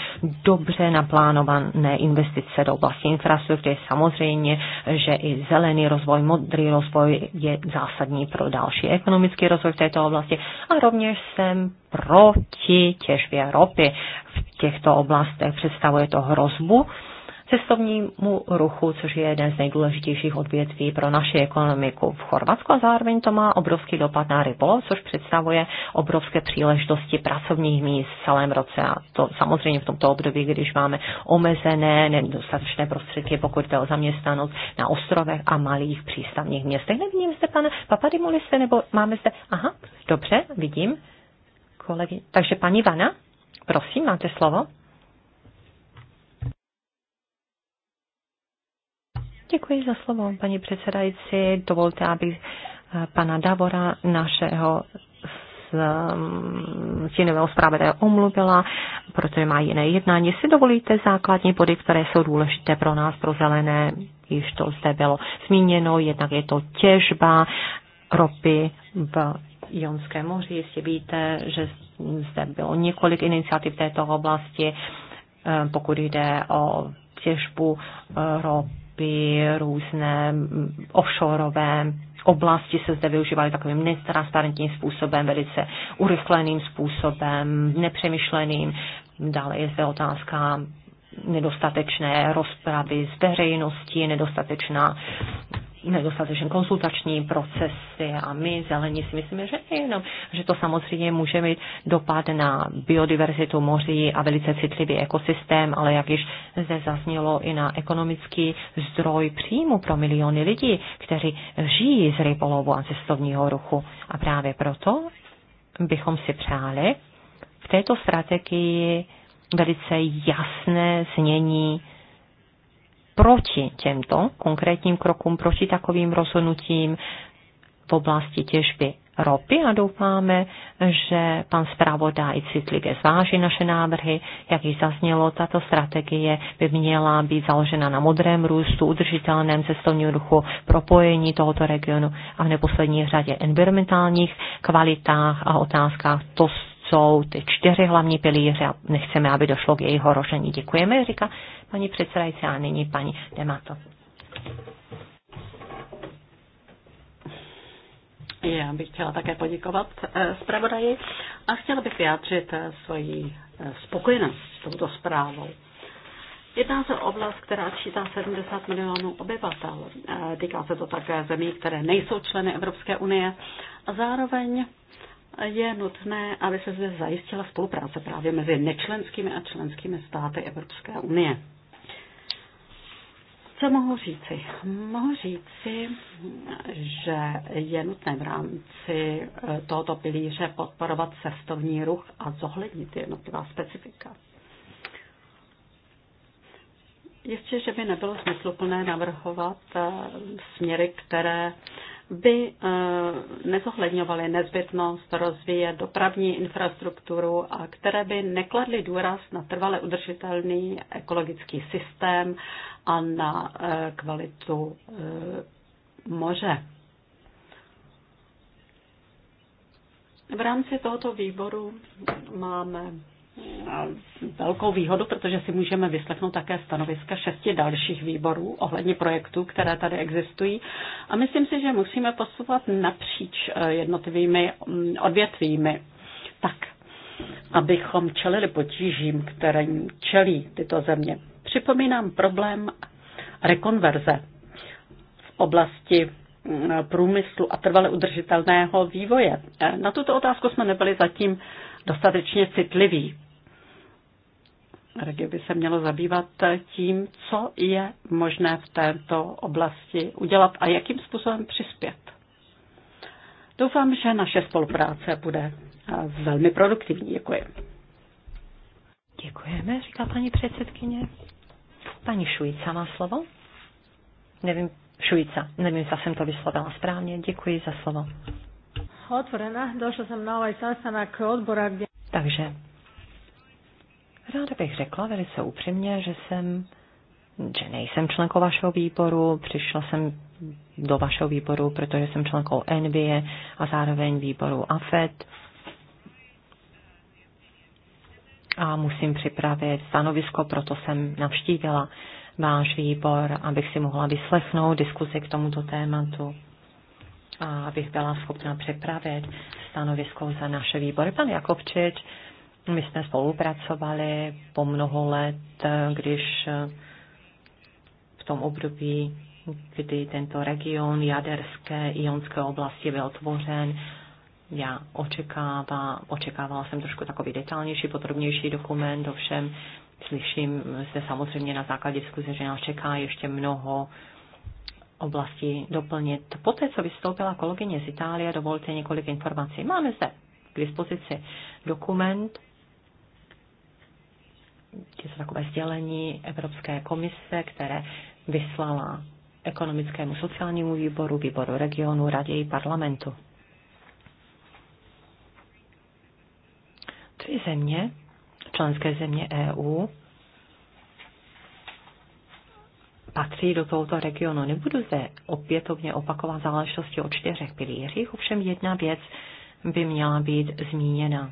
dobře naplánované investice do oblasti infrastruktury. Samozřejmě, že i zelený rozvoj, modrý rozvoj je zásadní pro další ekonomický rozvoj v této oblasti. A rovněž jsem proti těžbě ropy v těchto oblastech. Představuje to hrozbu cestovnímu ruchu, což je jeden z nejdůležitějších odvětví pro naši ekonomiku v Chorvatsku a zároveň to má obrovský dopad na rybolov, což představuje obrovské příležitosti pracovních míst v celém roce a to samozřejmě v tomto období, když máme omezené, nedostatečné prostředky, pokud jde o zaměstnanost na ostrovech a malých přístavních městech. Nevidím zde pana Papadimulise, nebo máme zde, aha, dobře, vidím, kolegy. Takže paní Vana, prosím, máte slovo. Děkuji za slovo, paní předsedající. Dovolte, aby eh, pana Davora, našeho mm, stínového zpravodaje omluvila, protože má jiné jednání. Si dovolíte základní body, které jsou důležité pro nás, pro zelené, již to zde bylo zmíněno, jednak je to těžba ropy v Jonském moři. Jestli víte, že zde bylo několik iniciativ v této oblasti, eh, pokud jde o těžbu eh, ropy služby, různé offshoreové oblasti se zde využívaly takovým netransparentním způsobem, velice urychleným způsobem, nepřemýšleným. Dále je zde otázka nedostatečné rozpravy s veřejností, nedostatečná nedostatečně konsultační procesy a my zelení si myslíme, že jenom, že to samozřejmě může mít dopad na biodiverzitu moří a velice citlivý ekosystém, ale jak již zde zaznělo i na ekonomický zdroj příjmu pro miliony lidí, kteří žijí z rybolovu a cestovního ruchu. A právě proto bychom si přáli v této strategii velice jasné znění proti těmto konkrétním krokům, proti takovým rozhodnutím v oblasti těžby ropy a doufáme, že pan zpravodaj citlivě zváží naše návrhy. Jak již zaznělo, tato strategie by měla být založena na modrém růstu, udržitelném cestovním ruchu, propojení tohoto regionu a v neposlední řadě environmentálních kvalitách a otázkách. To jsou ty čtyři hlavní pilíře a nechceme, aby došlo k jejich horožení. Děkujeme, říká paní předsedající a nyní paní Demato. Já bych chtěla také poděkovat eh, zpravodaji a chtěla bych vyjádřit eh, svoji eh, spokojenost s touto zprávou. Jedná se o oblast, která čítá 70 milionů obyvatel. Týká se to také zemí, které nejsou členy Evropské unie a zároveň je nutné, aby se zde zajistila spolupráce právě mezi nečlenskými a členskými státy Evropské unie. Co mohu říci? Mohu říci, že je nutné v rámci eh, tohoto pilíře podporovat cestovní ruch a zohlednit jednotlivá specifika. Jistě, že by nebylo smysluplné navrhovat eh, směry, které by eh, nezohledňovaly nezbytnost rozvíjet dopravní infrastrukturu a které by nekladly důraz na trvale udržitelný ekologický systém a na eh, kvalitu eh, moře. V rámci tohoto výboru máme velkou výhodu, protože si můžeme vyslechnout také stanoviska šesti dalších výborů ohledně projektů, které tady existují. A myslím si, že musíme posouvat napříč eh, jednotlivými mm, odvětvími tak, abychom čelili potížím, kterým čelí tyto země. Připomínám problém rekonverze v oblasti mm, průmyslu a trvale udržitelného vývoje. Eh, na tuto otázku jsme nebyli zatím dostatečně citlivý. Regio by se mělo zabývat tím, co je možné v této oblasti udělat a jakým způsobem přispět. Doufám, že naše spolupráce bude velmi produktivní. Děkuji. Děkujeme, říká paní předsedkyně. Paní Šujica má slovo. Nevím, Šujica, nevím, jestli jsem to vyslovila správně. Děkuji za slovo otvorena. Došla jsem na ovaj sastanak odbora, kde... Takže ráda bych řekla velice upřímně, že jsem že nejsem členkou vašeho výboru, přišla jsem do vašeho výboru, protože jsem členkou NBA a zároveň výboru AFED. A musím připravit stanovisko, proto jsem navštívila váš výbor, abych si mohla vyslechnout diskuzi k tomuto tématu a abych byla schopna připravit stanovisko za naše výbory. Pan Jakobčič, my jsme spolupracovali po mnoho let, když v tom období, kdy tento region jaderské ionské oblasti byl tvořen, já očekává, očekávala jsem trošku takový detailnější, podrobnější dokument, ovšem slyším zde samozřejmě na základě diskuze, že nás čeká ještě mnoho uh, oblasti doplnit. Poté, co vystoupila kolegyně z Itálie, dovolte několik informací. Máme zde k dispozici dokument, je to takové sdělení Evropské komise, které vyslala ekonomickému sociálnímu výboru, výboru regionu, radě i parlamentu. Tři země, členské země EU, patří do tohoto regionu. Nebudu zde opětovně opakovat záležitosti o čtyřech pilířích, ovšem jedna věc by měla být zmíněna.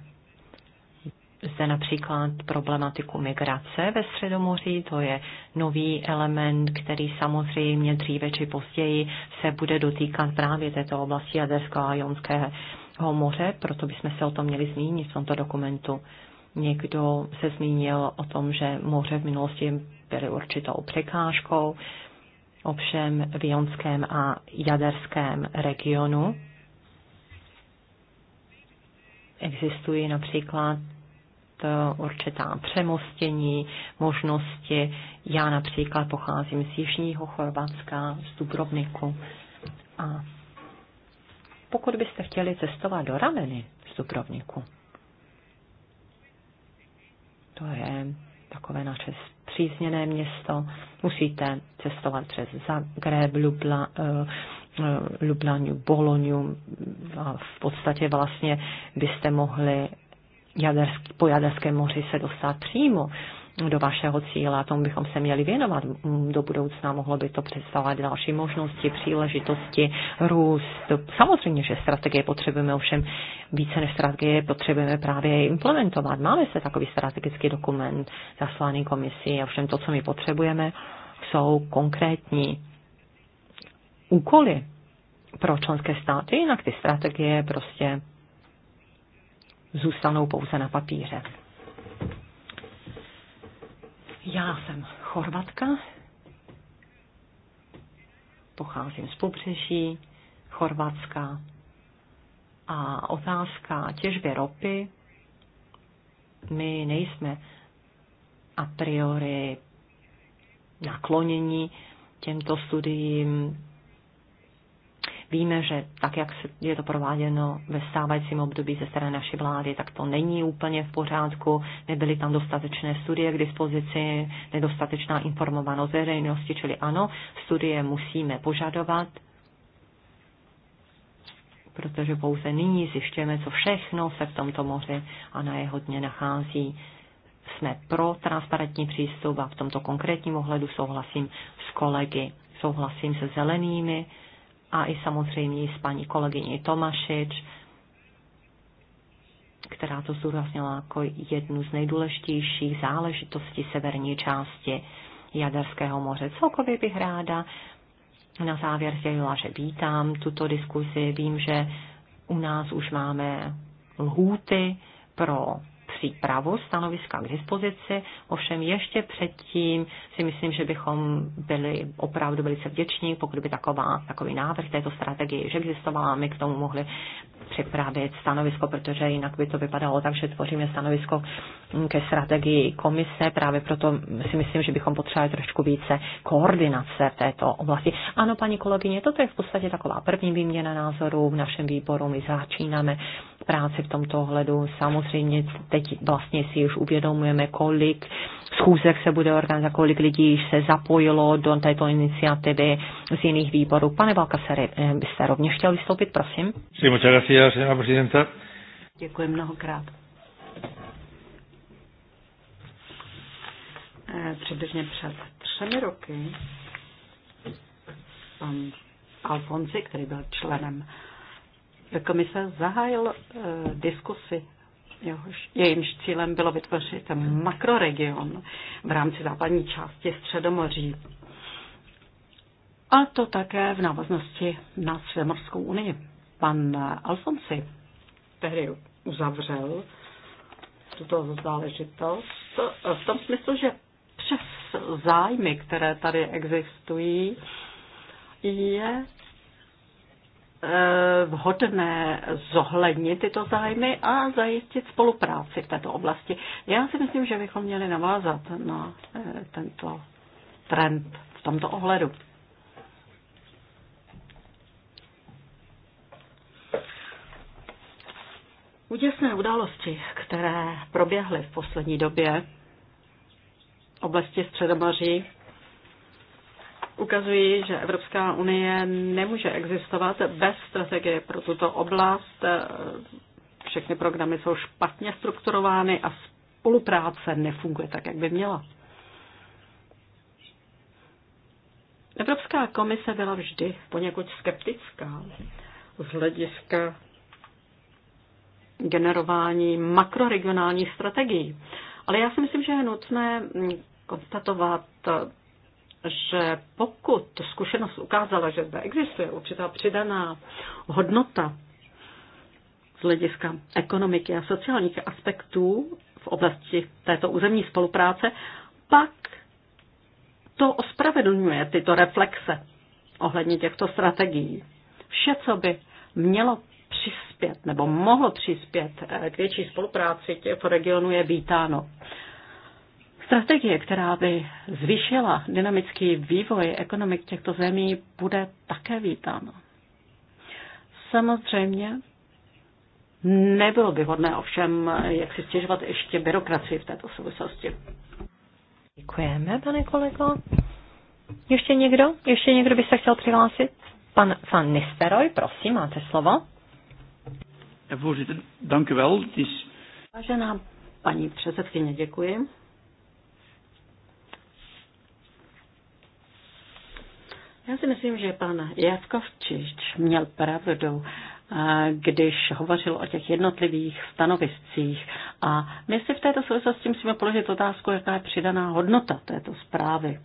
Zde například problematiku migrace ve Středomoří, to je nový element, který samozřejmě dříve či později se bude dotýkat právě této oblasti Jaderského a Jonského moře, proto bychom se o tom měli zmínit v tomto dokumentu. Někdo se zmínil o tom, že moře v minulosti byly určitou překážkou, ovšem v jonském a jaderském regionu. Existují například e, určitá přemostění, možnosti. Já například pocházím z Jižního Chorvatska, z Dubrovniku. A pokud byste chtěli cestovat do Rameny z Dubrovniku, to je takové naše spřízněné město, musíte cestovat přes Zagreb, Lubla, eh, eh, Lublaňu, Boloniu a v podstatě vlastně byste mohli jaderský, po Jaderském moři se dostat přímo do vašeho cíle a tomu bychom se měli věnovat mm, do budoucna. Mohlo by to představovat další možnosti, příležitosti, růst. Samozřejmě, že strategie potřebujeme ovšem více než strategie potřebujeme právě implementovat. Máme se takový strategický dokument zaslaný a ovšem to, co my potřebujeme, jsou konkrétní úkoly pro členské státy, jinak ty strategie prostě zůstanou pouze na papíře. Já jsem Chorvatka, pocházím z pobřeží Chorvatska a otázka těžby ropy, my nejsme a priori naklonění těmto studiím, Víme, že tak, jak je to prováděno ve stávajícím období ze strany naší vlády, tak to není úplně v pořádku. Nebyly tam dostatečné studie k dispozici, nedostatečná informovanost veřejnosti, čili ano, studie musíme požadovat, protože pouze nyní zjišťujeme, co všechno se v tomto moři a na jeho dně nachází. Jsme pro transparentní přístup a v tomto konkrétním ohledu souhlasím s kolegy, souhlasím se zelenými, a i samozřejmě s paní kolegyní Tomašič, která to zdůraznila jako jednu z nejdůležitějších záležitostí severní části Jaderského moře. Celkově bych ráda na závěr sdělila, že vítám tuto diskuzi. Vím, že u nás už máme lhůty pro přípravu stanoviska k dispozici, ovšem ještě předtím si myslím, že bychom byli opravdu velice vděční, pokud by taková, takový návrh této strategie už existovala, my k tomu mohli připravit stanovisko, protože jinak by to vypadalo tak, že tvoříme stanovisko ke strategii komise. Právě proto si myslím, že bychom potřebovali trošku více koordinace v této oblasti. Ano, paní kolegyně, toto je v podstatě taková první výměna názorů v našem výboru. My začínáme práci v tomto ohledu. Samozřejmě teď vlastně si už uvědomujeme, kolik schůzek se bude organizovat, kolik lidí již se zapojilo do této iniciativy z jiných výborů. Pane Balkasery, eh, byste rovněž chtěl vystoupit, prosím. gracias, señora presidenta. Děkuji mnohokrát. Eh, přibližně před třemi roky pan Alfonsi, který byl členem komise, zahájil eh, diskusy, jehož, jejímž cílem bylo vytvořit makroregion v rámci západní části Středomoří. A to také v návaznosti na Středomorskou unii. Pan Alfonsi tehdy uzavřel tuto záležitost v tom smyslu, že přes zájmy, které tady existují, je e, vhodné zohlednit tyto zájmy a zajistit spolupráci v této oblasti. Já si myslím, že bychom měli navázat na e, tento trend v tomto ohledu. Úděsné události, které proběhly v poslední době, oblasti Středomoří ukazují, že Evropská unie nemůže existovat bez strategie pro tuto oblast. Všechny programy jsou špatně strukturovány a spolupráce nefunguje tak, jak by měla. Evropská komise byla vždy poněkud skeptická z hlediska generování makroregionální strategií. Ale já si myslím, že je nutné mm, konstatovat, že pokud zkušenost ukázala, že zde existuje určitá přidaná hodnota z hlediska ekonomiky a sociálních aspektů v oblasti této územní spolupráce, pak to ospravedlňuje tyto reflexe ohledně těchto strategií. Vše, co by mělo přispět nebo mohlo přispět eh, k větší spolupráci těch regionů je vítáno. Strategie, která by zvýšila dynamický vývoj ekonomik těchto zemí, bude také vítána. Samozřejmě nebylo by hodné ovšem, eh, jak si stěžovat ještě byrokracii v této souvislosti. Děkujeme, pane kolego. Ještě někdo? Ještě někdo by se chtěl přihlásit? Pan Van Nisteroj, prosím, máte slovo. Voorzitter, dank u wel. Het is... Vážená paní předsedkyně, děkuji. Já si myslím, že pan Jatkovčič měl pravdu, eh, když hovořil o těch jednotlivých stanoviscích. A my si v této souvislosti musíme položit otázku, jaká je přidaná hodnota této zprávy.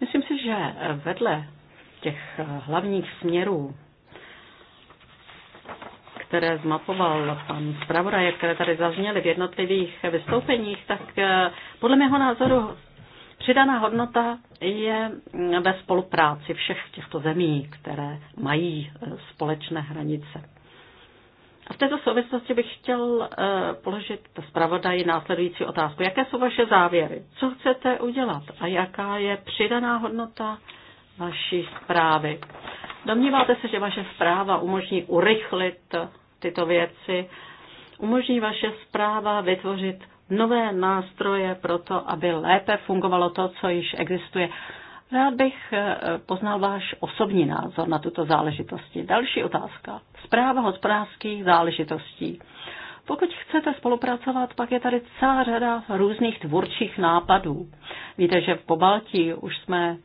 Myslím si, že vedle těch eh, hlavních směrů, které zmapoval pan zpravodaj, které tady zazněly v jednotlivých vystoupeních, tak eh, podle mého názoru přidaná hodnota je mm, ve spolupráci všech těchto zemí, které mají eh, společné hranice. A v této souvislosti bych chtěl položit zpravodaji následující otázku. Jaké jsou vaše závěry? Co chcete udělat? A jaká je přidaná hodnota vaší zprávy. Domníváte se, že vaše zpráva umožní urychlit tyto věci? Umožní vaše zpráva vytvořit nové nástroje pro to, aby lépe fungovalo to, co již existuje? Rád bych eh, poznal váš osobní názor na tuto záležitosti. Další otázka. Zpráva hospodářských záležitostí. Pokud chcete spolupracovat, pak je tady celá řada různých tvůrčích nápadů. Víte, že v Pobaltí už jsme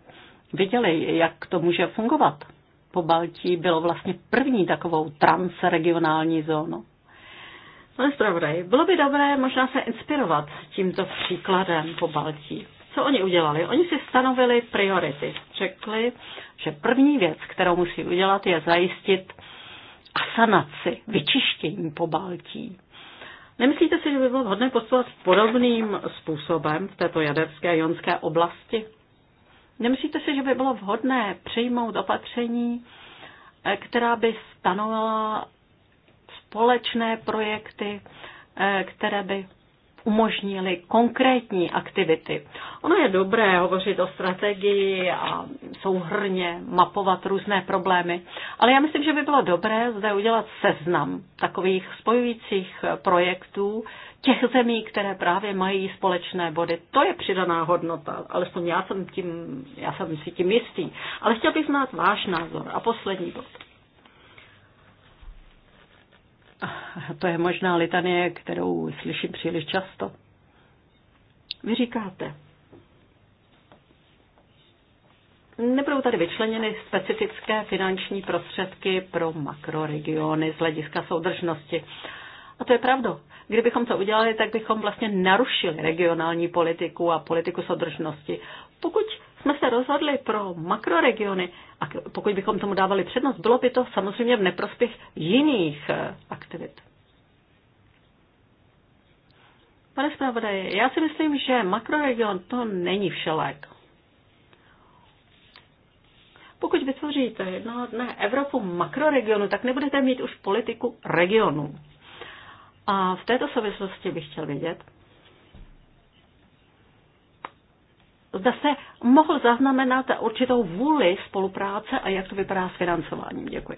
viděli, jak to může fungovat. Po Baltí bylo vlastně první takovou transregionální zónu. Pane zpravodaj, bylo by dobré možná se inspirovat tímto příkladem po Baltí. Co oni udělali? Oni si stanovili priority. Řekli, že první věc, kterou musí udělat, je zajistit asanaci, vyčištění po Baltí. Nemyslíte si, že by bylo vhodné postupovat podobným způsobem v této jaderské jonské oblasti? Nemyslíte si, že by bylo vhodné přijmout opatření, eh, která by stanovala společné projekty, eh, které by umožnili konkrétní aktivity. Ono je dobré hovořit o strategii a souhrně mapovat různé problémy, ale já myslím, že by bylo dobré zde udělat seznam takových spojujících projektů těch zemí, které právě mají společné body. To je přidaná hodnota, alespoň já jsem, tím, já jsem si tím jistý. Ale chtěl bych znát váš názor. A poslední bod to je možná litanie, kterou slyším příliš často. Vy říkáte, nebudou tady vyčleněny specifické finanční prostředky pro makroregiony z hlediska soudržnosti. A to je pravda. Kdybychom to udělali, tak bychom vlastně narušili regionální politiku a politiku soudržnosti. Pokud jsme se rozhodli pro makroregiony a pokud bychom tomu dávali přednost, bylo by to samozřejmě v neprospěch jiných eh, aktivit. Pane zpravodaji, já si myslím, že makroregion to není všelék. Pokud vytvoříte jednoho dne Evropu makroregionu, tak nebudete mít už politiku regionu. A v této souvislosti bych chtěl vědět, zda se mohl zaznamenat určitou vůli spolupráce a jak to vypadá s financováním. Děkuji.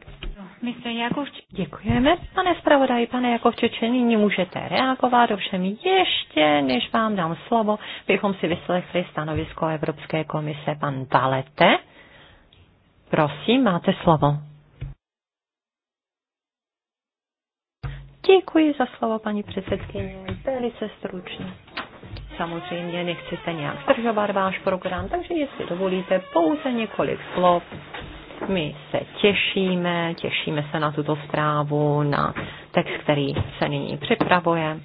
Mistr Jakovč... Děkujeme, pane zpravodaji, pane Jakovčiče, nyní můžete reagovat, ovšem ještě, než vám dám slovo, bychom si vyslechli stanovisko Evropské komise pan Dalete. Prosím, máte slovo. Děkuji za slovo, paní předsedkyně. Velice stručně samozřejmě, nechci se nějak zdržovat váš program, takže jestli dovolíte pouze několik slov, my se těšíme, těšíme se na tuto zprávu, na text, který se nyní připravuje,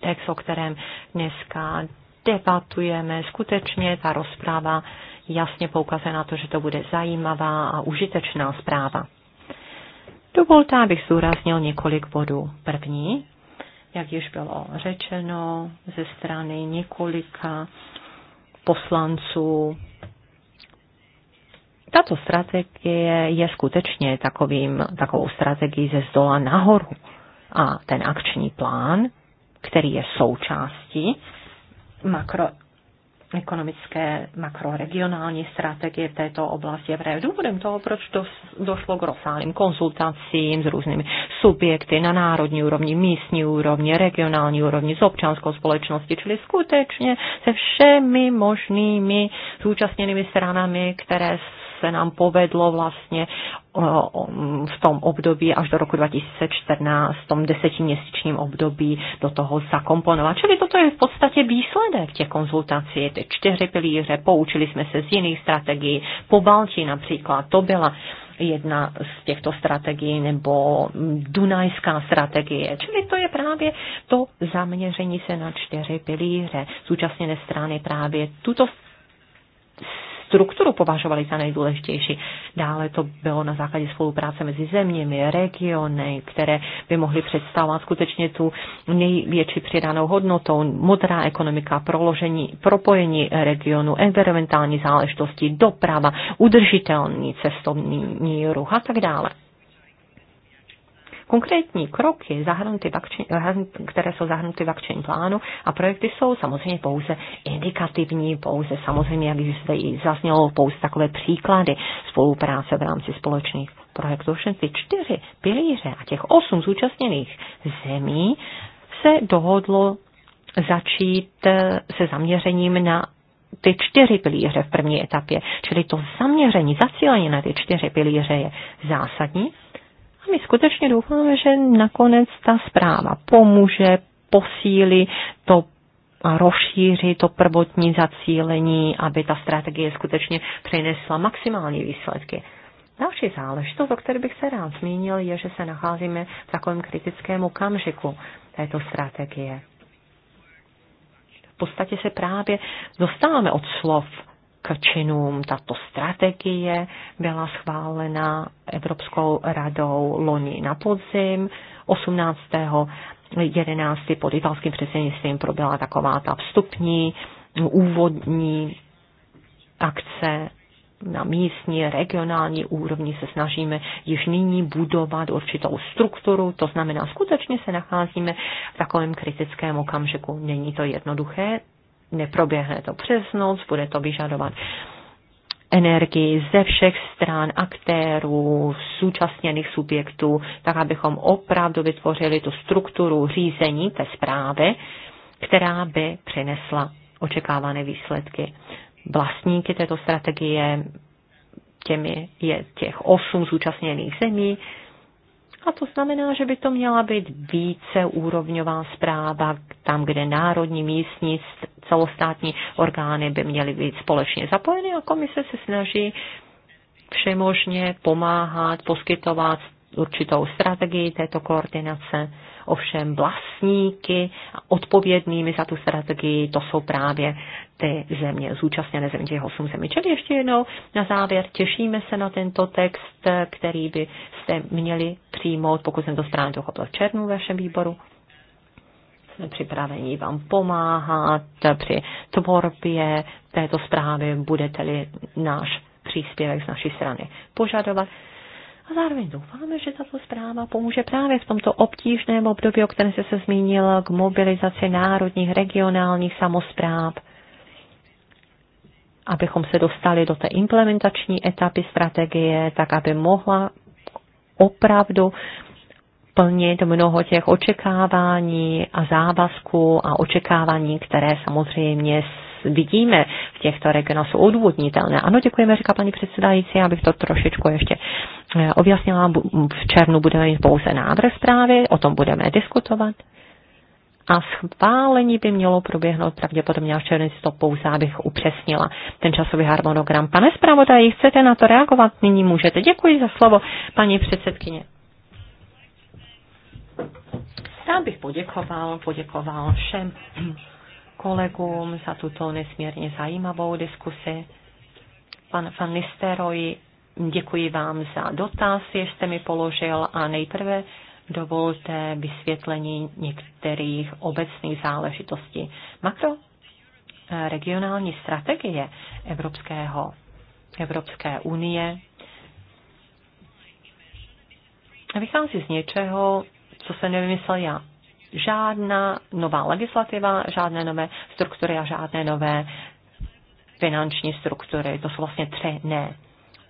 text, o kterém dneska debatujeme. Skutečně ta rozpráva jasně poukazuje na to, že to bude zajímavá a užitečná zpráva. Dovolte, abych zúraznil několik bodů. První jak již bylo řečeno, ze strany několika poslanců. Tato strategie je skutečně takovým, takovou strategií ze zdola nahoru. A ten akční plán, který je součástí makro ekonomické makroregionální strategie v této oblasti. Je důvodem toho, proč došlo k rozsáhlým konzultacím s různými subjekty na národní úrovni, místní úrovni, regionální úrovni, s občanskou společností, čili skutečně se všemi možnými zúčastněnými stranami, které se nám povedlo vlastně v tom období až do roku 2014, v tom desetiměsíčním období do toho zakomponovat. Čili toto je v podstatě výsledek těch konzultací, ty čtyři pilíře, poučili jsme se z jiných strategií, po Balti například, to byla jedna z těchto strategií nebo dunajská strategie. Čili to je právě to zaměření se na čtyři pilíře. Zúčastněné strany právě tuto strukturu považovali za nejdůležitější. Dále to bylo na základě spolupráce mezi zeměmi, regiony, které by mohly představovat skutečně tu největší přidanou hodnotou, modrá ekonomika, proložení, propojení regionu, environmentální záležitosti, doprava, udržitelný cestovní ruch a tak dále. Konkrétní kroky, zahrnuty které jsou zahrnuty v akčním plánu a projekty jsou samozřejmě pouze indikativní, pouze samozřejmě, jak zde i zaznělo, pouze takové příklady spolupráce v rámci společných projektů. Všem ty čtyři pilíře a těch osm zúčastněných zemí se dohodlo začít eh, se zaměřením na ty čtyři pilíře v první etapě. Čili to zaměření, zacílení na ty čtyři pilíře je zásadní a my skutečně doufáme, že nakonec ta zpráva pomůže, posílí to a rozšíří to prvotní zacílení, aby ta strategie skutečně přinesla maximální výsledky. Další záležitost, o které bych se rád zmínil, je, že se nacházíme v takovém kritickém okamžiku této strategie. V podstatě se právě dostáváme od slov k činům. Tato strategie byla schválena Evropskou radou loni na podzim 18. 11. pod italským předsednictvím proběhla taková ta vstupní, úvodní akce na místní, regionální úrovni se snažíme již nyní budovat určitou strukturu, to znamená, skutečně se nacházíme v takovém kritickém okamžiku. Není to jednoduché, neproběhne to přes noc, bude to vyžadovat energii ze všech stran aktérů, současněných subjektů, tak abychom opravdu vytvořili tu strukturu řízení té zprávy, která by přinesla očekávané výsledky. Vlastníky této strategie těmi je těch osm zúčastněných zemí, a to znamená, že by to měla být více úrovňová zpráva, tam, kde národní, místní, celostátní orgány by měly být společně zapojeny a komise se snaží všemožně pomáhat, poskytovat určitou strategii této koordinace Ovšem vlastníky a odpovědnými za tu strategii, to jsou právě ty země, zúčastněné země, těch 8 zemí. Čili ještě jednou na závěr těšíme se na tento text, který by jste měli přijmout, pokud jsem to správně dochopil v červnu ve všem výboru jsme připraveni vám pomáhat při tvorbě této zprávy, budete-li náš příspěvek z naší strany požadovat. A zároveň doufáme, že tato zpráva pomůže právě v tomto obtížném období, o kterém se zmínil, k mobilizaci národních, regionálních samozpráv, abychom se dostali do té implementační etapy strategie, tak aby mohla opravdu plnit mnoho těch očekávání a závazků a očekávání, které samozřejmě vidíme v těchto regionech, jsou odvodnitelné Ano, děkujeme, říká paní předsedající, abych to trošičku ještě eh, objasnila. V červnu budeme mít pouze návrh zprávy, o tom budeme diskutovat. A schválení by mělo proběhnout pravděpodobně až červenci to pouze, abych upřesnila ten časový harmonogram. Pane zpravodaji, chcete na to reagovat? Nyní můžete. Děkuji za slovo, paní předsedkyně. Já bych poděkoval, poděkoval všem kolegům za tuto nesmírně zajímavou diskusi. Pan Van Nisteroj, děkuji vám za dotaz, jež jste mi položil a nejprve dovolte vysvětlení některých obecných záležitostí. Makro eh, regionální strategie Evropského, Evropské unie vychází z něčeho, co se nevymyslel já žádná nová legislativa, žádné nové struktury a žádné nové finanční struktury. To jsou vlastně tři ne.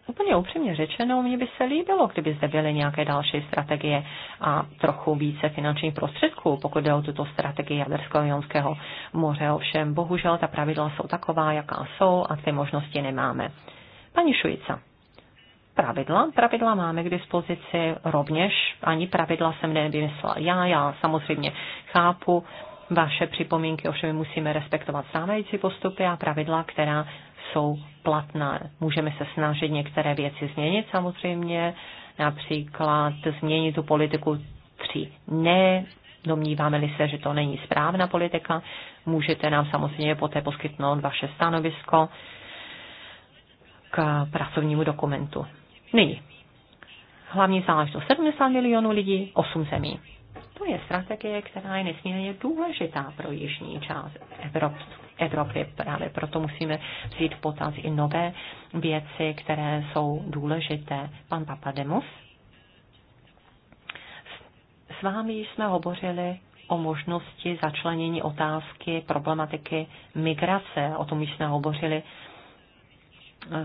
Úplně upřímně řečeno, mně by se líbilo, kdyby zde byly nějaké další strategie a trochu více finančních prostředků, pokud jde o tuto strategii Jaderského jonského moře. Ovšem, bohužel ta pravidla jsou taková, jaká jsou a ty možnosti nemáme. Paní Šujica pravidla. Pravidla máme k dispozici rovněž, ani pravidla jsem nevymyslela já, já samozřejmě chápu vaše připomínky, ovšem musíme respektovat stávající postupy a pravidla, která jsou platná. Můžeme se snažit některé věci změnit samozřejmě, například změnit tu politiku tři. ne, domníváme-li se, že to není správná politika, můžete nám samozřejmě poté poskytnout vaše stanovisko k pracovnímu dokumentu. Nyní. Hlavní záležitost 70 milionů lidí, 8 zemí. To je strategie, která je nesmírně důležitá pro jižní část Evropy. Právě proto musíme vzít potaz i nové věci, které jsou důležité. Pan Papademos, s vámi jsme hovořili o možnosti začlenění otázky problematiky migrace. O tom jsme hovořili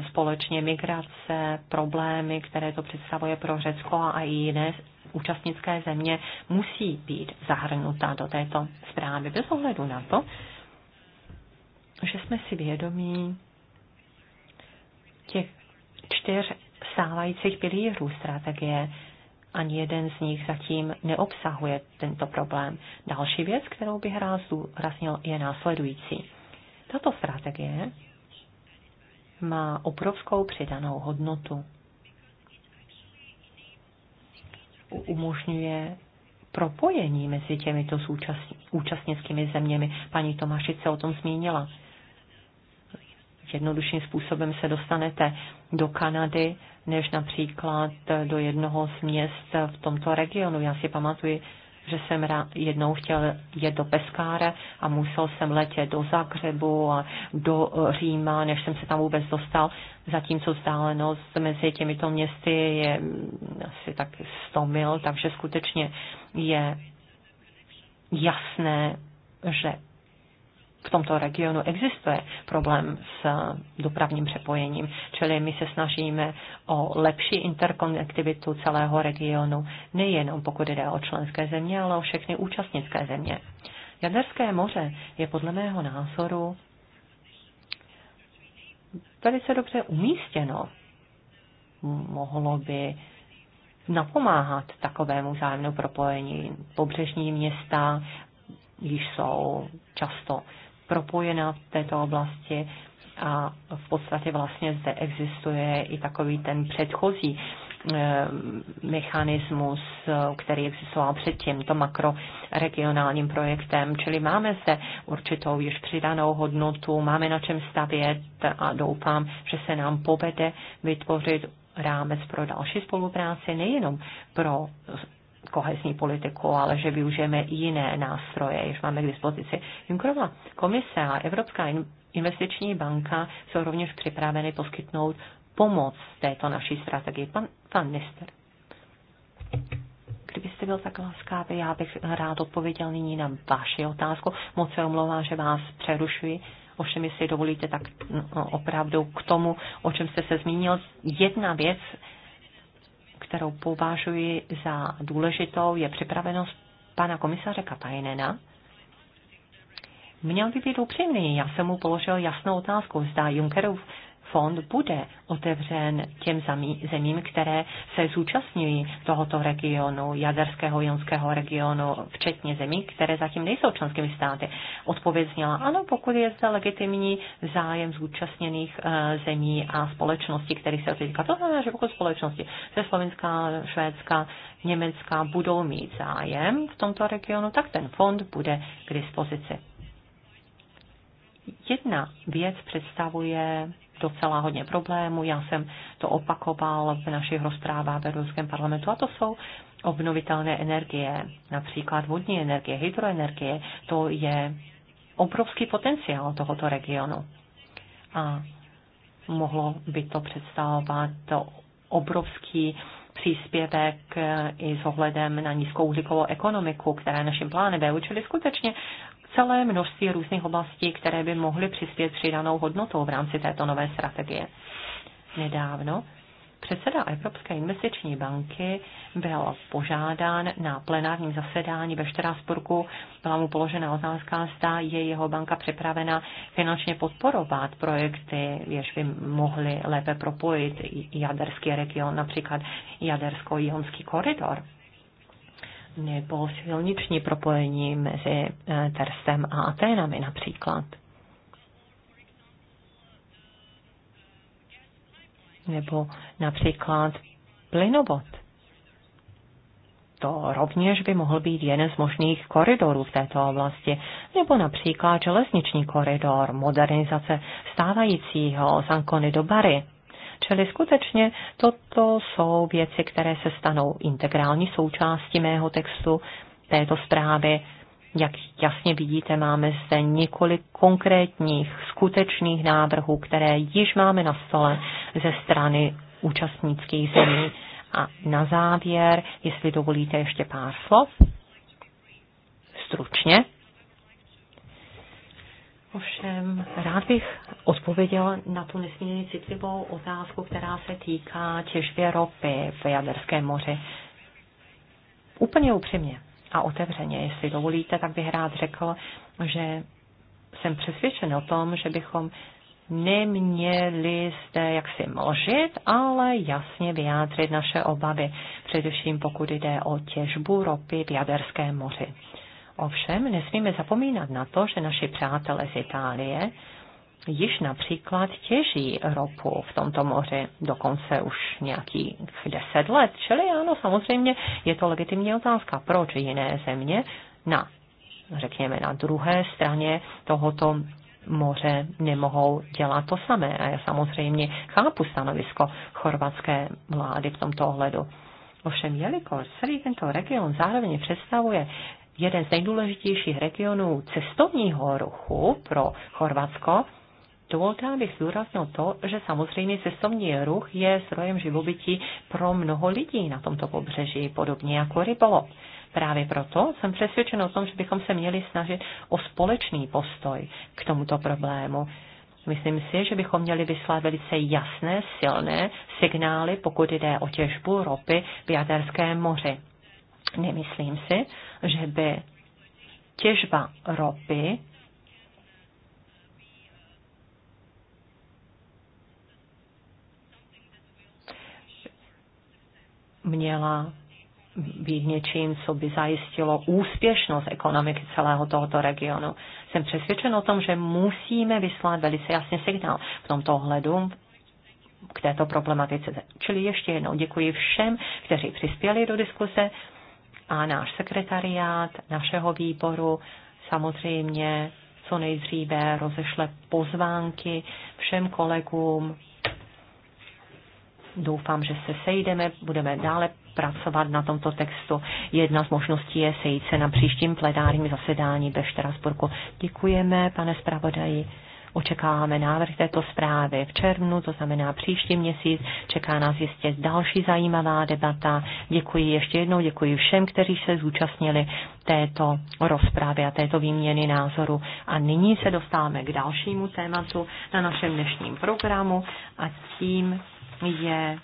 společně migrace, problémy, které to představuje pro Řecko a i jiné účastnické země, musí být zahrnuta do této zprávy bez ohledu na to, že jsme si vědomí těch čtyř stávajících pilířů strategie. Ani jeden z nich zatím neobsahuje tento problém. Další věc, kterou bych rád zdůraznil, je následující. Tato strategie má obrovskou přidanou hodnotu. Umožňuje propojení mezi těmito účastnickými zeměmi. Paní Tomášice se o tom zmínila. Jednodušším způsobem se dostanete do Kanady, než například do jednoho z měst v tomto regionu. Já si pamatuji, že jsem jednou chtěl jet do Peskáre a musel jsem letět do Zagrebu a do eh, Říma, než jsem se tam vůbec dostal, zatímco vzdálenost mezi těmito městy je mm, asi tak 100 mil, takže skutečně je jasné, že v tomto regionu existuje problém s eh, dopravním přepojením, čili my se snažíme o lepší interkonektivitu celého regionu, nejenom pokud jde o členské země, ale o všechny účastnické země. Jaderské moře je podle mého názoru velice dobře umístěno. Mohlo by napomáhat takovému vzájemnému propojení. Pobřežní města již jsou často propojena v této oblasti a v podstatě vlastně zde existuje i takový ten předchozí eh, mechanismus, který existoval před tímto makroregionálním projektem. Čili máme se určitou již přidanou hodnotu, máme na čem stavět a doufám, že se nám povede vytvořit rámec pro další spolupráci, nejenom pro kohesní politiku, ale že využijeme i jiné nástroje, jež máme k dispozici. Junkerova komise a Evropská investiční banka jsou rovněž připraveny poskytnout pomoc této naší strategii. Pan, pan minister. Kdybyste byl tak laskavý, já bych rád odpověděl nyní na vaši otázku. Moc se omlouvám, že vás přerušuji. Ovšem, jestli dovolíte, tak no, opravdu k tomu, o čem jste se zmínil, jedna věc, kterou považuji za důležitou, je připravenost pana komisaře Katajnena. Měl by být upřímný. Já jsem mu položil jasnou otázku, zda Junckerův fond bude otevřen těm zemím, které se zúčastňují tohoto regionu, jaderského jonského regionu, včetně zemí, které zatím nejsou členskými státy. Odpověď zněla ano, pokud je zde legitimní zájem zúčastněných eh, zemí a společností, kterých se týká. To znamená, že pokud společnosti ze Slovenska, Švédska, Německa budou mít zájem v tomto regionu, tak ten fond bude k dispozici. Jedna věc představuje docela hodně problémů. Já jsem to opakoval v našich rozprávách ve Evropském parlamentu a to jsou obnovitelné energie, například vodní energie, hydroenergie. To je obrovský potenciál tohoto regionu. A mohlo by to představovat to obrovský příspěvek eh, i s ohledem na nízkouhlíkovou ekonomiku, která je naším plánem. Čili skutečně celé množství různých oblastí, které by mohly přispět přidanou hodnotou v rámci této nové strategie. Nedávno Předseda Evropské investiční banky byl požádán na plenárním zasedání ve Štrásburku. Byla mu položena otázka, zda je jeho banka připravena finančně podporovat projekty, jež by mohly lépe propojit jaderský region, například jadersko-jonský koridor nebo vlastně silniční propojení mezi eh, Terstem a Aténami například. Nebo například plynovod. To rovněž by mohl být jeden z možných koridorů v této oblasti, nebo například železniční koridor, modernizace stávajícího Sankony do Bary. Čili skutečně toto jsou věci, které se stanou integrální součástí mého textu, této zprávy. Jak jasně vidíte, máme zde několik konkrétních, skutečných návrhů, které již máme na stole ze strany účastnických zemí. A na závěr, jestli dovolíte ještě pár slov, stručně, Ovšem, rád bych odpověděl na tu nesmírně citlivou otázku, která se týká těžby ropy v Jaderském moři. Úplně upřímně a otevřeně, jestli dovolíte, tak bych rád řekl, že jsem přesvědčen o tom, že bychom neměli zde jaksi mlžit, ale jasně vyjádřit naše obavy, především pokud jde o těžbu ropy v Jaderském moři. Ovšem nesmíme zapomínat na to, že naši přátelé z Itálie již například těží ropu v tomto moři dokonce už nějakých deset let. Čili ano, samozřejmě je to legitimní otázka, proč jiné země na, řekněme, na druhé straně tohoto moře nemohou dělat to samé. A já samozřejmě chápu stanovisko chorvatské vlády v tomto ohledu. Ovšem, jelikož celý tento region zároveň představuje jeden z nejdůležitějších regionů cestovního ruchu pro Chorvatsko, Dovolte, abych zdůraznil to, že samozřejmě cestovní ruch je zdrojem živobytí pro mnoho lidí na tomto pobřeží, podobně jako rybolo. Právě proto jsem přesvědčen o tom, že bychom se měli snažit o společný postoj k tomuto problému. Myslím si, že bychom měli vyslat velice jasné, silné signály, pokud jde o těžbu ropy v Jaderském moři. Nemyslím vlastně si, že by těžba ropy měla být něčím, co by zajistilo úspěšnost ekonomiky celého tohoto regionu. Jsem přesvědčen o tom, že musíme vyslat velice jasný signál v tomto ohledu k této problematice. Čili ještě jednou děkuji všem, kteří přispěli do diskuse a náš sekretariát našeho výboru samozřejmě co nejdříve rozešle pozvánky všem kolegům. Doufám, že se sejdeme, budeme dále pracovat na tomto textu. Jedna z možností je sejít se na příštím plenárním zasedání ve Štrasburku. Děkujeme, pane zpravodaji. Očekáváme návrh této zprávy v červnu, to znamená příští měsíc. Čeká nás jistě další zajímavá debata. Děkuji ještě jednou, děkuji všem, kteří se zúčastnili této rozpravy a této výměny názoru. A nyní se dostáváme k dalšímu tématu na našem dnešním programu a tím je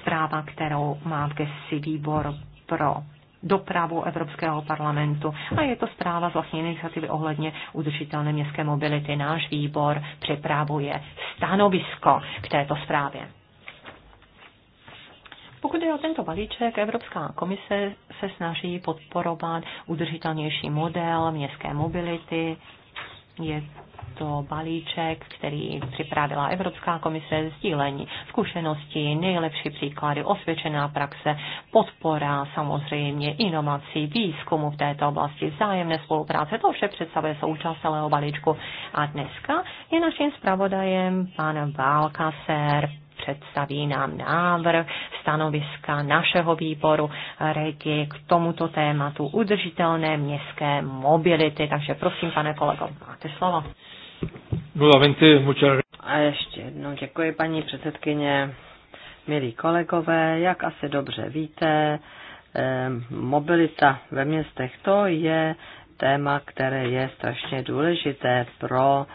zpráva, kterou má v gesti výbor pro dopravu Evropského parlamentu a je to zpráva z vlastní iniciativy ohledně udržitelné městské mobility. Náš výbor připravuje stanovisko k této zprávě. Pokud je o tento balíček, Evropská komise se snaží podporovat udržitelnější model městské mobility, je to balíček, který připravila Evropská komise, sdílení zkušenosti, nejlepší příklady, osvědčená praxe, podpora samozřejmě inovací, výzkumu v této oblasti, zájemné spolupráce, to vše představuje součást celého balíčku. A dneska je naším zpravodajem pan Válka Ser představí nám návrh stanoviska našeho výboru regi k tomuto tématu udržitelné městské mobility. Takže prosím, pane kolego, máte slovo. A ještě jednou děkuji, paní předsedkyně. Milí kolegové, jak asi dobře víte, mobilita ve městech to je téma, které je strašně důležité pro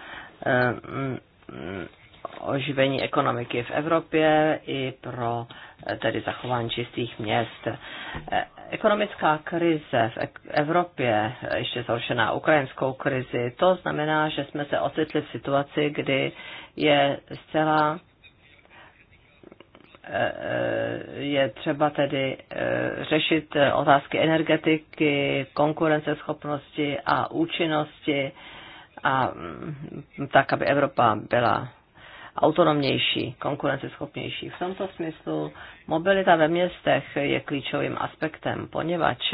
oživení ekonomiky v Evropě i pro eh, tedy zachování čistých měst. Eh, ekonomická krize v Evropě, eh, ještě zhoršená ukrajinskou krizi, to znamená, že jsme se ocitli v situaci, kdy je zcela je třeba tedy řešit otázky energetiky, konkurenceschopnosti a účinnosti a mm, tak, aby Evropa byla autonomnější, konkurenceschopnější. V tomto smyslu mobilita ve městech je klíčovým aspektem, poněvadž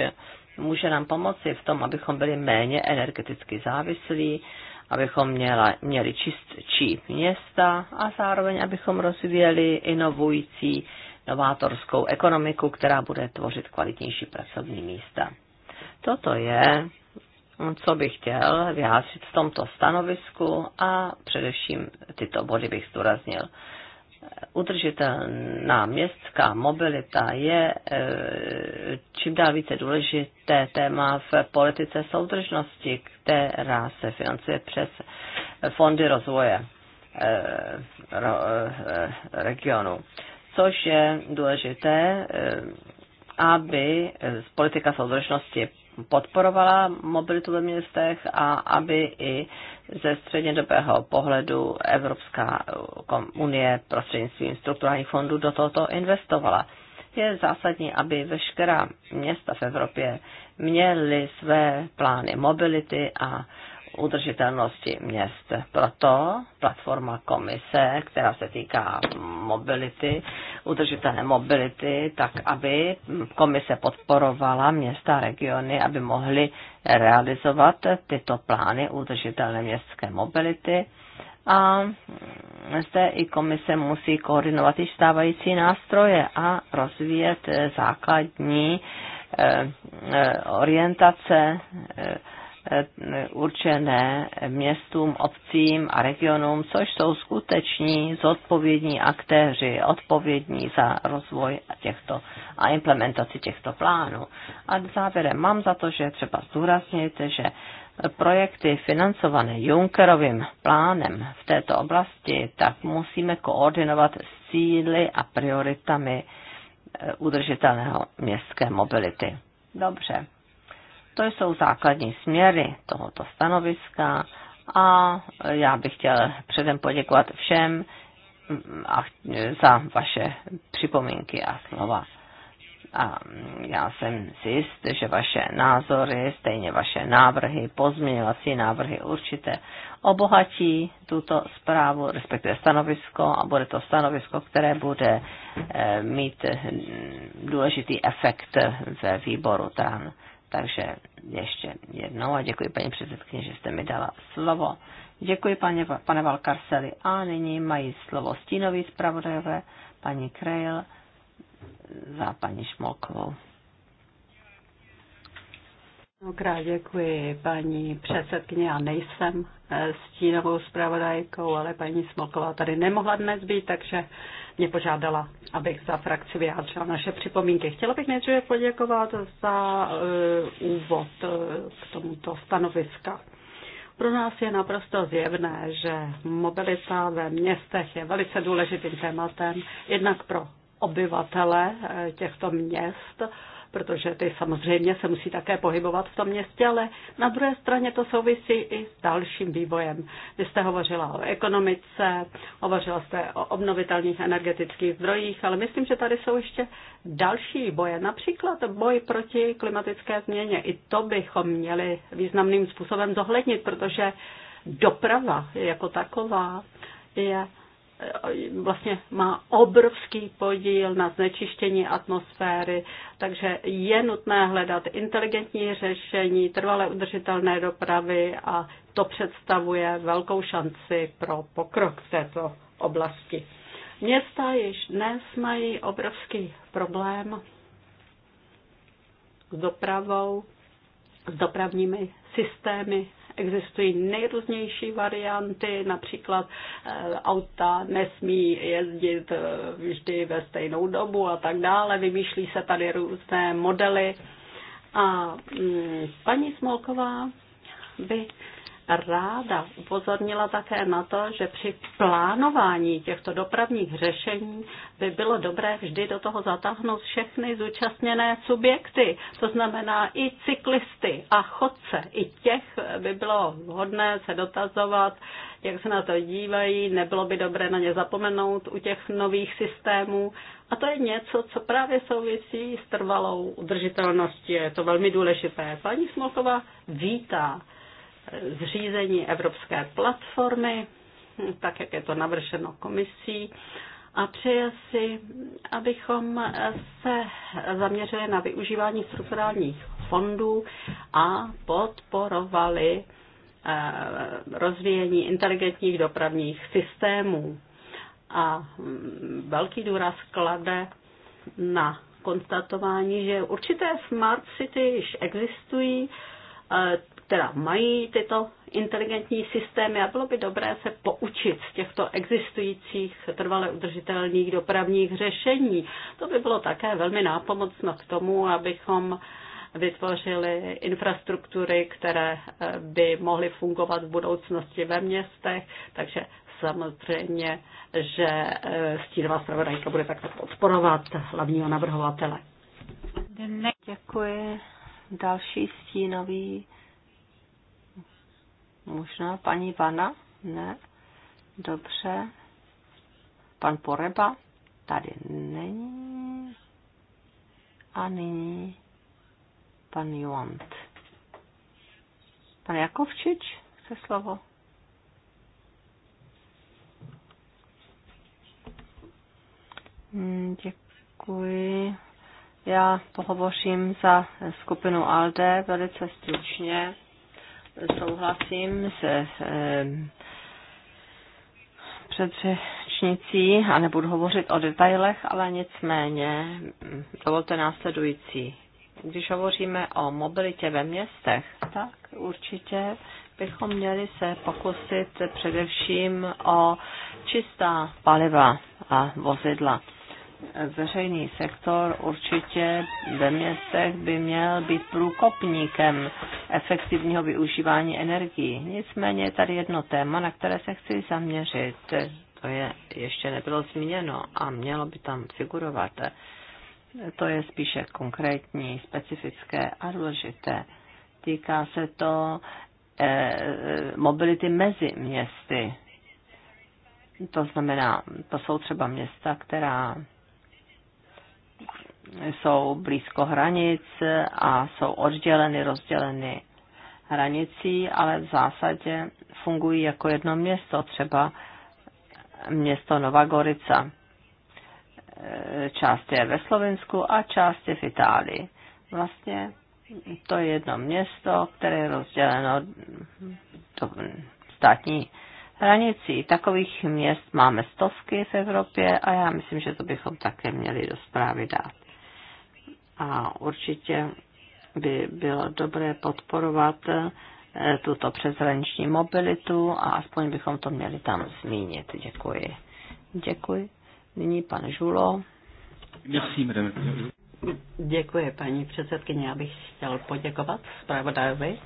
může nám pomoci v tom, abychom byli méně energeticky závislí, abychom měla, měli čistší města a zároveň abychom rozvíjeli inovující novátorskou ekonomiku, která bude tvořit kvalitnější pracovní místa. Toto je co bych chtěl vyjádřit v tomto stanovisku a především tyto body bych zdůraznil. Udržitelná městská mobilita je e, čím dál více důležité téma v politice soudržnosti, která se financuje přes fondy rozvoje e, e, regionu. Což je důležité, aby politika soudržnosti podporovala mobilitu ve městech a aby i ze střednědobého pohledu Evropská unie prostřednictvím strukturálních fondů do tohoto investovala. Je zásadní, aby veškerá města v Evropě měly své plány mobility a udržitelnosti měst. Proto platforma komise, která se týká mobility, udržitelné mobility, tak aby komise podporovala města a regiony, aby mohly realizovat tyto plány udržitelné městské mobility. A zde i komise musí koordinovat i stávající nástroje a rozvíjet základní eh, eh, orientace eh, určené městům, obcím a regionům, což jsou skuteční zodpovědní aktéři, odpovědní za rozvoj těchto a implementaci těchto plánů. A závěrem mám za to, že třeba zdůraznit, že projekty financované Junckerovým plánem v této oblasti, tak musíme koordinovat s cíly a prioritami eh, udržitelného městské mobility. Dobře, to jsou základní směry tohoto stanoviska a já bych chtěl předem poděkovat všem mm, za vaše připomínky a slova. A já jsem si jist, že vaše názory, stejně vaše návrhy, pozměňovací návrhy určitě obohatí tuto zprávu, respektive stanovisko a bude to stanovisko, které bude eh, mít mm, důležitý efekt ve výboru TRAN. Takže ještě jednou a děkuji paní předsedkyně, že jste mi dala slovo. Děkuji paně, pane Valkarseli. A nyní mají slovo stínový zpravodajové, paní Krejl za paní Šmolkovou. Mnohokrát děkuji, paní předsedkyně. Já nejsem stínovou zpravodajkou, ale paní Smolková tady nemohla dnes být, takže mě požádala, abych za frakci vyjádřila naše připomínky. Chtěla bych nejdříve poděkovat za uh, úvod uh, k tomuto stanoviska. Pro nás je naprosto zjevné, že mobilita ve městech je velice důležitým tématem, jednak pro obyvatele eh, těchto měst, protože ty samozřejmě se musí také pohybovat v tom městě, ale na druhé straně to souvisí i s dalším vývojem. Vy jste hovořila o ekonomice, hovořila jste o obnovitelných energetických zdrojích, ale myslím, že tady jsou ještě další boje, například boj proti klimatické změně. I to bychom měli významným způsobem zohlednit, protože doprava jako taková je vlastně má obrovský podíl na znečištění atmosféry, takže je nutné hledat inteligentní řešení trvale udržitelné dopravy a to představuje velkou šanci pro pokrok v této oblasti. Města již dnes mají obrovský problém s dopravou, s dopravními systémy Existují nejrůznější varianty, například eh, auta nesmí jezdit eh, vždy ve stejnou dobu a tak dále. Vymýšlí se tady různé modely. A mm, paní Smolková by ráda upozornila také na to, že při plánování těchto dopravních řešení by bylo dobré vždy do toho zatáhnout všechny zúčastněné subjekty, to znamená i cyklisty a chodce. I těch by bylo vhodné se dotazovat, jak se na to dívají, nebylo by dobré na ně zapomenout u těch nových systémů. A to je něco, co právě souvisí s trvalou udržitelností. Je to velmi důležité. Paní Smolková vítá zřízení Evropské platformy, tak jak je to navrženo komisí, a přeje si, abychom se zaměřili na využívání strukturálních fondů a podporovali eh, rozvíjení inteligentních dopravních systémů. A mm, velký důraz klade na konstatování, že určité smart city již existují, eh, která mají tyto inteligentní systémy a bylo by dobré se poučit z těchto existujících trvale udržitelných dopravních řešení. To by bylo také velmi nápomocno k tomu, abychom vytvořili infrastruktury, které eh, by mohly fungovat v budoucnosti ve městech, takže samozřejmě, že eh, stínová zpravodajka bude takto podporovat hlavního navrhovatele. Děkuji. Další stínový Možná paní Vana? Ne? Dobře. Pan Poreba? Tady není. A nyní pan Juant. Pan Jakovčič chce slovo. Hmm, děkuji. Já pohovořím za skupinu ALDE velice stručně souhlasím se předřečnicí a nebudu hovořit o detailech, ale nicméně dovolte následující. Když hovoříme o mobilitě ve městech, tak určitě bychom měli se pokusit především o čistá paliva a vozidla veřejný sektor určitě ve městech by měl být průkopníkem efektivního využívání energií. Nicméně je tady jedno téma, na které se chci zaměřit. To je ještě nebylo zmíněno a mělo by tam figurovat. To je spíše konkrétní, specifické a důležité. Týká se to e, mobility mezi městy. To znamená, to jsou třeba města, která jsou blízko hranic a jsou odděleny, rozděleny hranicí, ale v zásadě fungují jako jedno město, třeba město Nova Gorica. Část je ve Slovensku a část je v Itálii. Vlastně to je jedno město, které je rozděleno do státní hranicí. Takových měst máme stovky v Evropě a já myslím, že to bychom také měli do zprávy dát. A určitě by bylo dobré podporovat eh, tuto přeshraniční mobilitu a aspoň bychom to měli tam zmínit. Děkuji. Děkuji. Nyní pan Žulo. Děkuji, paní předsedkyně. Já bych chtěl poděkovat zpravodajovi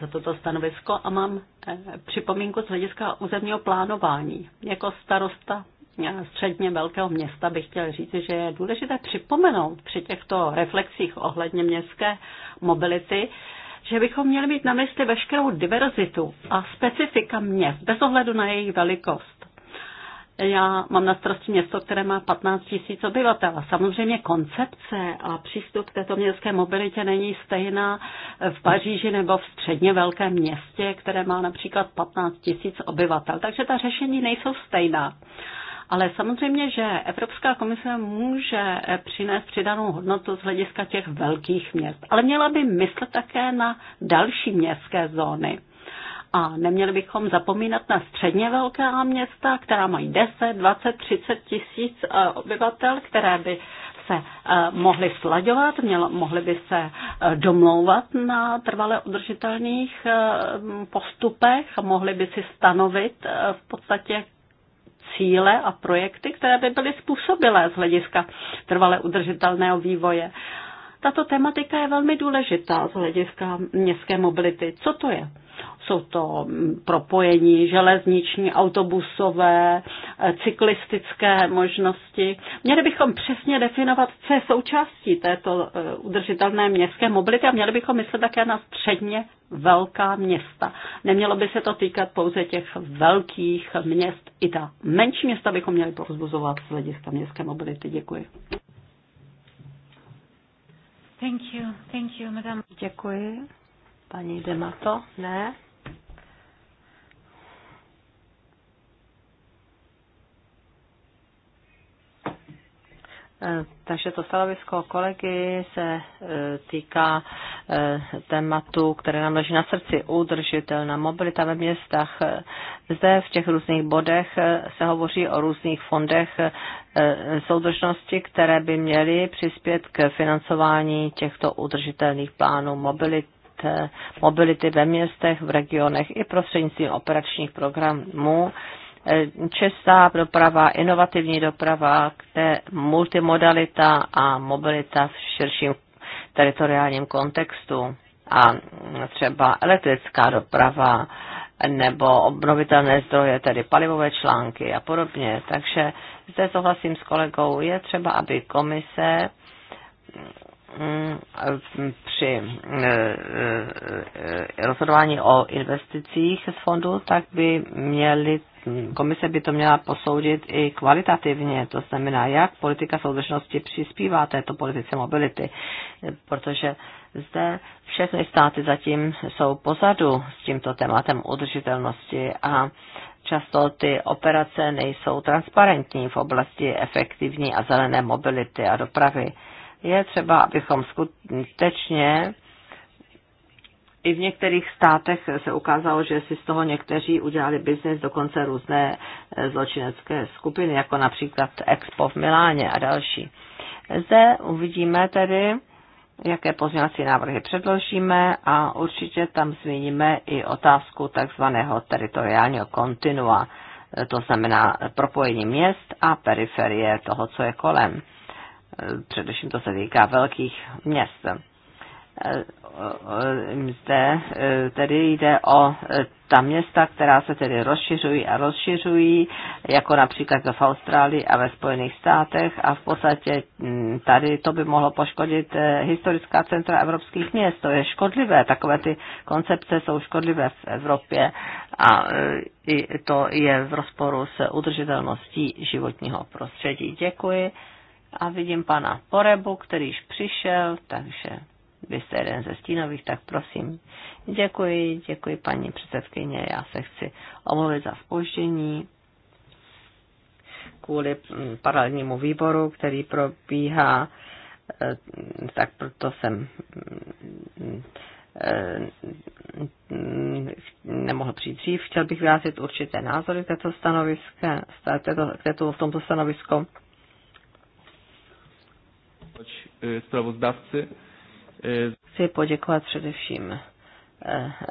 za toto stanovisko a mám eh, připomínku z hlediska územního plánování. Jako starosta eh, středně velkého města bych chtěl říct, že je důležité připomenout při těchto reflexích ohledně městské mobility, že bychom měli mít na mysli veškerou diverzitu a specifika měst, bez ohledu na jejich velikost. Já mám na starosti město, které má 15 tisíc obyvatel. samozřejmě koncepce a přístup k této městské mobilitě není stejná v Paříži nebo v středně velkém městě, které má například 15 tisíc obyvatel. Takže ta řešení nejsou stejná. Ale samozřejmě, že Evropská komise může přinést přidanou hodnotu z hlediska těch velkých měst. Ale měla by myslet také na další městské zóny a neměli bychom zapomínat na středně velká města, která mají 10, 20, 30 tisíc eh, obyvatel, které by se eh, mohly slaďovat, mohly by se eh, domlouvat na trvale udržitelných postupech, mohly by si stanovit v podstatě cíle a projekty, které by byly způsobilé z hlediska trvale udržitelného vývoje. Tato tematika je velmi důležitá z hlediska městské mobility. Co to je? Jsou to propojení železniční, autobusové, eh, cyklistické možnosti. Měli bychom přesně definovat, co je součástí této eh, udržitelné městské mobility a měli bychom myslet také na středně velká města. Nemělo by se to týkat pouze těch velkých měst. I ta menší města bychom měli povzbuzovat z hlediska městské mobility. Děkuji. Thank you, thank you, madam. Děkuji. Paní Demato, ne? Eh, takže to stanovisko kolegy se eh, týká eh, tématu, které nám leží na srdci, udržitelná mobilita ve městách. Zde v těch různých bodech se hovoří o různých fondech soudržnosti, které by měly přispět k financování těchto udržitelných plánů mobility mobility ve městech, v regionech i prostřednictvím operačních programů Eh, čestá doprava, inovativní doprava, které multimodalita a mobilita v širším teritoriálním kontextu a třeba elektrická doprava nebo obnovitelné zdroje, tedy palivové články a podobně. Takže zde souhlasím s kolegou, je třeba, aby komise mm, při eh, eh, rozhodování o investicích z fondu, tak by měli komise by to měla posoudit i kvalitativně, to znamená, jak politika soudržnosti přispívá této politice mobility, protože zde všechny státy zatím jsou pozadu s tímto tématem udržitelnosti a často ty operace nejsou transparentní v oblasti efektivní a zelené mobility a dopravy. Je třeba, abychom skutečně i v některých státech se ukázalo, že si z toho někteří udělali biznis, dokonce různé e, zločinecké skupiny, jako například Expo v Miláně a další. Zde uvidíme tedy, jaké pozměňovací návrhy předložíme a určitě tam zmíníme i otázku takzvaného teritoriálního kontinua, e, to znamená propojení měst a periferie toho, co je kolem. E, především to se týká velkých měst zde eh, tedy jde o eh, ta města, která se tedy rozšiřují a rozšiřují, jako například v Austrálii a ve Spojených státech a v podstatě mm, tady to by mohlo poškodit eh, historická centra evropských měst. To je škodlivé, takové ty koncepce jsou škodlivé v Evropě a i to je v rozporu s udržitelností životního prostředí. Děkuji a vidím pana Porebu, který již přišel, takže vy jste jeden ze stínových, tak prosím. Děkuji, děkuji paní předsedkyně, já se chci omluvit za spoždění kvůli mm, paralelnímu výboru, který probíhá, eh, tak proto jsem mm, eh, nemohl přijít dřív. Chtěl bych vyjádřit určité názory k této stanoviska, k této, v tomto stanovisku. Eh, Zpravodavci, Chci poděkovat především eh,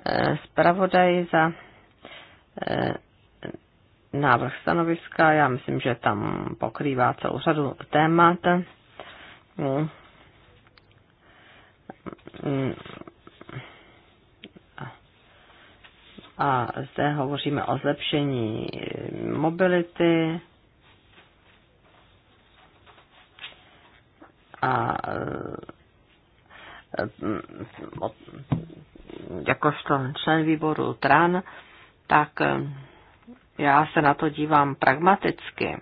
eh, zpravodaji za eh, návrh stanoviska. Já myslím, že tam pokrývá celou řadu témat. A zde hovoříme o zlepšení mobility a Eh, jakožto člen výboru TRAN, tak eh, já se na to dívám pragmaticky.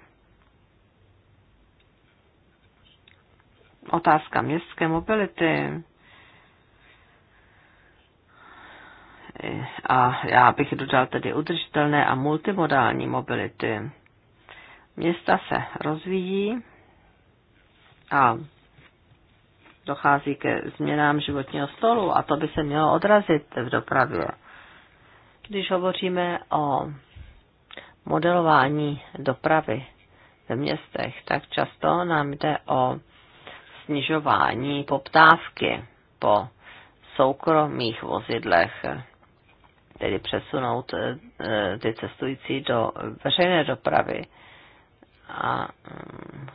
Otázka městské mobility. A já bych dodal tedy udržitelné a multimodální mobility. Města se rozvíjí a dochází ke změnám životního stolu a to by se mělo odrazit v dopravě. Když hovoříme o modelování dopravy ve městech, tak často nám jde o snižování poptávky po soukromých vozidlech, tedy přesunout eh, ty cestující do veřejné dopravy. A mm,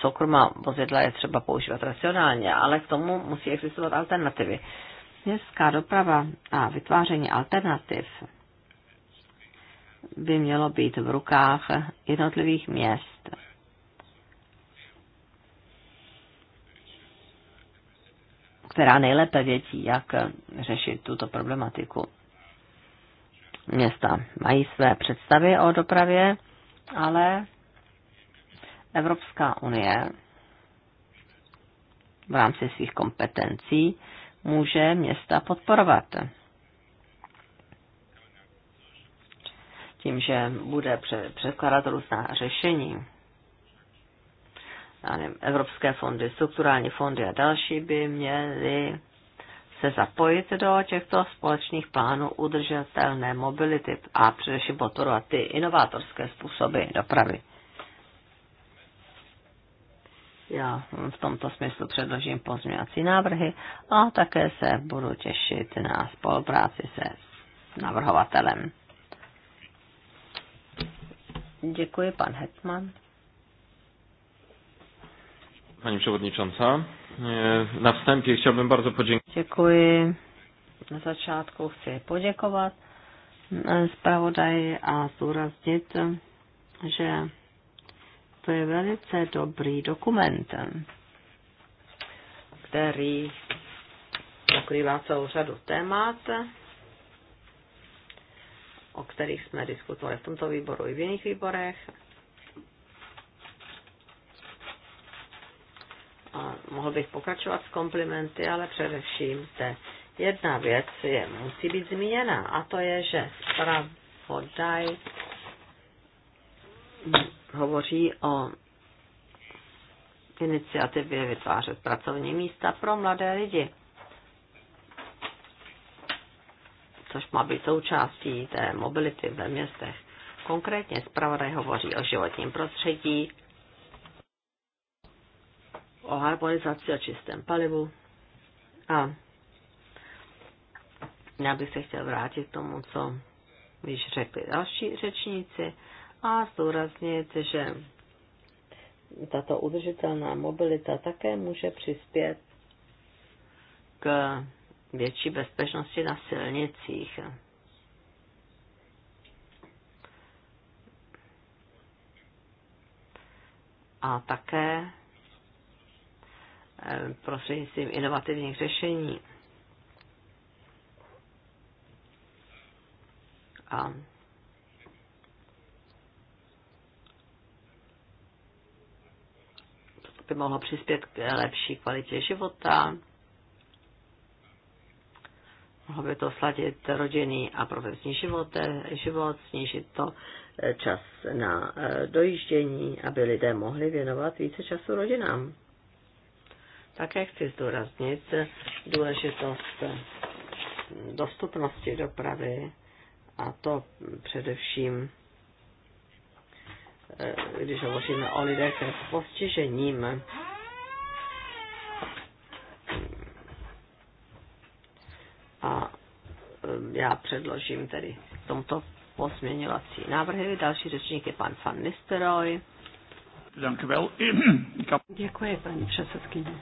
soukromá vozidla je třeba používat racionálně, ale k tomu musí existovat alternativy. Městská doprava a vytváření alternativ by mělo být v rukách jednotlivých měst. která nejlépe vědí, jak řešit tuto problematiku. Města mají své představy o dopravě, ale Evropská unie v rámci svých kompetencí může města podporovat. Tím, že bude předkládat různá řešení. evropské fondy, strukturální fondy a další by měly se zapojit do těchto společných plánů udržitelné mobility a především podporovat ty inovátorské způsoby dopravy já v tomto smyslu předložím pozměňovací návrhy a také se budu těšit na spolupráci se navrhovatelem. Děkuji, pan Hetman. Pani przewodnicząca, e, na wstępie chciałbym bardzo podziękować. Děkuji. Na začátku chci poděkovat zpravodaji e, a zdůraznit, že to je velice dobrý dokument, který pokrývá celou řadu témat, o kterých jsme diskutovali v tomto výboru i v jiných výborech. A mohl bych pokračovat s komplimenty, ale především te jedna věc je, musí být zmíněna, a to je, že zpravodaj hovoří o iniciativě vytvářet pracovní místa pro mladé lidi, což má být součástí té mobility ve městech. Konkrétně zpravodaj hovoří o životním prostředí, o harmonizaci a čistém palivu a já bych se chtěl vrátit k tomu, co již řekli další řečníci, a zdůraznit, že tato udržitelná mobilita také může přispět k větší bezpečnosti na silnicích. A také eh, prostřednictvím inovativních řešení. A by mohlo přispět k lepší kvalitě života. Mohlo by to sladit rodinný a profesní život, život snížit to eh, čas na eh, dojíždění, aby lidé mohli věnovat více času rodinám. Také chci zdůraznit důležitost eh, dostupnosti dopravy a to především Eh, když hovoříme o lidech s postižením. A eh, já předložím tedy tomto pozměňovací návrhy. Další řečník je pan Van Nisteroy. [CLEARS THROAT] Děkuji, paní předsedkyně.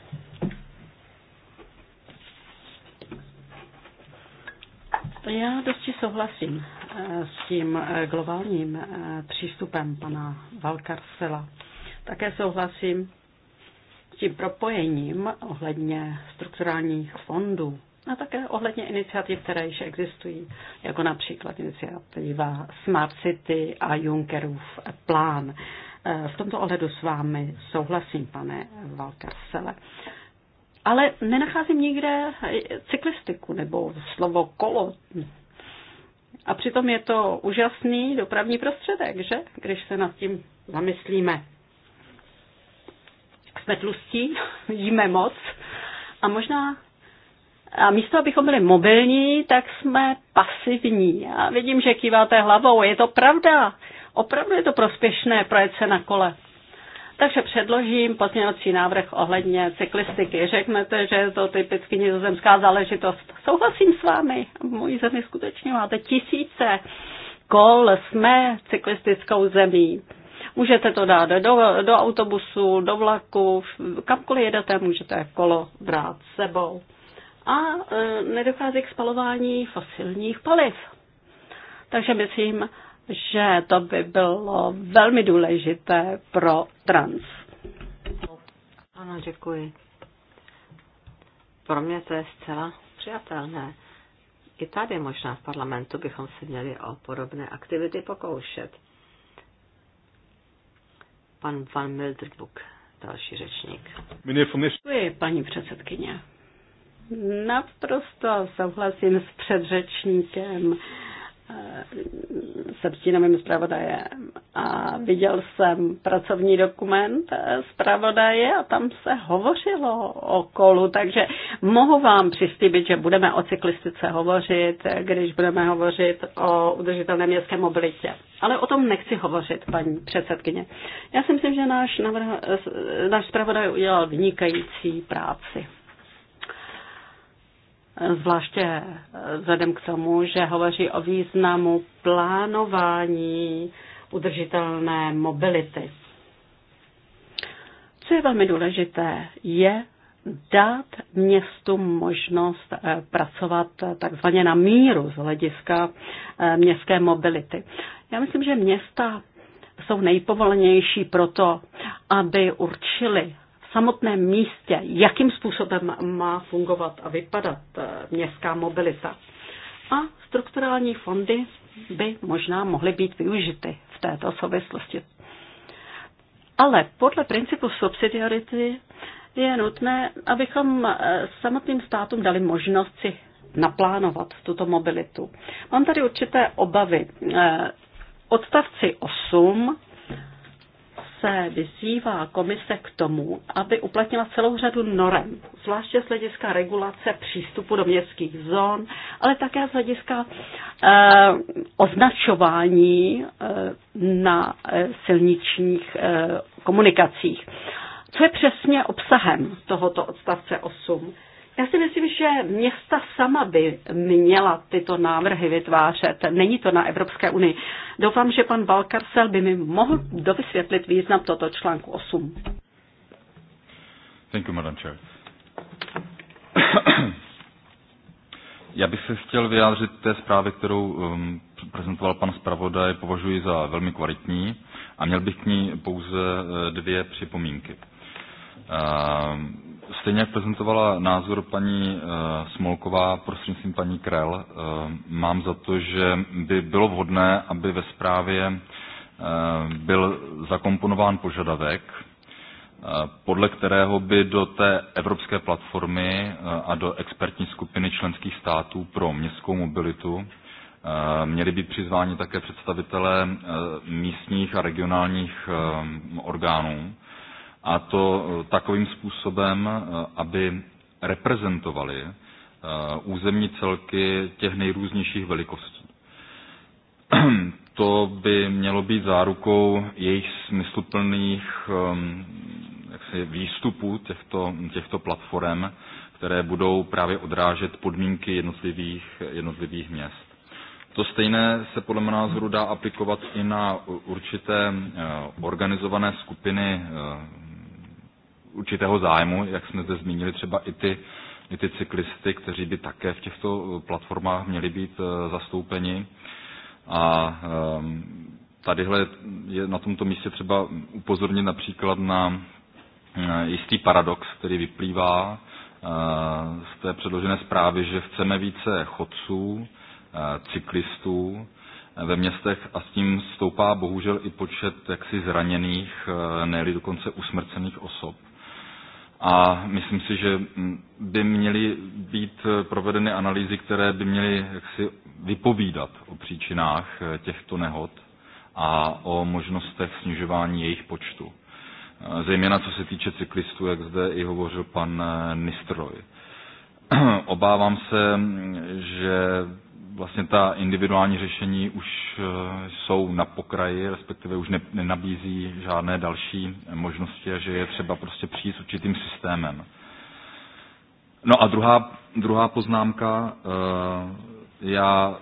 Já dosti souhlasím eh, s tím eh, globálním eh, přístupem pana Valkarsela. Také souhlasím s tím propojením ohledně strukturálních fondů a také ohledně iniciativ, které již existují, jako například iniciativa Smart City a Junckerův plán. V tomto ohledu s vámi souhlasím, pane Valkarsele ale nenacházím nikde cyklistiku nebo slovo kolo. A přitom je to úžasný dopravní prostředek, že? Když se nad tím zamyslíme. Jsme tlustí, jíme [LAUGHS] moc a možná a místo, abychom byli mobilní, tak jsme pasivní. Já vidím, že kýváte hlavou. Je to pravda. Opravdu je to prospěšné projet se na kole. Takže předložím pozměňovací návrh ohledně cyklistiky. Řeknete, že je to typicky nizozemská záležitost. Souhlasím s vámi. V mojí zemi skutečně máte tisíce kol. Jsme cyklistickou zemí. Můžete to dát do, do autobusu, do vlaku, kamkoliv jedete, můžete kolo brát sebou. A e, nedochází k spalování fosilních paliv. Takže myslím, že to by bylo velmi důležité pro trans. Ano, děkuji. Pro mě to je zcela přijatelné. I tady možná v parlamentu bychom se měli o podobné aktivity pokoušet. Pan Van Mildrbuk, další řečník. Děkuji, paní předsedkyně. Naprosto souhlasím s předřečníkem Eh, se stínovým zpravodajem a viděl jsem pracovní dokument eh, zpravodaje a tam se hovořilo o kolu, takže mohu vám přistýbit, že budeme o cyklistice hovořit, když budeme hovořit o udržitelné městské mobilitě. Ale o tom nechci hovořit, paní předsedkyně. Já si myslím, že náš, navrh, eh, náš zpravodaj udělal vynikající práci zvláště eh, vzhledem k tomu, že hovoří o významu plánování udržitelné mobility. Co je velmi důležité, je dát městu možnost eh, pracovat eh, takzvaně na míru z hlediska městské mobility. Já myslím, že města jsou nejpovolenější proto, aby určili samotném místě, jakým způsobem má fungovat a vypadat eh, městská mobilita. A strukturální fondy by možná mohly být využity v této souvislosti. Ale podle principu subsidiarity je nutné, abychom eh, samotným státům dali možnost si naplánovat tuto mobilitu. Mám tady určité obavy. Eh, odstavci 8 se vyzývá komise k tomu, aby uplatnila celou řadu norem, zvláště z hlediska regulace přístupu do městských zón, ale také z hlediska eh, označování eh, na eh, silničních eh, komunikacích. Co je přesně obsahem tohoto odstavce 8? Já si myslím, že města sama by měla tyto návrhy vytvářet. Není to na Evropské unii. Doufám, že pan Balkarsel by mi mohl dovysvětlit význam toto článku 8. Thank you, Madam Chair. [CLEARS THROAT] Já bych se chtěl vyjádřit té zprávě, kterou um, prezentoval pan zpravodaj, považuji za velmi kvalitní a měl bych k ní pouze eh, dvě připomínky. Um, Stejně jak prezentovala názor paní eh, Smolková prostřednictvím paní Krell, eh, mám za to, že by bylo vhodné, aby ve zprávě eh, byl zakomponován požadavek, podle kterého by do té evropské platformy a do expertní skupiny členských států pro městskou mobilitu měli být přizváni také představitelé místních a regionálních orgánů a to eh, takovým způsobem, eh, aby reprezentovali eh, územní celky těch nejrůznějších velikostí. [CLEARS THROAT] To by mělo být zárukou jejich smysluplných ehm, jaksi, výstupů těchto, těchto platform, které budou právě odrážet podmínky jednotlivých, jednotlivých měst. To stejné se podle mého názoru dá aplikovat i na určité organizované skupiny určitého zájmu, jak jsme zde zmínili třeba i ty, i ty cyklisty, kteří by také v těchto eh, platformách měli být eh, zastoupeni. A ehm, tadyhle je na tomto místě třeba upozornit například na eh, jistý paradox, který vyplývá z té předložené zprávy, že chceme více chodců, cyklistů ve městech a s tím stoupá bohužel i počet jaksi zraněných, ne dokonce usmrcených osob a myslím si, že by měly být provedeny analýzy, které by měly jaksi vypovídat o příčinách těchto nehod a o možnostech snižování jejich počtu. Zejména co se týče cyklistů, jak zde i hovořil pan Nistroj. [CLEARS THROAT] Obávám se, že vlastně ta individuální řešení už eh, jsou na pokraji, respektive už nenabízí žádné další možnosti a že je třeba prostě přijít s určitým systémem. No a druhá, druhá poznámka, eh, já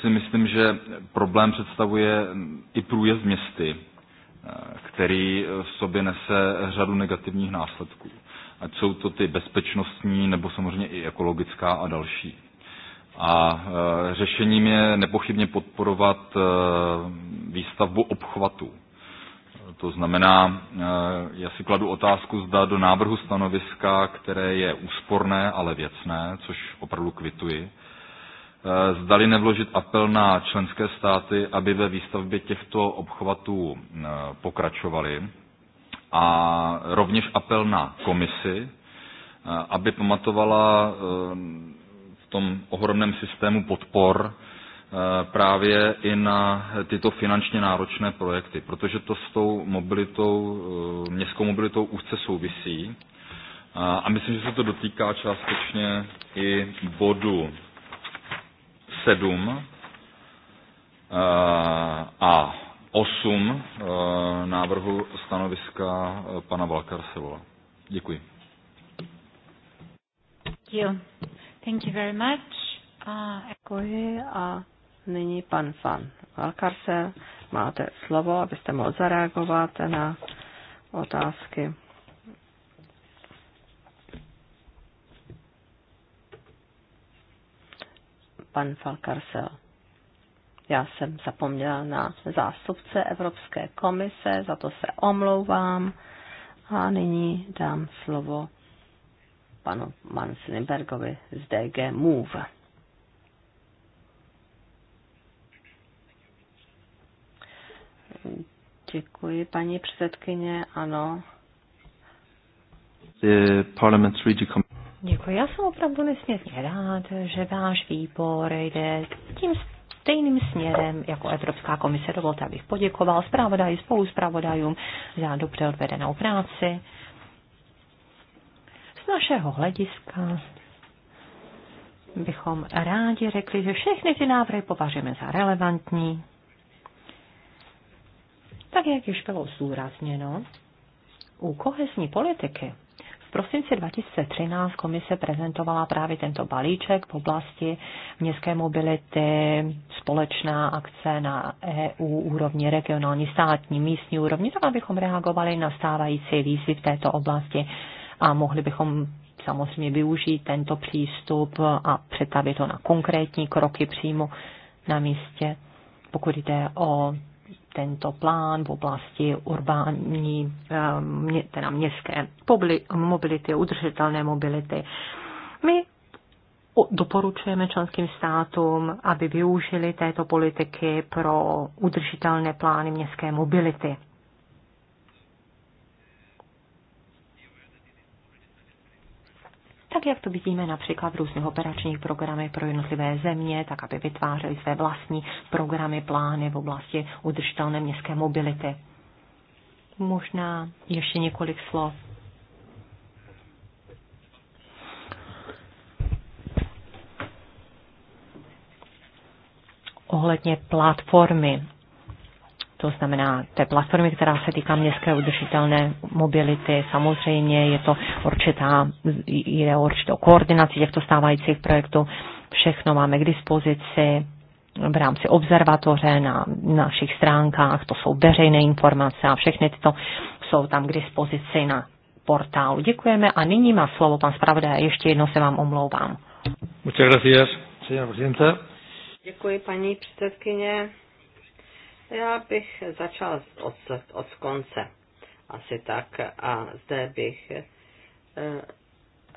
si myslím, že problém představuje i průjezd městy, eh, který v sobě nese řadu negativních následků. Ať jsou to ty bezpečnostní nebo samozřejmě i ekologická a další a e, řešením je nepochybně podporovat e, výstavbu obchvatů. To znamená, e, já si kladu otázku, zda do návrhu stanoviska, které je úsporné, ale věcné, což opravdu kvituji, zdali nevložit apel na členské státy, aby ve výstavbě těchto obchvatů pokračovali, a rovněž apel na komisi, aby pamatovala tom ohromném systému podpor eh, právě i na tyto finančně náročné projekty, protože to s tou mobilitou, eh, městskou mobilitou úzce souvisí. A myslím, že se to dotýká částečně i bodu 7 eh, a 8 návrhu stanoviska pana Valkarsevola. Děkuji. Děkuji. Thank you very much. Uh, Děkuji a nyní pan Fan Valkarse, Máte slovo, abyste mohl zareagovat na otázky. Pan Falkarsel. Já jsem zapomněla na zástupce Evropské komise, za to se omlouvám. A nyní dám slovo panu Manslimbergovi z DG Move. Děkuji, paní předsedkyně, ano. Děkuji, já jsem opravdu nesmírně rád, že váš výbor jde tím stejným směrem jako Evropská komise. Dovolte, abych poděkoval zpravodaji, zpravodajům za dobře odvedenou práci našeho hlediska bychom rádi řekli, že všechny ty návrhy považujeme za relevantní. Tak jak již bylo zdůrazněno, u kohezní politiky v prosinci 2013 komise prezentovala právě tento balíček v oblasti městské mobility, společná akce na EU úrovni, regionální, státní, místní úrovni, tak abychom reagovali na stávající výzvy v této oblasti a mohli bychom samozřejmě využít tento přístup a přetavit to na konkrétní kroky přímo na místě, pokud jde o tento plán v oblasti urbání, eh, teda městské mobility, udržitelné mobility. My doporučujeme členským státům, aby využili této politiky pro udržitelné plány městské mobility. tak jak to vidíme například v různých operačních programech pro jednotlivé země, tak aby vytvářely své vlastní programy, plány v oblasti udržitelné městské mobility. Možná ještě několik slov ohledně platformy to znamená té platformy, která se týká městské udržitelné mobility. Samozřejmě je to určitá, jde o určitou koordinaci těchto stávajících projektů. Všechno máme k dispozici v rámci observatoře na, našich stránkách, to jsou veřejné informace a všechny tyto jsou tam k dispozici na portálu. Děkujeme a nyní má slovo pan zpravodaj, ještě jednou se vám omlouvám. Muchas gracias, señora presidenta. Děkuji, paní předsedkyně. Já bych začala od, od konce. Asi tak. A zde bych, eh,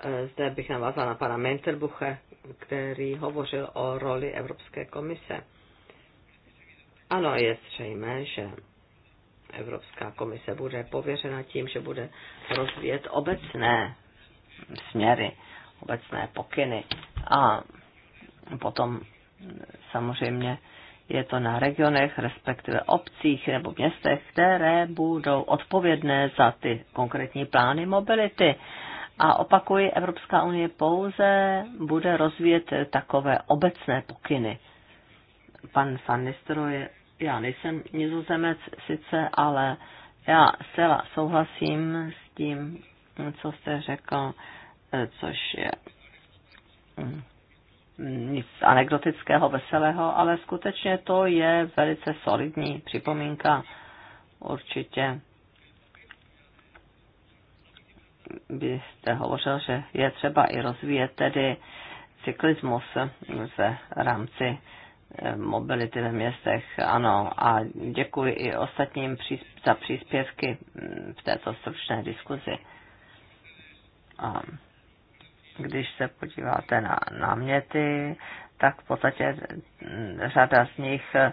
eh, zde bych navázala na pana Mentelbuche, který hovořil o roli Evropské komise. Ano, je zřejmé, že Evropská komise bude pověřena tím, že bude rozvíjet obecné směry, obecné pokyny a potom samozřejmě je to na regionech, respektive obcích nebo městech, které budou odpovědné za ty konkrétní plány mobility. A opakuji, Evropská unie pouze bude rozvíjet takové obecné pokyny. Pan Van Nistelrooy, já nejsem nizozemec sice, ale já zcela souhlasím s tím, co jste řekl, eh, což je hm, Mm, nic anekdotického, veselého, ale skutečně to je velice solidní připomínka. Určitě byste hovořil, že je třeba i rozvíjet tedy cyklismus v rámci eh, mobility ve městech. Ano, a děkuji i ostatním za příspěvky mm, v této stručné diskuzi. Um. Když se podíváte na náměty, tak v podstatě mm, řada z nich eh,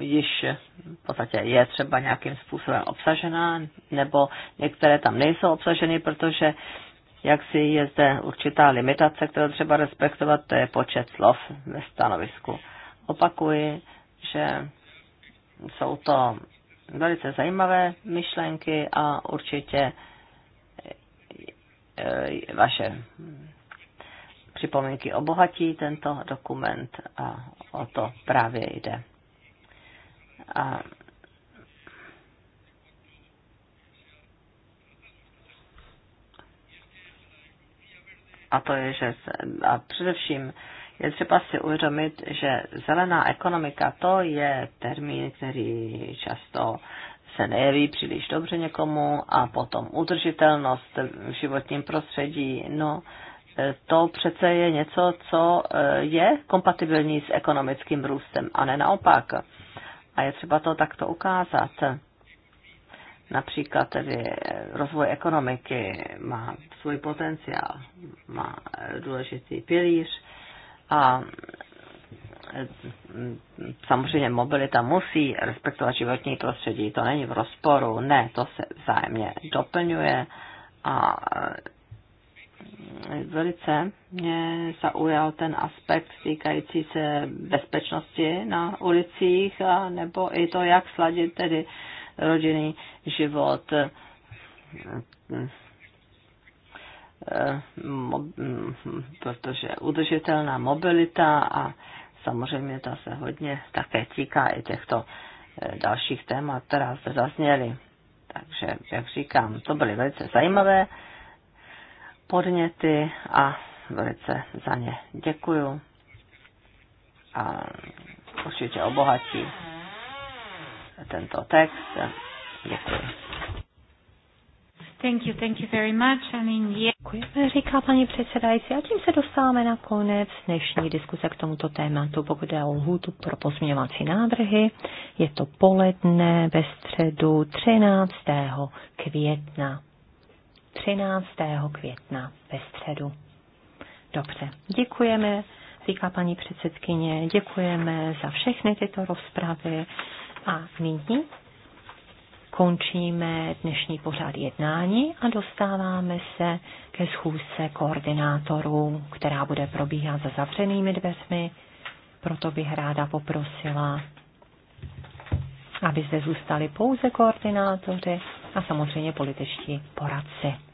již v podstatě je třeba nějakým způsobem obsažená, nebo některé tam nejsou obsaženy, protože jak si je zde určitá limitace, kterou třeba respektovat, to je počet slov ve stanovisku. Opakuji, že jsou to velice zajímavé myšlenky a určitě Eh, vaše připomínky obohatí tento dokument a o to právě jde. A A to je, že a především je třeba si uvědomit, že zelená ekonomika to je termín, který často se nejeví příliš dobře někomu a potom udržitelnost v životním prostředí, no e, to přece je něco, co e, je kompatibilní s ekonomickým růstem a ne naopak. A je třeba to takto ukázat. Například tedy rozvoj ekonomiky má svůj potenciál, má důležitý pilíř a samozřejmě mobilita musí respektovat životní prostředí, to není v rozporu, ne, to se vzájemně doplňuje a eh, velice mě zaujal ten aspekt týkající se bezpečnosti na ulicích a nebo i to, jak sladit tedy rodinný život, eh, mm, mm, protože udržitelná mobilita a samozřejmě ta se hodně také týká i těchto e, dalších témat, která se zazněly. Takže, jak říkám, to byly velice zajímavé podněty a velice za ně děkuju a určitě obohatí tento text. Děkuji. Thank you, thank you very much. I mean, yeah. Děkujeme, říká paní předsedající. A tím se dostáváme na konec dnešní diskuse k tomuto tématu. Pokud je o lhůtu pro pozměňovací návrhy, je to poledne ve středu 13. května. 13. května ve středu. Dobře, děkujeme, říká paní předsedkyně, děkujeme za všechny tyto rozpravy a nyní končíme dnešní pořád jednání a dostáváme se ke schůzce koordinátorů, která bude probíhat za zavřenými dveřmi. Proto bych ráda poprosila, aby zde zůstali pouze koordinátoři a samozřejmě političtí poradci.